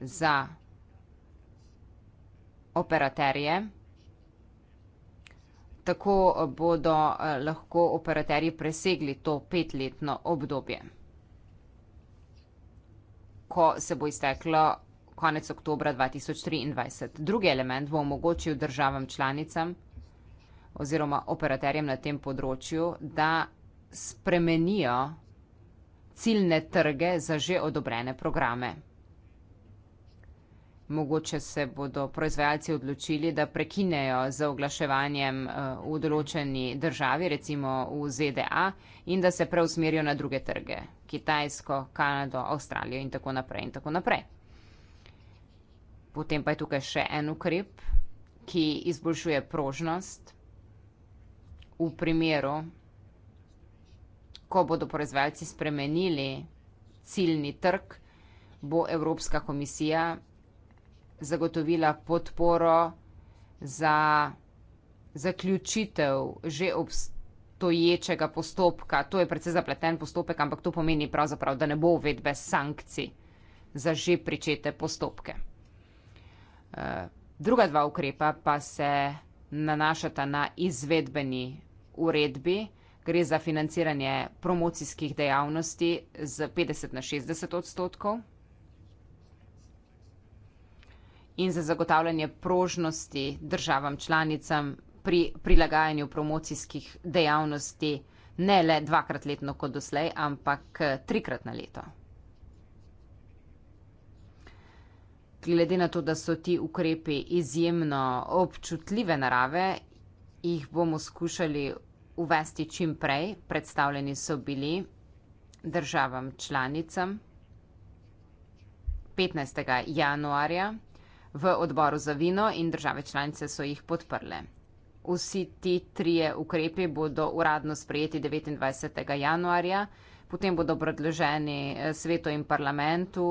za operaterje. Tako bodo eh, lahko operaterji presegli to petletno obdobje, ko se bo izteklo konec oktobra 2023. Drugi element bo omogočil državam članicam oziroma operaterjem na tem področju, da spremenijo ciljne trge za že odobrene programe. Mogoče se bodo proizvajalci odločili, da prekinejo z oglaševanjem eh, v določeni državi, recimo v ZDA, in da se preusmerijo na druge trge, Kitajsko, Kanado, Avstralijo in tako naprej. In tako naprej. Potem pa je tukaj še en ukrep, ki izboljšuje prožnost v primeru, ko bodo proizvajalci spremenili ciljni trg, bo Evropska komisija zagotovila podporo za zaključitev že obstoječega postopka. To je predvsej zapleten postopek, ampak to pomeni pravzaprav, da ne bo uvedbe sankcij za že pričete postopke. Eh, druga dva ukrepa pa se nanašata na izvedbeni uredbi. Gre za financiranje promocijskih dejavnosti z 50 na 60 odstotkov in za zagotavljanje prožnosti državam članicam pri prilagajanju promocijskih dejavnosti ne le dvakrat letno kot doslej, ampak eh, trikrat na leto. glede na to, da so ti ukrepi izjemno občutljive narave, jih bomo skušali uvesti čim prej. Predstavljeni so bili državam članicam 15. januarja v odboru za vino in države članice so jih podprle. Vsi ti trije ukrepi bodo uradno sprejeti 29. januarja potem bodo predloženi eh, svetu in parlamentu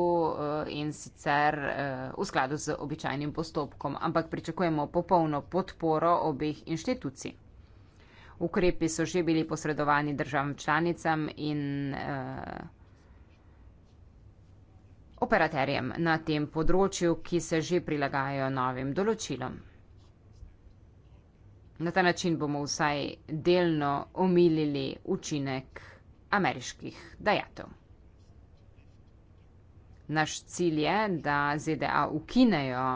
eh, in sicer eh, v skladu z običajnim postopkom, ampak pričakujemo popolno podporo obeh inštitucij. Ukrepi so že bili posredovani državam članicam in operaterjem na tem področju, ki se že prilagajajo novim določilom. Na ta način bomo vsaj delno omilili učinek ameriških dajatev. Naš cilj je, da ZDA ukinejo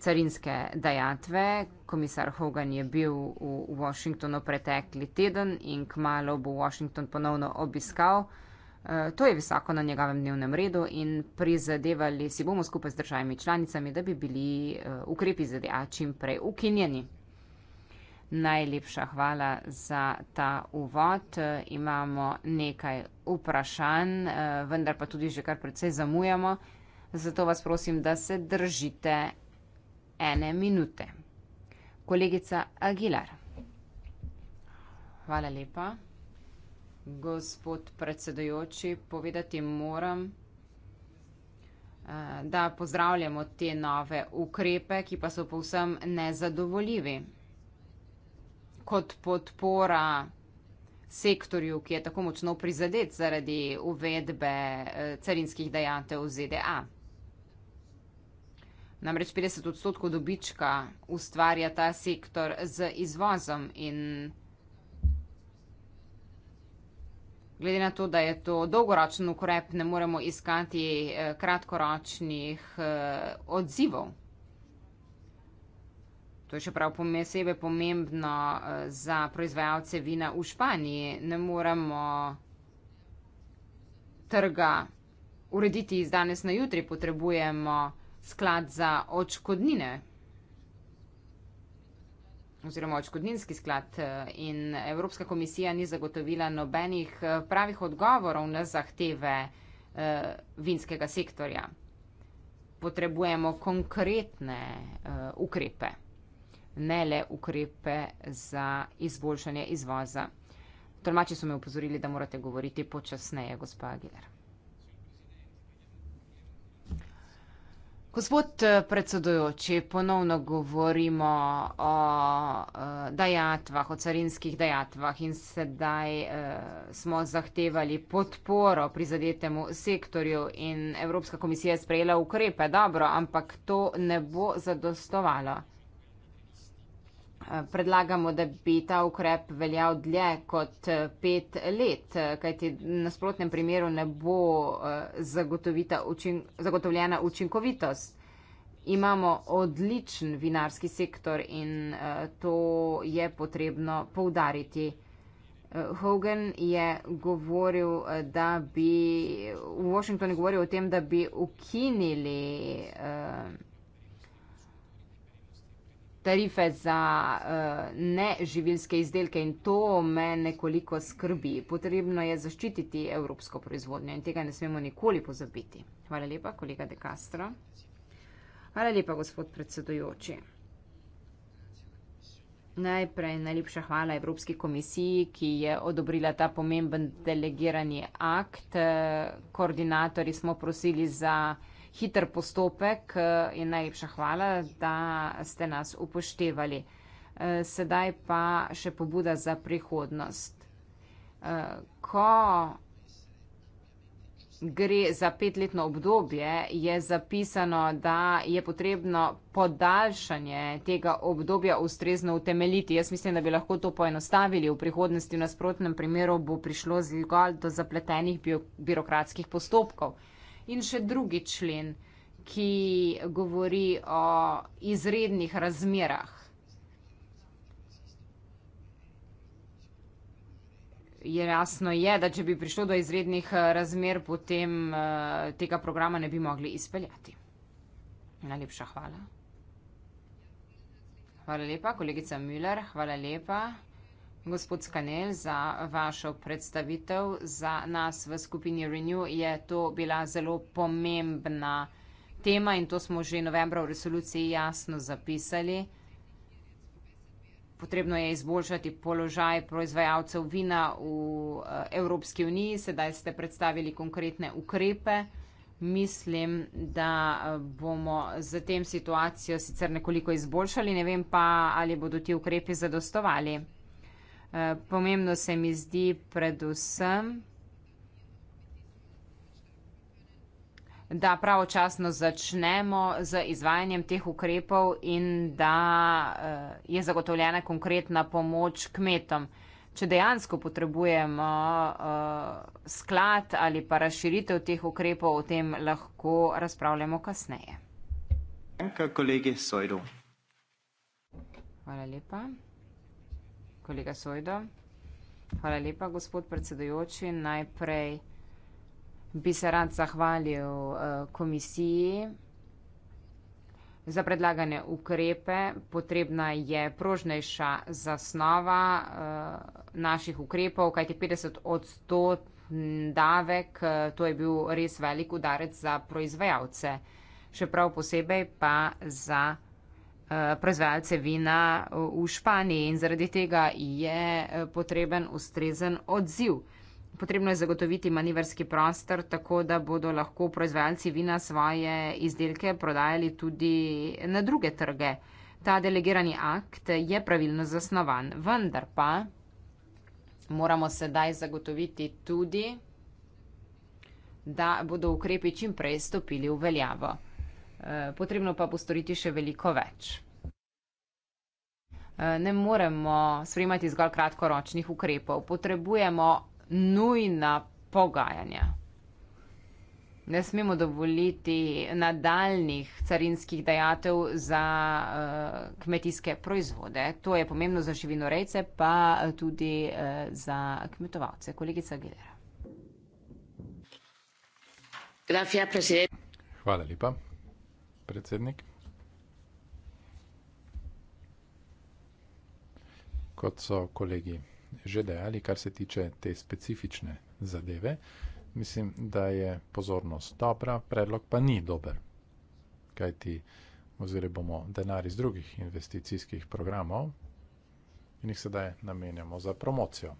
carinske dajatve. Komisar Hogan je bil v Washingtonu pretekli teden in kmalo bo Washington ponovno obiskal. Eh, to je visoko na njegovem dnevnem redu in prizadevali si bomo skupaj z državami članicami, da bi bili eh, ukrepi ZDA čim prej ukinjeni. Najlepša hvala za ta uvod. Imamo nekaj vprašanj, vendar pa tudi že kar precej zamujamo. Zato vas prosim, da se držite ene minute. Kolegica Aguilar. Hvala lepa. Gospod predsedojoči, povedati moram, eh, da pozdravljamo te nove ukrepe, ki pa so povsem nezadovoljivi kot podpora sektorju, ki je tako močno prizadet zaradi uvedbe eh, carinskih dejatev ZDA. Namreč 50 odstotkov dobička ustvarja ta sektor z izvozom in glede na to, da je to dolgoročen ukrep, ne moremo iskati eh, kratkoročnih eh, odzivov. To je še prav posebej pomembno eh, za proizvajalce vina v Španiji. Ne moremo trga urediti iz danes na jutri, potrebujemo sklad za očkodnine oziroma očkodninski sklad eh, in Evropska komisija ni zagotovila nobenih eh, pravih odgovorov na zahteve vinskega sektorja. Potrebujemo konkretne ukrepe ne le ukrepe za izboljšanje izvoza. Tolmači so me upozorili, da morate govoriti počasneje, gospa Aguilar. Gospod eh, predsedujoči, ponovno govorimo o eh, dajatvah, o carinskih dajatvah in sedaj eh, smo zahtevali podporo prizadetemu sektorju in Evropska komisija je sprejela ukrepe. Dobro, ampak to ne bo zadostovalo predlagamo, da bi ta ukrep veljal dlje kot eh, pet let, eh, kajti nasprotnem primeru ne bo eh, zagotovljena učinkovitost. Imamo odličen vinarski sektor in to je potrebno poudariti. Hogan je govoril, da bi v Washingtonu govoril o tem, da bi ukinili. Uh, tarife za uh, neživilske izdelke in to me nekoliko skrbi. Potrebno je zaščititi evropsko proizvodnjo in tega ne smemo nikoli pozabiti. Hvala lepa, kolega De Castro. Hvala lepa, gospod predsedujoči. Najprej najlepša hvala Evropski komisiji, ki je odobrila ta pomemben delegirani akt. Koordinatori smo prosili za hiter postopek eh, in najlepša hvala, da ste nas upoštevali. Eh, sedaj pa še pobuda za prihodnost. Eh, ko gre za petletno obdobje, je zapisano, da je potrebno podaljšanje tega obdobja ustrezno utemeljiti. Jaz mislim, da bi lahko to poenostavili v prihodnosti, v nasprotnem primeru bo prišlo zgolj do zapletenih birokratskih postopkov in še drugi člen, ki govori o izrednih razmerah. Je jasno je, da če bi prišlo do izrednih eh, razmer, potem eh, tega programa ne bi mogli izpeljati. Najlepša hvala. Hvala lepa, kolegica Müller. Hvala lepa. Gospod Skanel, za vašo predstavitev, za nas v skupini Renew je to bila zelo pomembna tema in to smo že novembra v resoluciji jasno zapisali. Potrebno je izboljšati položaj proizvajalcev vina v eh, Evropski uniji, sedaj ste predstavili konkretne ukrepe. Mislim, da eh, bomo z tem situacijo sicer nekoliko izboljšali, ne vem pa, ali bodo ti ukrepi zadostovali. Eh, pomembno se mi zdi predvsem, da pravočasno začnemo z izvajanjem teh ukrepov in da eh, je zagotovljena konkretna pomoč kmetom. Če dejansko potrebujemo eh, sklad ali pa razširitev teh ukrepov, o tem lahko razpravljamo kasneje. Hvala lepa kolega Sojdo. Hvala lepa, gospod predsedujoči. Najprej bi se rad zahvalil eh, komisiji za predlagane ukrepe. Potrebna je prožnejša zasnova eh, naših ukrepov, kajti 50 odstotek, eh, to je bil res velik udarec za proizvajalce, še prav posebej pa za proizvajalce. Eh, proizvajalce vina eh, v Španiji in zaradi tega je eh, potreben ustrezen odziv. Potrebno je zagotoviti manevrski prostor, tako da bodo lahko proizvajalci vina svoje izdelke prodajali tudi na druge trge. Ta delegirani akt je pravilno zasnovan, vendar pa moramo sedaj zagotoviti tudi, da bodo ukrepi čim prej stopili v veljavo. Eh, potrebno pa postoriti še veliko več. Eh, ne moremo sprejemati zgolj kratkoročnih ukrepov, potrebujemo nujna pogajanja. Ne smemo dovoliti nadaljnih carinskih dajatev za uh, kmetijske proizvode. To je pomembno za živinorejce, pa tudi uh, za kmetovalce. Kolegica Gilera. Hvala lepa predsednik. Kot so kolegi že dejali, kar se tiče te specifične zadeve, mislim, da je pozornost dobra, predlog pa ni dober. Kaj ti oziroma bomo denar iz drugih investicijskih programov in jih sedaj namenjamo za promocijo.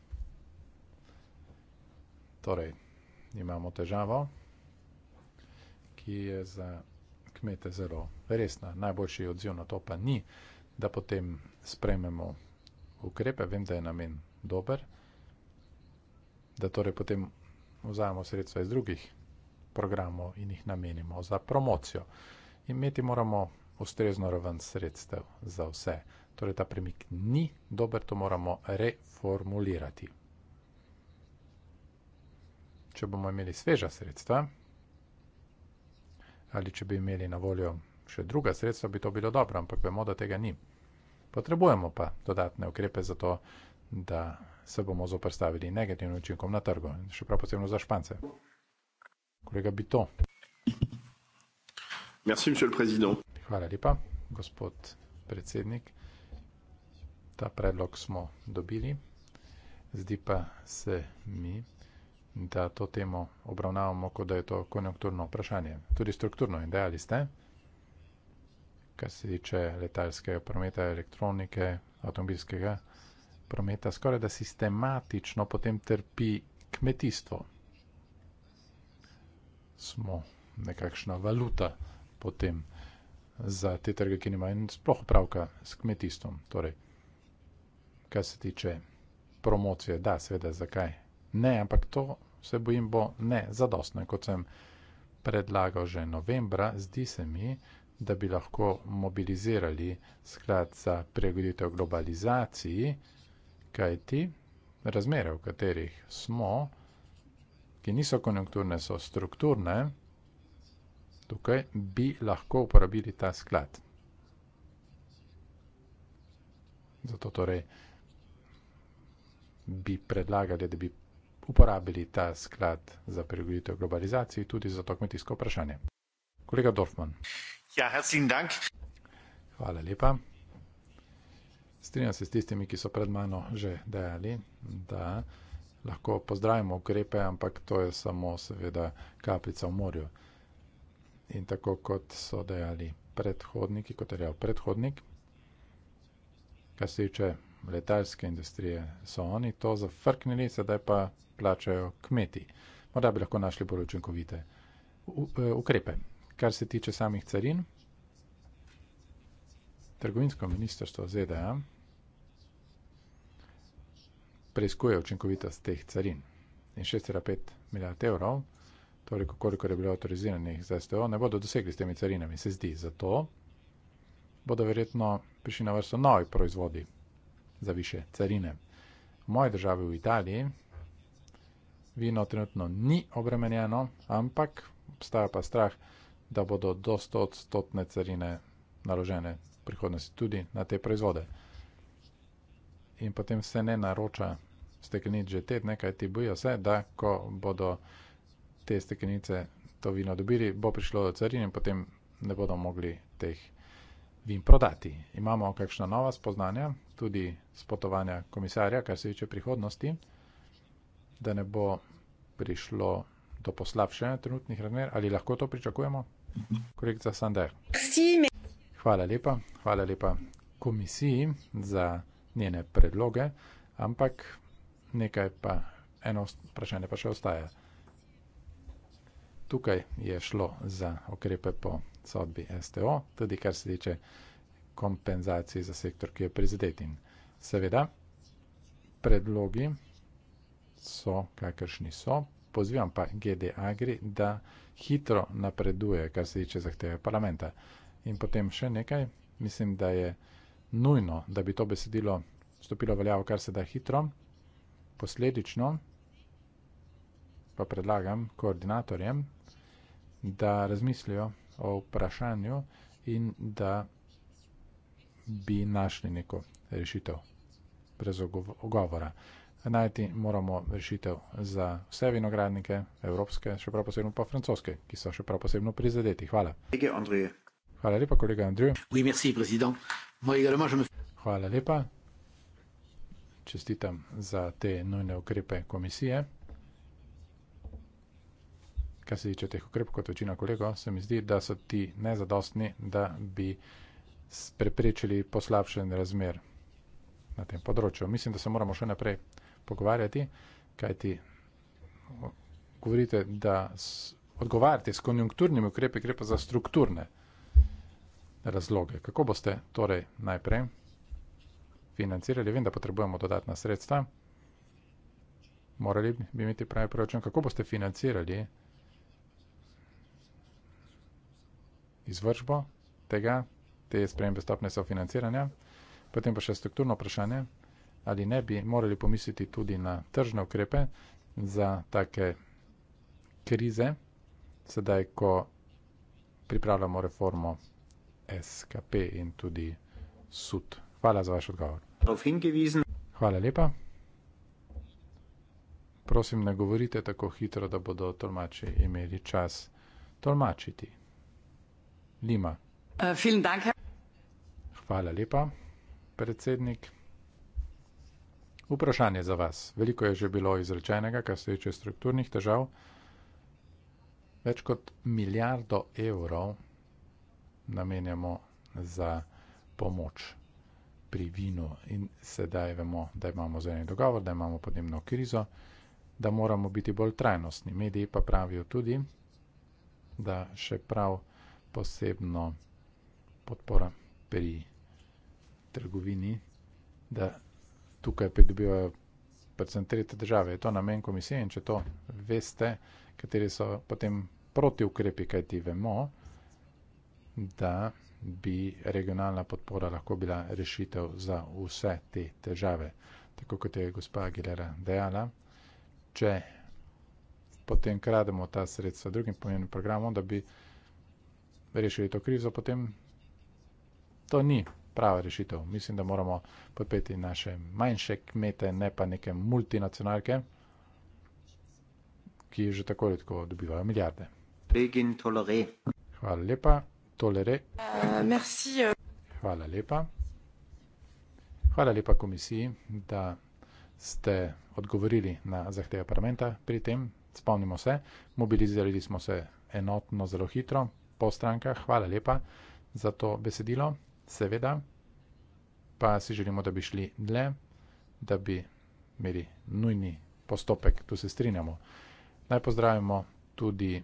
Torej, imamo težavo, ki je za kmete zelo resna. Najboljši odziv na to pa ni, da potem sprememo ukrepe, vem, da je namen dober, da torej potem vzajemo sredstva iz drugih programov in jih namenimo za promocijo. Imeti moramo ustrezno raven sredstev za vse. Torej, ta premik ni dober, to moramo reformulirati. Če bomo imeli sveža sredstva, ali če bi imeli na voljo še druga sredstva, bi to bilo dobro, ampak vemo, da tega ni. Potrebujemo pa dodatne ukrepe za to, da se bomo zoprstavili negativnim učinkom na trgu, še prav posebno za špance. Kolega bi to. Hvala lepa, gospod predsednik. Ta predlog smo dobili. Zdi pa se mi, da to temo obravnavamo, kot da je to konjunkturno vprašanje. Tudi strukturno in dejali ste, kar se tiče letalskega prometa, elektronike, avtomobilskega prometa, skoraj da sistematično potem trpi kmetijstvo. Smo nekakšna valuta potem za te trge, ki nima in sploh upravka s kmetijstvom. Torej, kar se tiče promocije, da, seveda, zakaj? Ne, ampak to se bojim, bo ne zadostno. Kot sem predlagal že novembra, zdi se mi, da bi lahko mobilizirali sklad za pregoditev globalizaciji, kajti razmere, v katerih smo, ki niso konjunkturne, so strukturne, tukaj bi lahko uporabili ta sklad. Zato torej bi predlagali, da bi uporabili ta sklad za prilagoditev globalizaciji tudi za to kmetijsko vprašanje. Kolega Dorfman. Ja, herzlichen Dank. Hvala lepa. Strinjam se s tistimi, ki so pred mano že dejali, da lahko pozdravimo ukrepe, ampak to je samo seveda kapljica v morju. In tako kot so dejali predhodniki, kot je rejal predhodnik, kar se tiče letalske industrije, so oni to zafrknili, sedaj pa plačajo kmeti. Morda bi lahko našli bolj učinkovite e, ukrepe. Kar se tiče samih carin, trgovinsko ministrstvo ZDA preizkuje učinkovitost teh carin in 6,5 milijard evrov, toliko koliko je bilo autoriziranih za STO, ne bodo dosegli s temi carinami, se zdi. Zato bodo verjetno prišli na vrsto novi proizvodi za više carine. V moji državi v Italiji vino trenutno ni obremenjeno, ampak obstaja pa strah, da bodo do 100 odstotne carine naložene v prihodnosti tudi na te proizvode. In potem se ne naroča steklenic že tedne, kaj ti bojo se, da ko bodo te steklenice to vino dobili, bo prišlo do carine in potem ne bodo mogli teh vin prodati. Imamo kakšna nova spoznanja, tudi spotovanja komisarja, kar se tiče prihodnosti, da ne bo prišlo do poslabšanja trenutnih razmer, ali lahko to pričakujemo? Korekca Sander. Hvala lepa, hvala lepa komisiji za njene predloge, ampak nekaj pa, eno vprašanje pa še ostaja. Tukaj je šlo za okrepe po sodbi STO, tudi kar se tiče kompenzacij za sektor, ki je prizadet in seveda predlogi so, kakršni so. Pozivam pa GD Agri, da hitro napreduje, kar se tiče zahteve parlamenta. In potem še nekaj, mislim, da je nujno, da bi to besedilo stopilo veljavo, kar se da hitro. Posledično pa predlagam koordinatorjem, da razmislijo o vprašanju in da bi našli neko rešitev brez ogovora najti moramo rešitev za vse vinogradnike, evropske, še prav posebno pa francoske, ki so še prav posebno prizadeti. Hvala. Hvala lepa, kolega Andrej. Hvala lepa. Čestitam za te nujne ukrepe komisije. Kar se tiče teh ukrepov, kot večina kolegov, se mi zdi, da so ti nezadostni, da bi preprečili poslabšen razmer na tem področju. Mislim, da se moramo še naprej pogovarjati, kajti govorite, da odgovarjate s konjunkturnimi ukrepi, gre pa za strukturne razloge. Kako boste torej najprej financirali? Vem, da potrebujemo dodatna sredstva. Morali bi imeti pravi proračun. Kako boste financirali izvržbo tega, te spremembe stopne sofinanciranja? Potem pa še strukturno vprašanje ali ne bi morali pomisliti tudi na tržne ukrepe za take krize, sedaj ko pripravljamo reformo SKP in tudi sud. Hvala za vaš odgovor. Hvala lepa. Prosim, ne govorite tako hitro, da bodo tolmači imeli čas tolmačiti. Lima. Eh, Hvala lepa, predsednik. Vprašanje za vas. Veliko je že bilo izrečenega, kar se tiče strukturnih težav. Več kot milijardo evrov namenjamo za pomoč pri vinu in sedaj vemo, da imamo zelen dogovor, da imamo podnebno krizo, da moramo biti bolj trajnostni. Mediji pa pravijo tudi, da še prav posebno podpora pri trgovini, da tukaj pridobivajo predvsem tretje države. Je to namen komisije in če to veste, kateri so potem proti ukrepi, kaj ti vemo, da bi regionalna podpora lahko bila rešitev za vse te težave. Tako kot je gospa Aguilera dejala, če potem krademo ta sredstva drugim pomembnim programom, da bi rešili to krizo, potem to ni prava rešitev. Mislim, da moramo podpeti naše manjše kmete, ne pa neke multinacionalke, ki že tako ali tako dobivajo milijarde. Hvala lepa. Tolere. Eh, euh. Hvala lepa. Hvala lepa komisiji, da ste odgovorili na zahteve parlamenta pri tem. Spomnimo se, mobilizirali smo se enotno zelo hitro po strankah. Hvala lepa za to besedilo seveda pa si želimo, da bi šli dlje, da bi imeli nujni postopek, tu se strinjamo. Naj pozdravimo tudi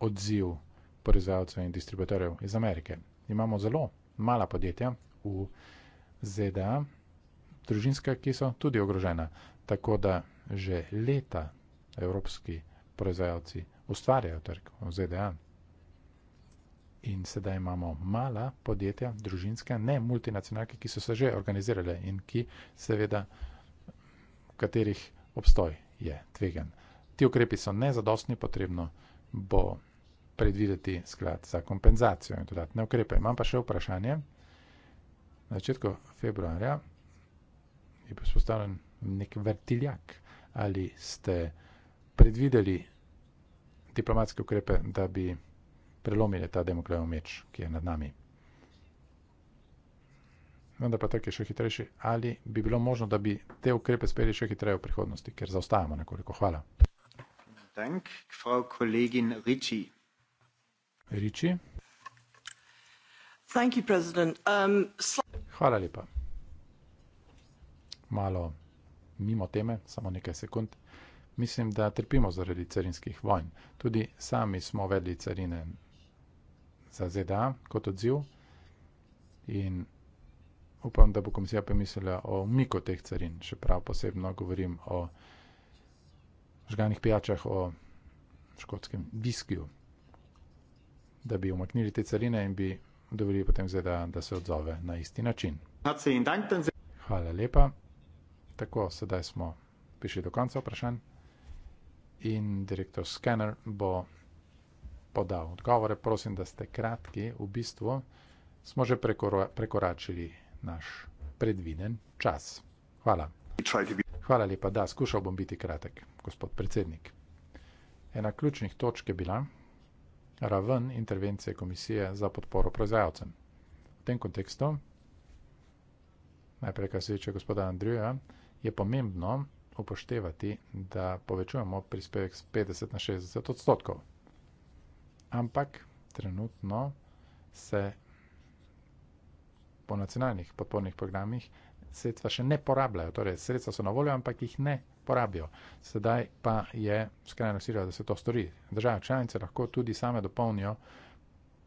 odziv proizvajalcev in distributorjev iz Amerike. Imamo zelo mala podjetja v ZDA, družinska, ki so tudi ogrožena, tako da že leta evropski proizvajalci ustvarjajo trg v ZDA in sedaj imamo mala podjetja, družinska, ne multinacionalke, ki so se že organizirale in ki seveda katerih obstoj je tvegan. Ti ukrepi so nezadostni, potrebno bo predvideti sklad za kompenzacijo in dodatne ukrepe. Imam pa še vprašanje. Na začetku februarja je postavljen nek vrtiljak. Ali ste predvideli diplomatske ukrepe, da bi prelomili ta demokrajov meč, ki je nad nami. Vendar pa tako je še hitrejši, ali bi bilo možno, da bi te ukrepe speli še hitreje v prihodnosti, ker zaostajamo nekoliko. Hvala. Dank, frau kolegin Ricci. Ricci. Thank you, President. Um, Hvala lepa. Malo mimo teme, samo nekaj sekund. Mislim, da trpimo zaradi carinskih vojn. Tudi sami smo vedli carine za ZDA kot odziv. In upam, da bo komisija premislila o umiku teh carin, še prav posebno govorim o žganih pijačah, o škotskem viskiju, da bi umaknili te carine in bi dovolili potem ZDA, da se odzove na isti način. Hvala lepa. Tako, sedaj smo prišli do konca vprašanj in direktor Scanner bo podal. Odgovore prosim, da ste kratki. V bistvu smo že prekoračili naš predviden čas. Hvala. Hvala lepa, da skušal bom biti kratek, gospod predsednik. Ena ključnih točk je bila raven intervencije komisije za podporo proizvajalcem. V tem kontekstu, najprej, kar se tiče gospoda Andrija, je pomembno upoštevati, da povečujemo prispevek z 50 na 60 odstotkov ampak trenutno se po nacionalnih podpornih programih sredstva še ne porabljajo. Torej, sredstva so na voljo, ampak jih ne porabijo. Sedaj pa je skrajno sila, da se to stori. Države članice lahko tudi same dopolnijo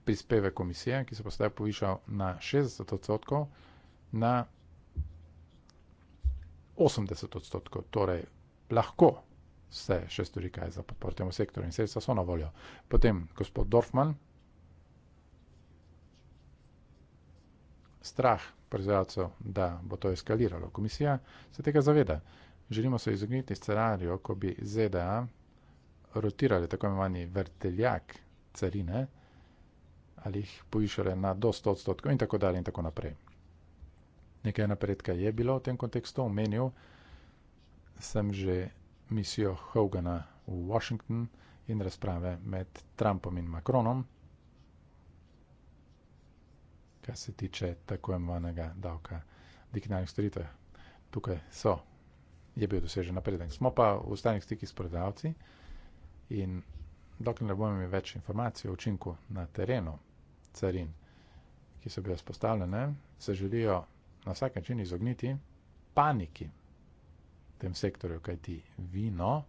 prispeve komisije, ki se bo sedaj povišal na 60 odstotkov, na 80 odstotkov. Torej, lahko se še stori kaj za podpor temu sektorju in sredstva so na voljo. Potem gospod Dorfman. Strah proizvajalcev, da bo to eskaliralo. Komisija se tega zaveda. Želimo se izogniti scenariju, ko bi ZDA rotirali tako imenovani vrteljak carine ali jih povišale na do 100 odstotkov in tako dalje in tako naprej. Nekaj napredka je bilo v tem kontekstu, omenil sem že misijo Hogana v Washington in razprave med Trumpom in Macronom, kar se tiče tako imenovanega davka digitalnih storitev. Tukaj so, je bil dosežen napredek. Smo pa v stanih stikih s prodajalci in dokler ne bomo imeli več informacij o učinku na terenu carin, ki so bile spostavljene, se želijo na vsak način izogniti paniki tem sektorju, kaj ti vino.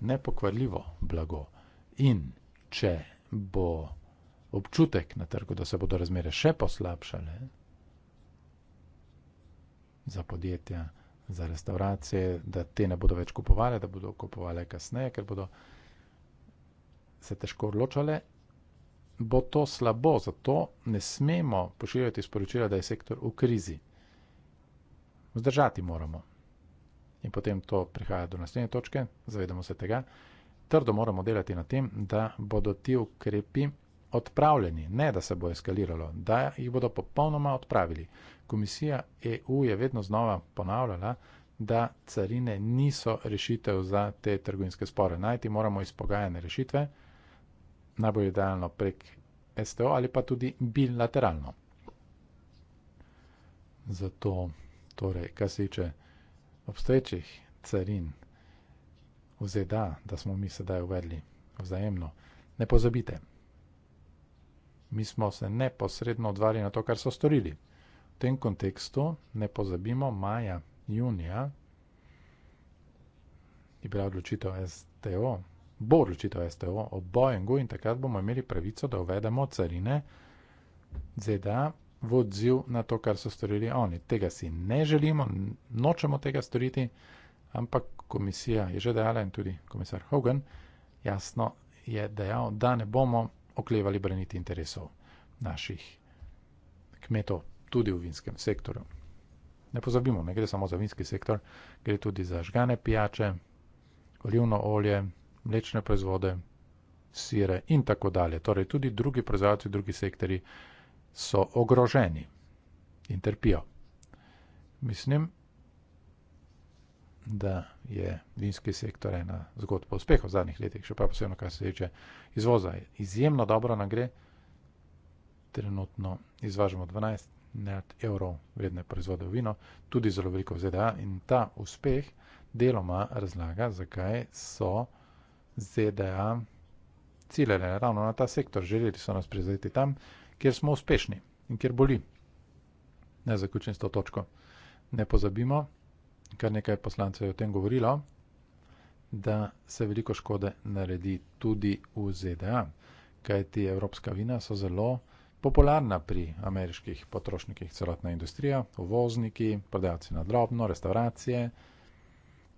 Nepokvarljivo blago. In če bo občutek na trgu, da se bodo razmere še poslabšale za podjetja, za restauracije, da te ne bodo več kupovali, da bodo kupovali kasneje, ker bodo se težko odločali, bo to slabo, zato ne smemo pošiljati sporočila, da je sektor v krizi. Vzdržati moramo. In potem to prihaja do naslednje točke, zavedamo se tega. Trdo moramo delati na tem, da bodo ti ukrepi odpravljeni, ne da se bo eskaliralo, da jih bodo popolnoma odpravili. Komisija EU je vedno znova ponavljala, da carine niso rešitev za te trgovinske spore. Najti moramo izpogajane rešitve najbolj idealno prek STO ali pa tudi bilateralno. Zato, torej, kar se tiče obstoječih carin, vzeda, da smo mi sedaj uvedli vzajemno, ne pozabite. Mi smo se neposredno odvarjali na to, kar so storili. V tem kontekstu ne pozabimo, maja, junija je bila odločitev STO, bo odločitev STO o Boeingu in takrat bomo imeli pravico, da uvedemo carine ZDA v odziv na to, kar so storili oni. Tega si ne želimo, nočemo tega storiti, ampak komisija je že dejala in tudi komisar Hogan jasno je dejal, da ne bomo oklevali braniti interesov naših kmetov tudi v vinskem sektorju. Ne pozabimo, ne gre samo za vinski sektor, gre tudi za žgane pijače, olivno olje, mlečne proizvode, sire in tako dalje. Torej tudi drugi proizvajalci, drugi sektori so ogroženi in trpijo. Mislim, da je vinski sektor ena zgodba uspeha v zadnjih letih, še pa posebno, kar se tiče izvoza. Izjemno dobro nam gre, trenutno izvažamo 12 milijard evrov vredne proizvode v vino, tudi zelo veliko v ZDA in ta uspeh deloma razlaga, zakaj so ZDA ciljale ravno na ta sektor. Želeli so nas prizadeti tam, kjer smo uspešni in kjer boli. Ne zaključim s to točko. Ne pozabimo, kar nekaj poslancev je o tem govorilo, da se veliko škode naredi tudi v ZDA, kajti evropska vina so zelo popularna pri ameriških potrošnikih, celotna industrija, uvozniki, prodajalci na drobno, restauracije,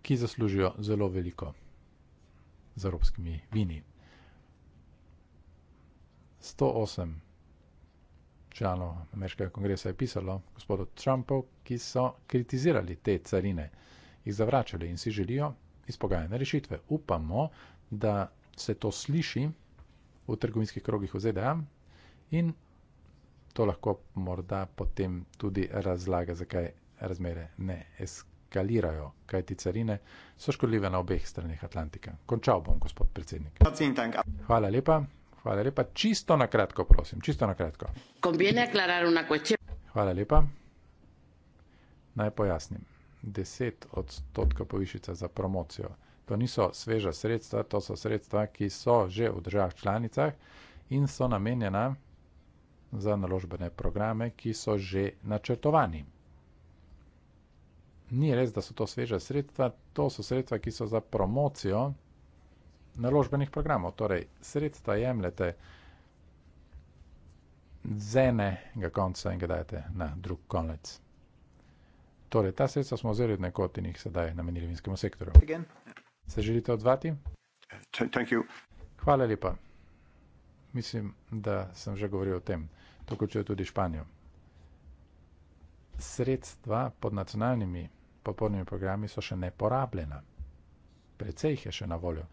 ki zaslužijo zelo veliko z evropskimi vini. 108 članov ameriškega kongresa je pisalo gospodu Trumpu, ki so kritizirali te carine, jih zavračali in si želijo izpogajane rešitve. Upamo, da se to sliši v trgovinskih krogih v ZDA in to lahko morda potem tudi razlaga, zakaj razmere ne eskalirajo eskalirajo, kajti carine so škodljive na obeh stranih Atlantika. Končal bom, gospod predsednik. Hvala lepa. Hvala lepa. Čisto na kratko, prosim. Čisto na kratko. Hvala lepa. Naj pojasnim. 10 odstotkov povišica za promocijo. To niso sveža sredstva, to so sredstva, ki so že v državah članicah in so namenjena za naložbene programe, ki so že načrtovani ni res, da so to sveže sredstva, to so sredstva, ki so za promocijo naložbenih programov. Torej, sredstva jemljete z enega konca in ga dajete na drug konec. Torej, ta sredstva smo vzeli od nekot in jih sedaj namenili vinskemu sektorju. Se želite odzvati? Hvala lepa. Mislim, da sem že govoril o tem. To vključuje tudi Španijo. Sredstva pod nacionalnimi popolnimi programi so še neporabljena. Precej jih je še na voljo.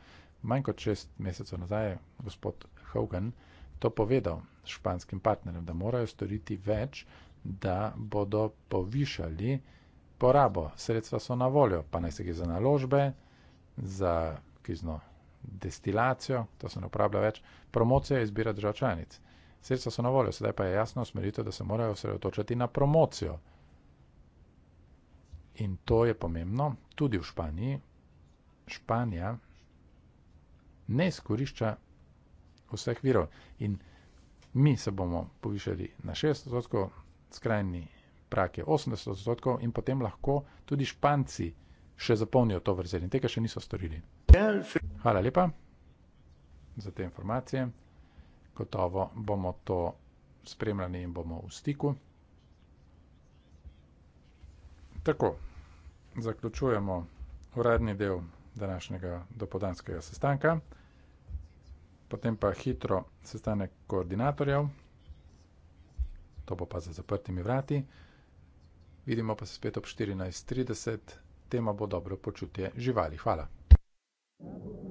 Manj kot šest mesecev nazaj je gospod Hogan to povedal španskim partnerjem, da morajo storiti več, da bodo povišali porabo. Sredstva so na voljo, pa naj se gre za naložbe, za kizno destilacijo, to se ne uporablja več, promocija izbira držav članic. Sredstva so na voljo, sedaj pa je jasno usmeritev, da se morajo osredotočati na promocijo in to je pomembno, tudi v Španiji, Španija ne izkorišča vseh virov. In mi se bomo povišali na 60%, skrajni prak je 80%, in potem lahko tudi Španci še zapolnijo to vrzel in tega še niso storili. Hvala lepa za te informacije. Gotovo bomo to spremljali in bomo v stiku. Tako, zaključujemo uradni del današnjega dopodanskega sestanka, potem pa hitro sestanek koordinatorjev, to bo pa za zaprtimi vrati. Vidimo pa se spet ob 14.30, tema bo dobro počutje živali. Hvala. Thank you.